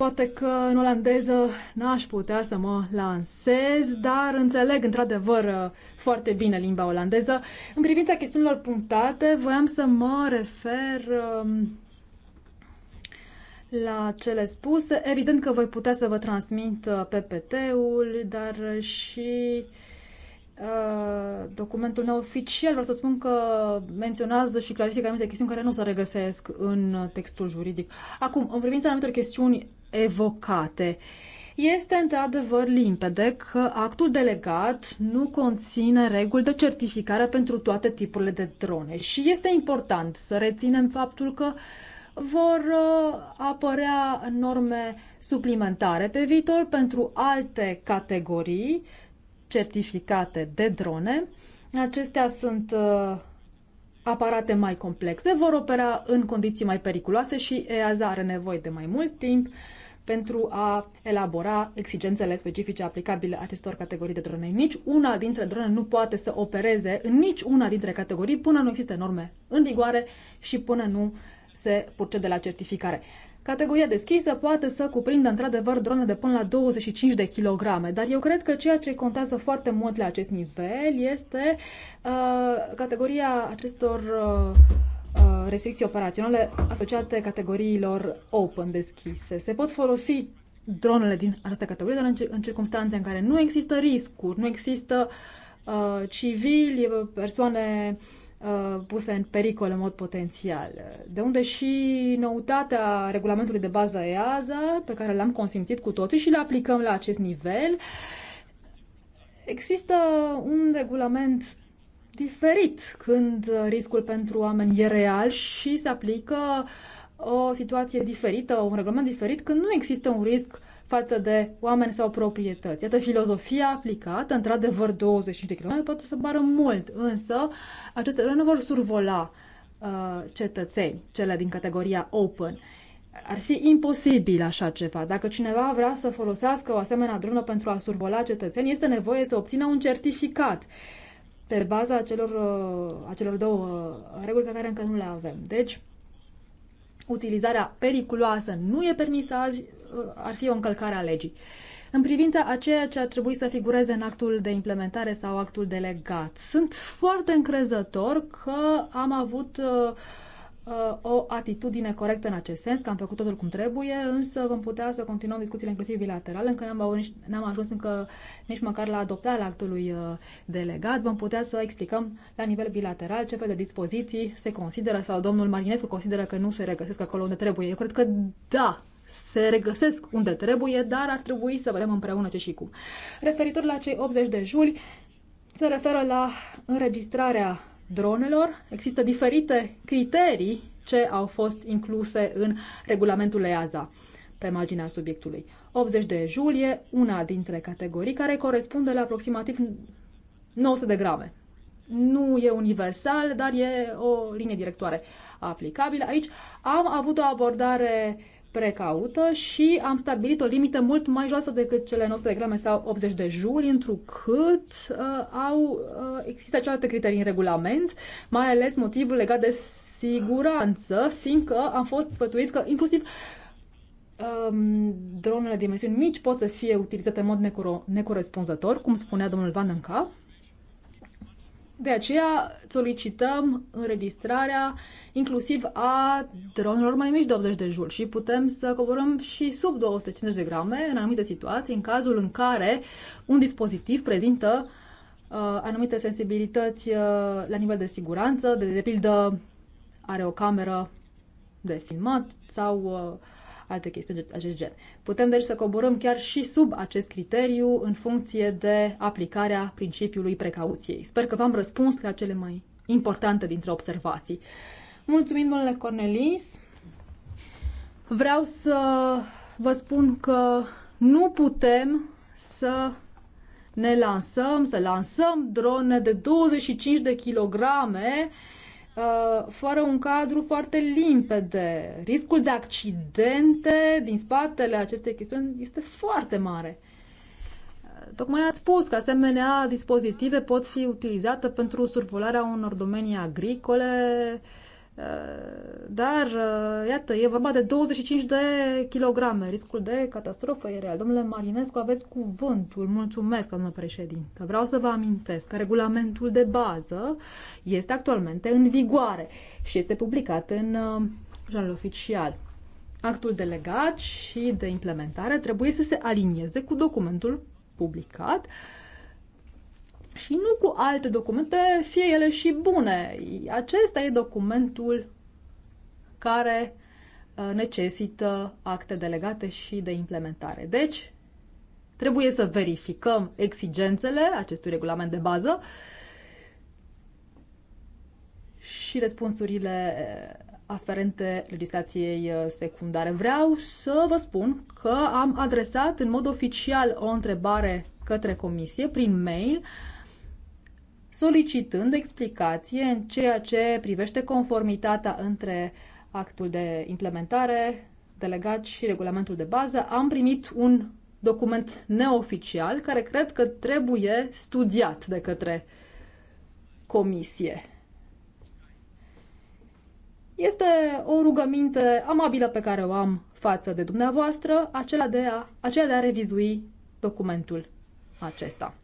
Poate că în olandeză n-aș putea să mă lansez, dar înțeleg într-adevăr uh, foarte bine limba olandeză. În privința chestiunilor punctate, voiam să mă refer um, la cele spuse. Evident că voi putea să vă transmit uh, PPT-ul, dar și uh, documentul neoficial. Vreau să spun că menționează și clarifică anumite chestiuni care nu se regăsesc în textul juridic. Acum, în privința anumitor chestiuni evocate. Este într-adevăr limpede că actul delegat nu conține reguli de certificare pentru toate tipurile de drone și este important să reținem faptul că vor uh, apărea norme suplimentare pe viitor pentru alte categorii certificate de drone. Acestea sunt uh, aparate mai complexe, vor opera în condiții mai periculoase și EASA are nevoie de mai mult timp pentru a elabora exigențele specifice aplicabile acestor categorii de drone. Nici una dintre drone nu poate să opereze în nici una dintre categorii până nu există norme în vigoare și până nu se procede la certificare. Categoria deschisă poate să cuprindă într-adevăr drone de până la 25 de kilograme, dar eu cred că ceea ce contează foarte mult la acest nivel este uh, categoria acestor uh, Uh, restricții operaționale asociate categoriilor open deschise. Se pot folosi dronele din această categorie, dar în, în circunstanțe în care nu există riscuri, nu există uh, civili, uh, persoane uh, puse în pericol în mod potențial. De unde și noutatea regulamentului de bază EASA, pe care l-am consimțit cu toții și le aplicăm la acest nivel, există un regulament diferit când uh, riscul pentru oameni e real și se aplică uh, o situație diferită, un regulament diferit când nu există un risc față de oameni sau proprietăți. Iată, filozofia aplicată, într-adevăr 25 de km poate să pară mult, însă aceste nu vor survola uh, cetățeni, cele din categoria open. Ar fi imposibil așa ceva. Dacă cineva vrea să folosească o asemenea dronă pentru a survola cetățeni, este nevoie să obțină un certificat. Uh, pe baza acelor, uh, acelor două uh, reguli pe care încă nu le avem. Deci, utilizarea periculoasă nu e permisă azi, uh, ar fi o încălcare a legii. În privința a ceea ce ar trebui să figureze în actul de implementare sau actul delegat, sunt foarte încrezător că am avut uh, Uh, o atitudine corectă în acest sens, că am făcut totul cum trebuie, însă vom putea să continuăm discuțiile inclusiv bilaterale, încă n-am, ajuns încă nici măcar la adoptarea actului uh, delegat, vom putea să explicăm la nivel bilateral ce fel de dispoziții se consideră sau domnul Marinescu consideră că nu se regăsesc acolo unde trebuie. Eu cred că da, se regăsesc unde trebuie, dar ar trebui să vedem împreună ce și cum. Referitor la cei 80 de juli, se referă la înregistrarea dronelor. Există diferite criterii ce au fost incluse în regulamentul EASA pe marginea subiectului. 80 de julie, una dintre categorii care corespunde la aproximativ 900 de grame. Nu e universal, dar e o linie directoare aplicabilă. Aici am avut o abordare uh, precaută și am stabilit o limită mult mai joasă decât cele de grame sau 80 de juli, întrucât uh, au, uh, există alte criterii în regulament, mai ales motivul legat de siguranță, fiindcă am fost sfătuiți că inclusiv um, dronele de dimensiuni mici pot să fie utilizate în mod necoro- necorespunzător, cum spunea domnul Van Încap, de aceea solicităm înregistrarea inclusiv a dronelor mai mici de 80 de joule și putem să coborăm și sub 250 de grame în anumite situații, în cazul în care un dispozitiv prezintă uh, anumite sensibilități uh, la nivel de siguranță, de, de pildă are o cameră de filmat sau uh, alte chestiuni de acest gen. Putem deci să coborăm chiar și sub acest criteriu în funcție de aplicarea principiului precauției. Sper că v-am răspuns la cele mai importante dintre observații. Mulțumim, domnule Cornelis! Vreau să vă spun că nu putem să ne lansăm, să lansăm drone de 25 de kilograme Uh, fără un cadru foarte limpede. Riscul de accidente din spatele acestei chestiuni este foarte mare. Uh, tocmai ați spus că asemenea dispozitive pot fi utilizate pentru survolarea unor domenii agricole, Eh, dar, eh, iată, e vorba de 25 de kilograme. Riscul de catastrofă e real. Domnule Marinescu, aveți cuvântul. Mulțumesc, domnule președinte. Vreau să vă amintesc că regulamentul de bază este actualmente în vigoare și este publicat în eh, jurnal oficial. Actul delegat și de implementare trebuie să se alinieze cu documentul publicat uh, și nu cu alte documente, fie ele și bune. Acesta e documentul care uh, necesită acte delegate și de implementare. Deci, trebuie să verificăm exigențele acestui regulament de bază și răspunsurile uh, aferente legislației uh, secundare. Vreau să vă spun că am adresat în mod oficial o întrebare către comisie prin mail uh, solicitând explicație în ceea ce privește conformitatea între actul de implementare, delegat și regulamentul de bază. Am primit un document neoficial care cred că trebuie studiat de către comisie. Este o rugăminte amabilă pe care o am față de dumneavoastră, acela de a, aceea de a revizui documentul acesta.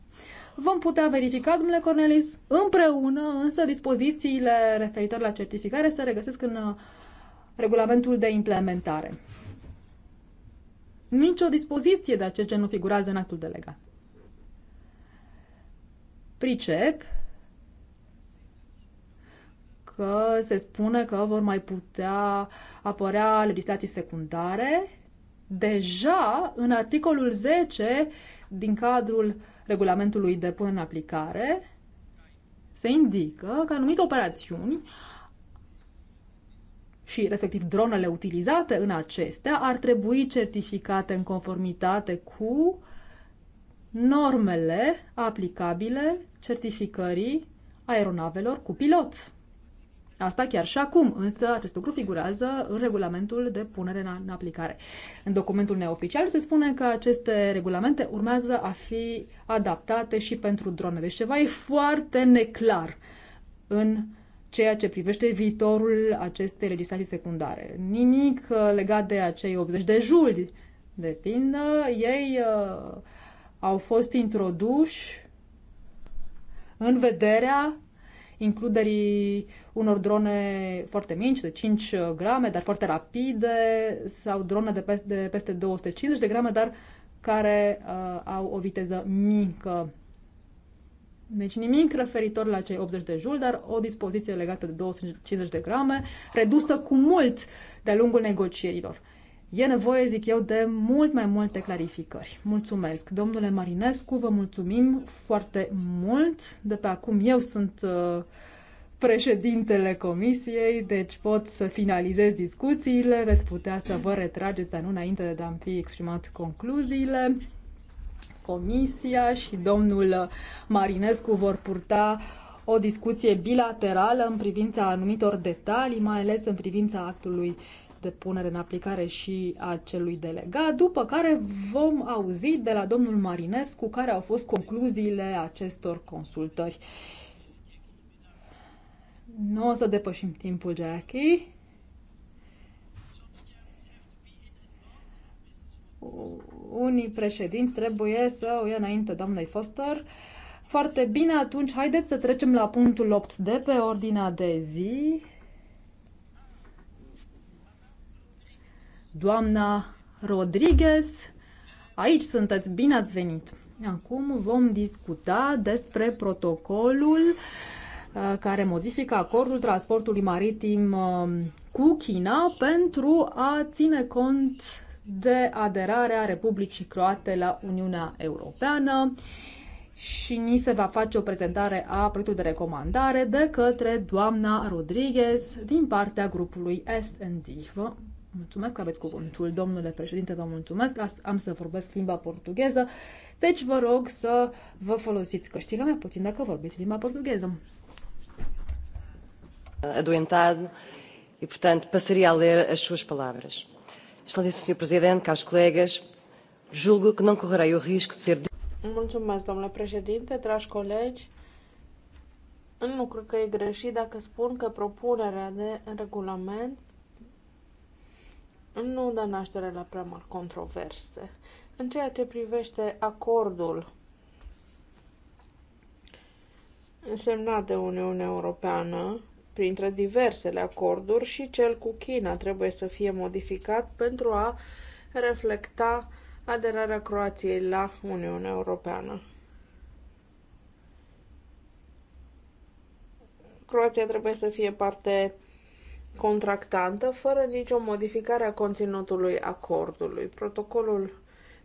Vom putea verifica, domnule Cornelis, împreună, însă dispozițiile referitor la certificare se regăsesc în uh, regulamentul de implementare. Nicio dispoziție de acest gen nu figurează în actul delegat. Pricep că se spune că vor mai putea apărea legislații secundare. Deja, în articolul 10 din cadrul uh, regulamentului de până în aplicare, se indică că anumite operațiuni și respectiv dronele utilizate în acestea ar trebui certificate în conformitate cu normele aplicabile certificării aeronavelor cu pilot. Asta chiar și acum, însă acest lucru figurează în regulamentul de punere în, în aplicare. În documentul neoficial se spune că aceste regulamente urmează a fi adaptate și pentru drone. Deci ceva e foarte neclar în ceea ce privește viitorul acestei legislații secundare. Nimic uh, legat de acei 80 de juli, de pildă, ei uh, au fost introduși în vederea includerii unor drone foarte mici, de 5 grame, dar foarte rapide, sau drone de, peste, de peste 250 de grame, dar care uh, au o viteză mică. Deci nimic referitor la cei 80 de joule, dar o dispoziție legată de 250 de grame, redusă cu mult de-a lungul negocierilor. E nevoie, zic eu, de mult mai multe clarificări. Mulțumesc. Domnule Marinescu, vă mulțumim foarte mult. De pe acum eu sunt uh, președintele comisiei, deci pot să finalizez discuțiile, veți putea să vă retrageți, dar nu înainte de a-mi fi exprimat concluziile. Comisia și domnul Marinescu vor purta o discuție bilaterală în privința anumitor detalii, mai ales în privința actului de punere în aplicare și a celui delegat, după care vom auzi de la domnul Marinescu care au fost concluziile acestor consultări. Nu o să depășim timpul, Jackie. Unii președinți trebuie să o ia înainte doamnei Foster. Foarte bine, atunci haideți să trecem la punctul 8 de pe ordinea de zi. doamna Rodriguez. Aici sunteți, bine ați venit! Acum vom discuta despre protocolul uh, care modifică acordul transportului maritim um, cu China pentru a ține cont de aderarea Republicii Croate la Uniunea Europeană și ni se va face o prezentare a proiectului de recomandare de către doamna Rodriguez din partea grupului S&D. Vă Mulțumesc, aveți cuvântul, domnule președinte, vă mulțumesc. Am să vorbesc limba portugheză, deci vă rog să vă folosiți căștile mai puțin dacă vorbiți limba portugheză. Adoentado e, portanto, passaria a ler as suas palavras. Excelentíssimo Sr. Presidente, caros colegas, julgo que não correrei o risco de ser. Mulțumesc, domnule președinte, dragi colegi. Nu cred că e greșit dacă spun că propunerea de regulament nu dă naștere la prea mari controverse. În ceea ce privește acordul însemnat de Uniunea Europeană, printre diversele acorduri și cel cu China trebuie să fie modificat pentru a reflecta aderarea Croației la Uniunea Europeană. Croația trebuie să fie parte contractantă fără nicio modificare a conținutului acordului. Protocolul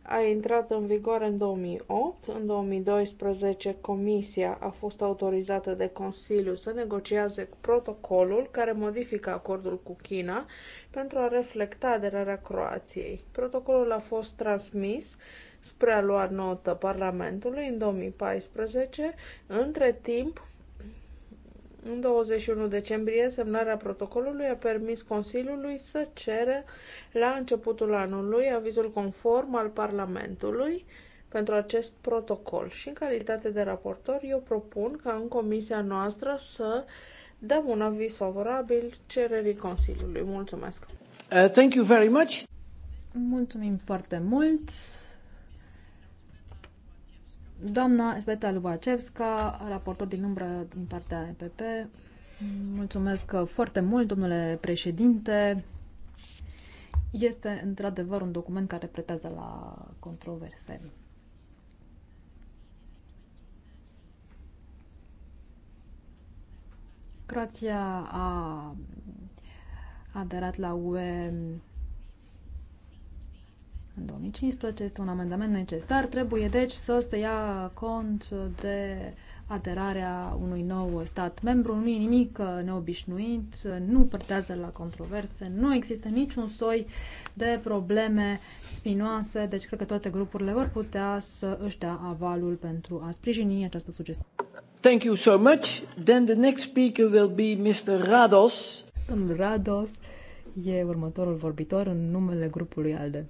a intrat în vigoare în 2008. În 2012, Comisia a fost autorizată de Consiliu să negocieze protocolul care modifică acordul cu China pentru a reflecta aderarea Croației. Protocolul a fost transmis spre a lua notă Parlamentului în 2014. Între timp, în 21 decembrie, semnarea protocolului a permis Consiliului să cere la începutul anului avizul conform al Parlamentului pentru acest protocol și în calitate de raportor eu propun ca în comisia noastră să dăm un aviz favorabil cererii Consiliului. Mulțumesc! Uh, thank you very much! Mulțumim foarte mult! Doamna Sveta Lubacevska, raportor din umbră din partea EPP, mulțumesc foarte mult, domnule președinte. Este într-adevăr un document care pretează la controverse. Croația a aderat la UE în 2015. Este un amendament necesar. Trebuie, deci, să se ia cont de aderarea unui nou stat membru. Nu e nimic neobișnuit, nu părtează la controverse, nu există niciun soi de probleme spinoase, deci cred că toate grupurile vor putea să își dea avalul pentru a sprijini această sugestie. Thank you so much. Then the next speaker will be Mr. Rados. Domnul Rados e următorul vorbitor în numele grupului ALDE.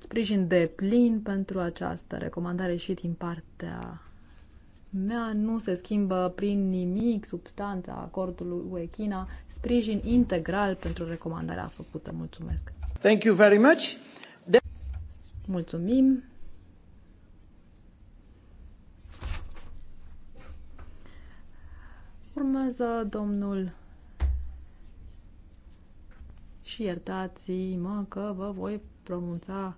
sprijin de plin pentru această recomandare și din partea mea. Nu se schimbă prin nimic substanța acordului UE-China. Sprijin integral pentru recomandarea făcută. Mulțumesc! Thank you very much! De Mulțumim! Urmează domnul și iertați-mă că vă voi pronunța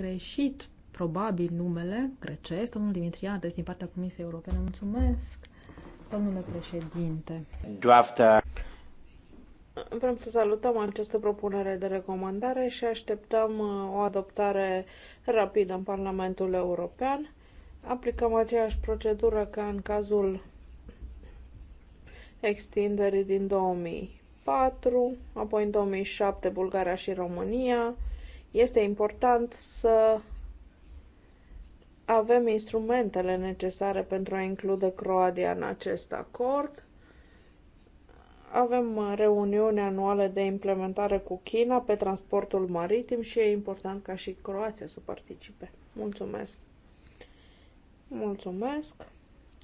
greșit probabil numele grecesc, domnul Dimitriades din partea Comisiei Europene. Mulțumesc, domnule președinte. Doaftă. Vrem să salutăm această propunere de recomandare și așteptăm uh, o adoptare rapidă în Parlamentul European. Aplicăm aceeași procedură ca în cazul extinderii din 2004, apoi în 2007 Bulgaria și România, este important să avem instrumentele necesare pentru a include Croația în acest acord. Avem uh, reuniuni anuale de implementare cu China pe transportul maritim și e important ca și Croația să participe. Mulțumesc! Mulțumesc!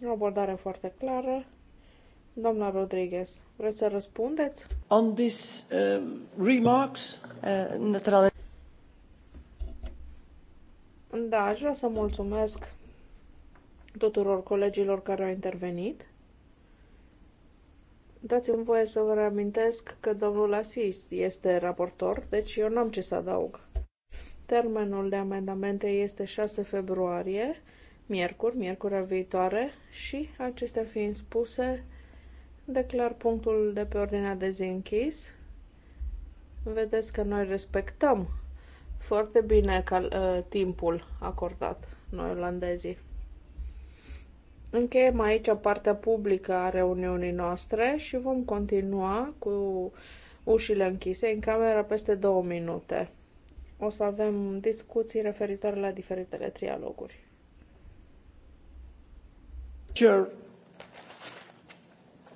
O abordare foarte clară. Doamna Rodriguez, vreți să răspundeți? On this uh, remarks, uh, natural. Da, aș vrea să mulțumesc tuturor colegilor care au intervenit. Dați-mi voie să vă reamintesc că domnul Asis este raportor, deci eu n-am ce să adaug. Termenul de amendamente este 6 februarie, miercuri, miercurea viitoare și, acestea fiind spuse, declar punctul de pe ordinea de zi închis. Vedeți că noi respectăm foarte bine cal, uh, timpul acordat noi olandezii. Încheiem aici partea publică a reuniunii noastre și vom continua cu ușile închise în camera peste două minute. O să avem discuții referitoare la diferitele trialoguri. Sure.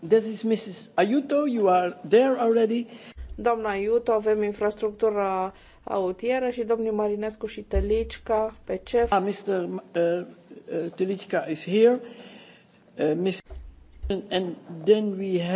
This is Mrs. Ayuto, you are there already. Doamna Ayuto, avem infrastructura autieră și domnii Marinescu și Telicica pe CEF. Ah, Mr. Uh, uh, Telicica is here. Uh, Mr. And then we have